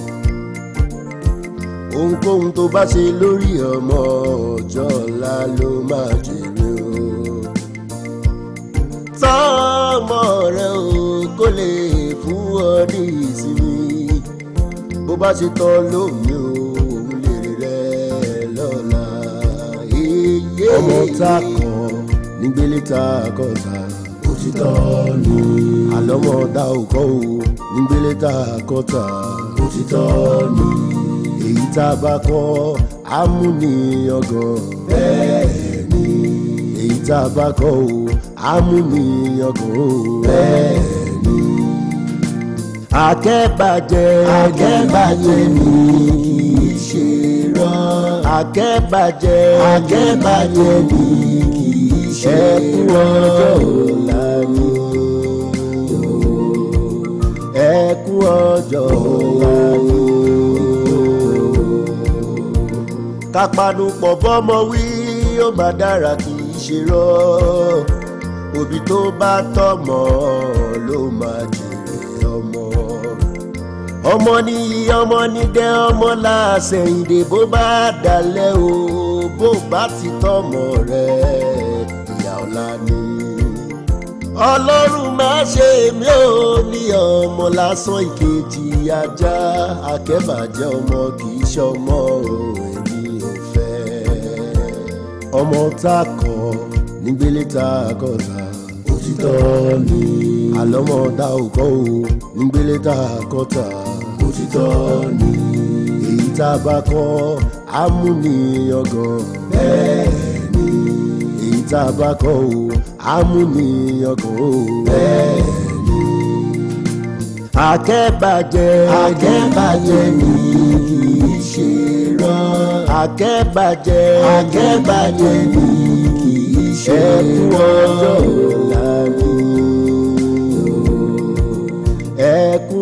ohunkóhun tó bá ṣe lórí ọmọ ọjọ́ ọ̀la ló máa jèrè o. tọ́ ọmọ rẹ o kó lè fún ọ ní ìsinmi bó bá ṣe tọ́ lómi o òun lè rí rẹ lọ́la. ọmọ tá a kọ nígbélé tá a kọ sá òtítọ́ ni. àlọ́mọ tá ò o nígbélé tá a kọ́ tà òtítọ́ ni. èyí tá a bá kọ́ á mú ní ọgàn. bẹ́ẹ̀ ni. èyí tá a bá kọ́ o á mú ní ọgàn o. bẹ́ẹ̀ ni akẹ́bàjẹ́ akẹ́bàjẹ́ mi kì í ṣe rọ. akẹ́bàjẹ́ akẹ́bàjẹ́ mi kì í ṣe rọ. ẹkú ọjọ́ ọ̀la mi ẹkú ọjọ́ ọ̀la mi. kápánupọ̀ bọ́mọ wí ó má dára kì í ṣe rọ òbí tó bá tọmọ ló máa jẹ ọmọ nìyí ọmọ nìdẹ ọmọ làṣẹyìndè bó bá dalẹ̀ o bó bá ti tọmọ rẹ ìyá ọ̀la ni. ọlọ́run má ṣe mí ò ní ọmọ lásán ìkejì ajá akẹ́bàjẹ́ ọmọ kì í ṣọmọ èmi ò fẹ́. ọmọ tá a kọ nígbélé tá a kọ sá òtítọ́ ni àlọ́mọ tá ò kọ́ o nígbélé tá a kọ́ tà. òtítọ́ ni èyí tá a bá kọ́ á mú ní ọgàn. bẹ́ẹ̀ ni èyí tá a bá kọ́ o á mú ní ọgàn o. bẹ́ẹ̀ ni akẹ́bàjẹ́ akẹ́bàjẹ́ mi kì í ṣe rán. akẹ́bàjẹ́ akẹ́bàjẹ́ mi kì í ṣe rán. ẹ ọjọ́ òun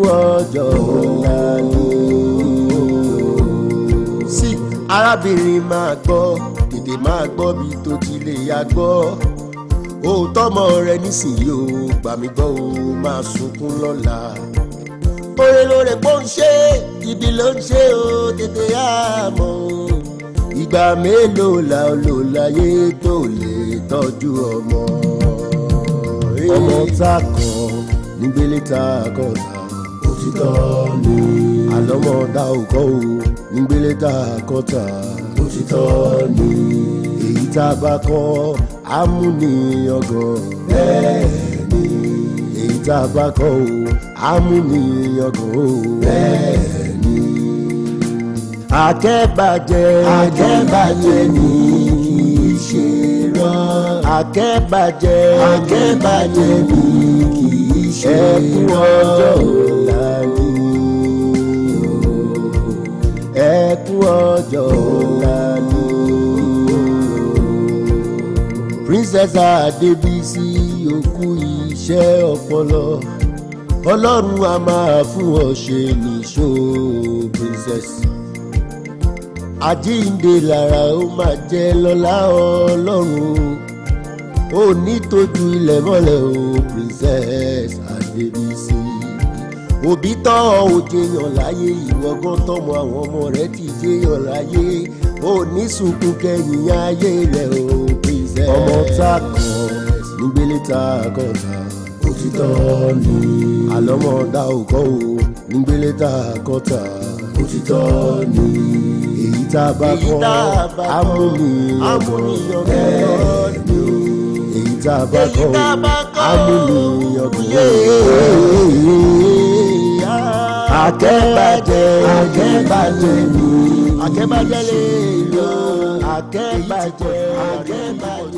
ọjọ́ ọ̀la ni. sick arábìnrin máa gbọ́ tètè máa gbọ́ bí tó ti lè ya gbọ́ òótọ́ ọmọ rẹ nísìnyí o gbà mí gbọ́ o máa sunkún lọ́la oore lóore pọ́ ń ṣe ibi ló ń ṣe o tètè yá mọ́ o ìgbà mélòó la lò láyé tó lè tọ́jú ọmọ ọmọ tá a nígbélé tá a kọ òtítọ́ ni. àlọ́mọ dá òkọ́ o nígbélé tá a kọ́ tà. òtítọ́ ni. èyí tá a bá kọ́ á mú bẹ́ẹ̀ ni. èyí tá a bá kọ́ o á mú bẹ́ẹ̀ ni. akẹ́bàjẹ́ akẹ́bàjẹ́ ni akẹ́bàjẹ́ akẹ́bàjẹ́ ni kì í ṣe ẹkún ọjọ́ ọ̀la ni ẹkún ọjọ́ ọ̀la ni Princess Adébísí òkú iṣẹ́ ọpọlọ ọlọ́run a máa fún ọ ṣe nìṣó princess àjíǹde lára ó máa jẹ́ lọ́lá ọlọ́run ó ní tójú ilẹ̀ mọ́lẹ̀ o princess adébísí òbí tọ́ ò jẹyàn láyé ìwọ̀gán tọmọ àwọn ọmọ rẹ ti jẹyàn láyé ó ní sunkún kẹyìn ayé rẹ o princess ọmọ tá a kọ nígbélé tá a kọ ta òtítọ́ ni àlọ́mọdá ò kọ́ o nígbélé tá a kọ ta òtítọ́ ni èyí tá a bá kọ́ amúniyàn ọmọ ẹ̀ ni tá a bá kọ́ amúlùyọ̀kùnrin. akẹ́bàjẹ́ akẹ́bàjẹ́ mi akẹ́bàjẹ́ lè lọ akẹ́bàjẹ́ akẹ́bàjẹ́.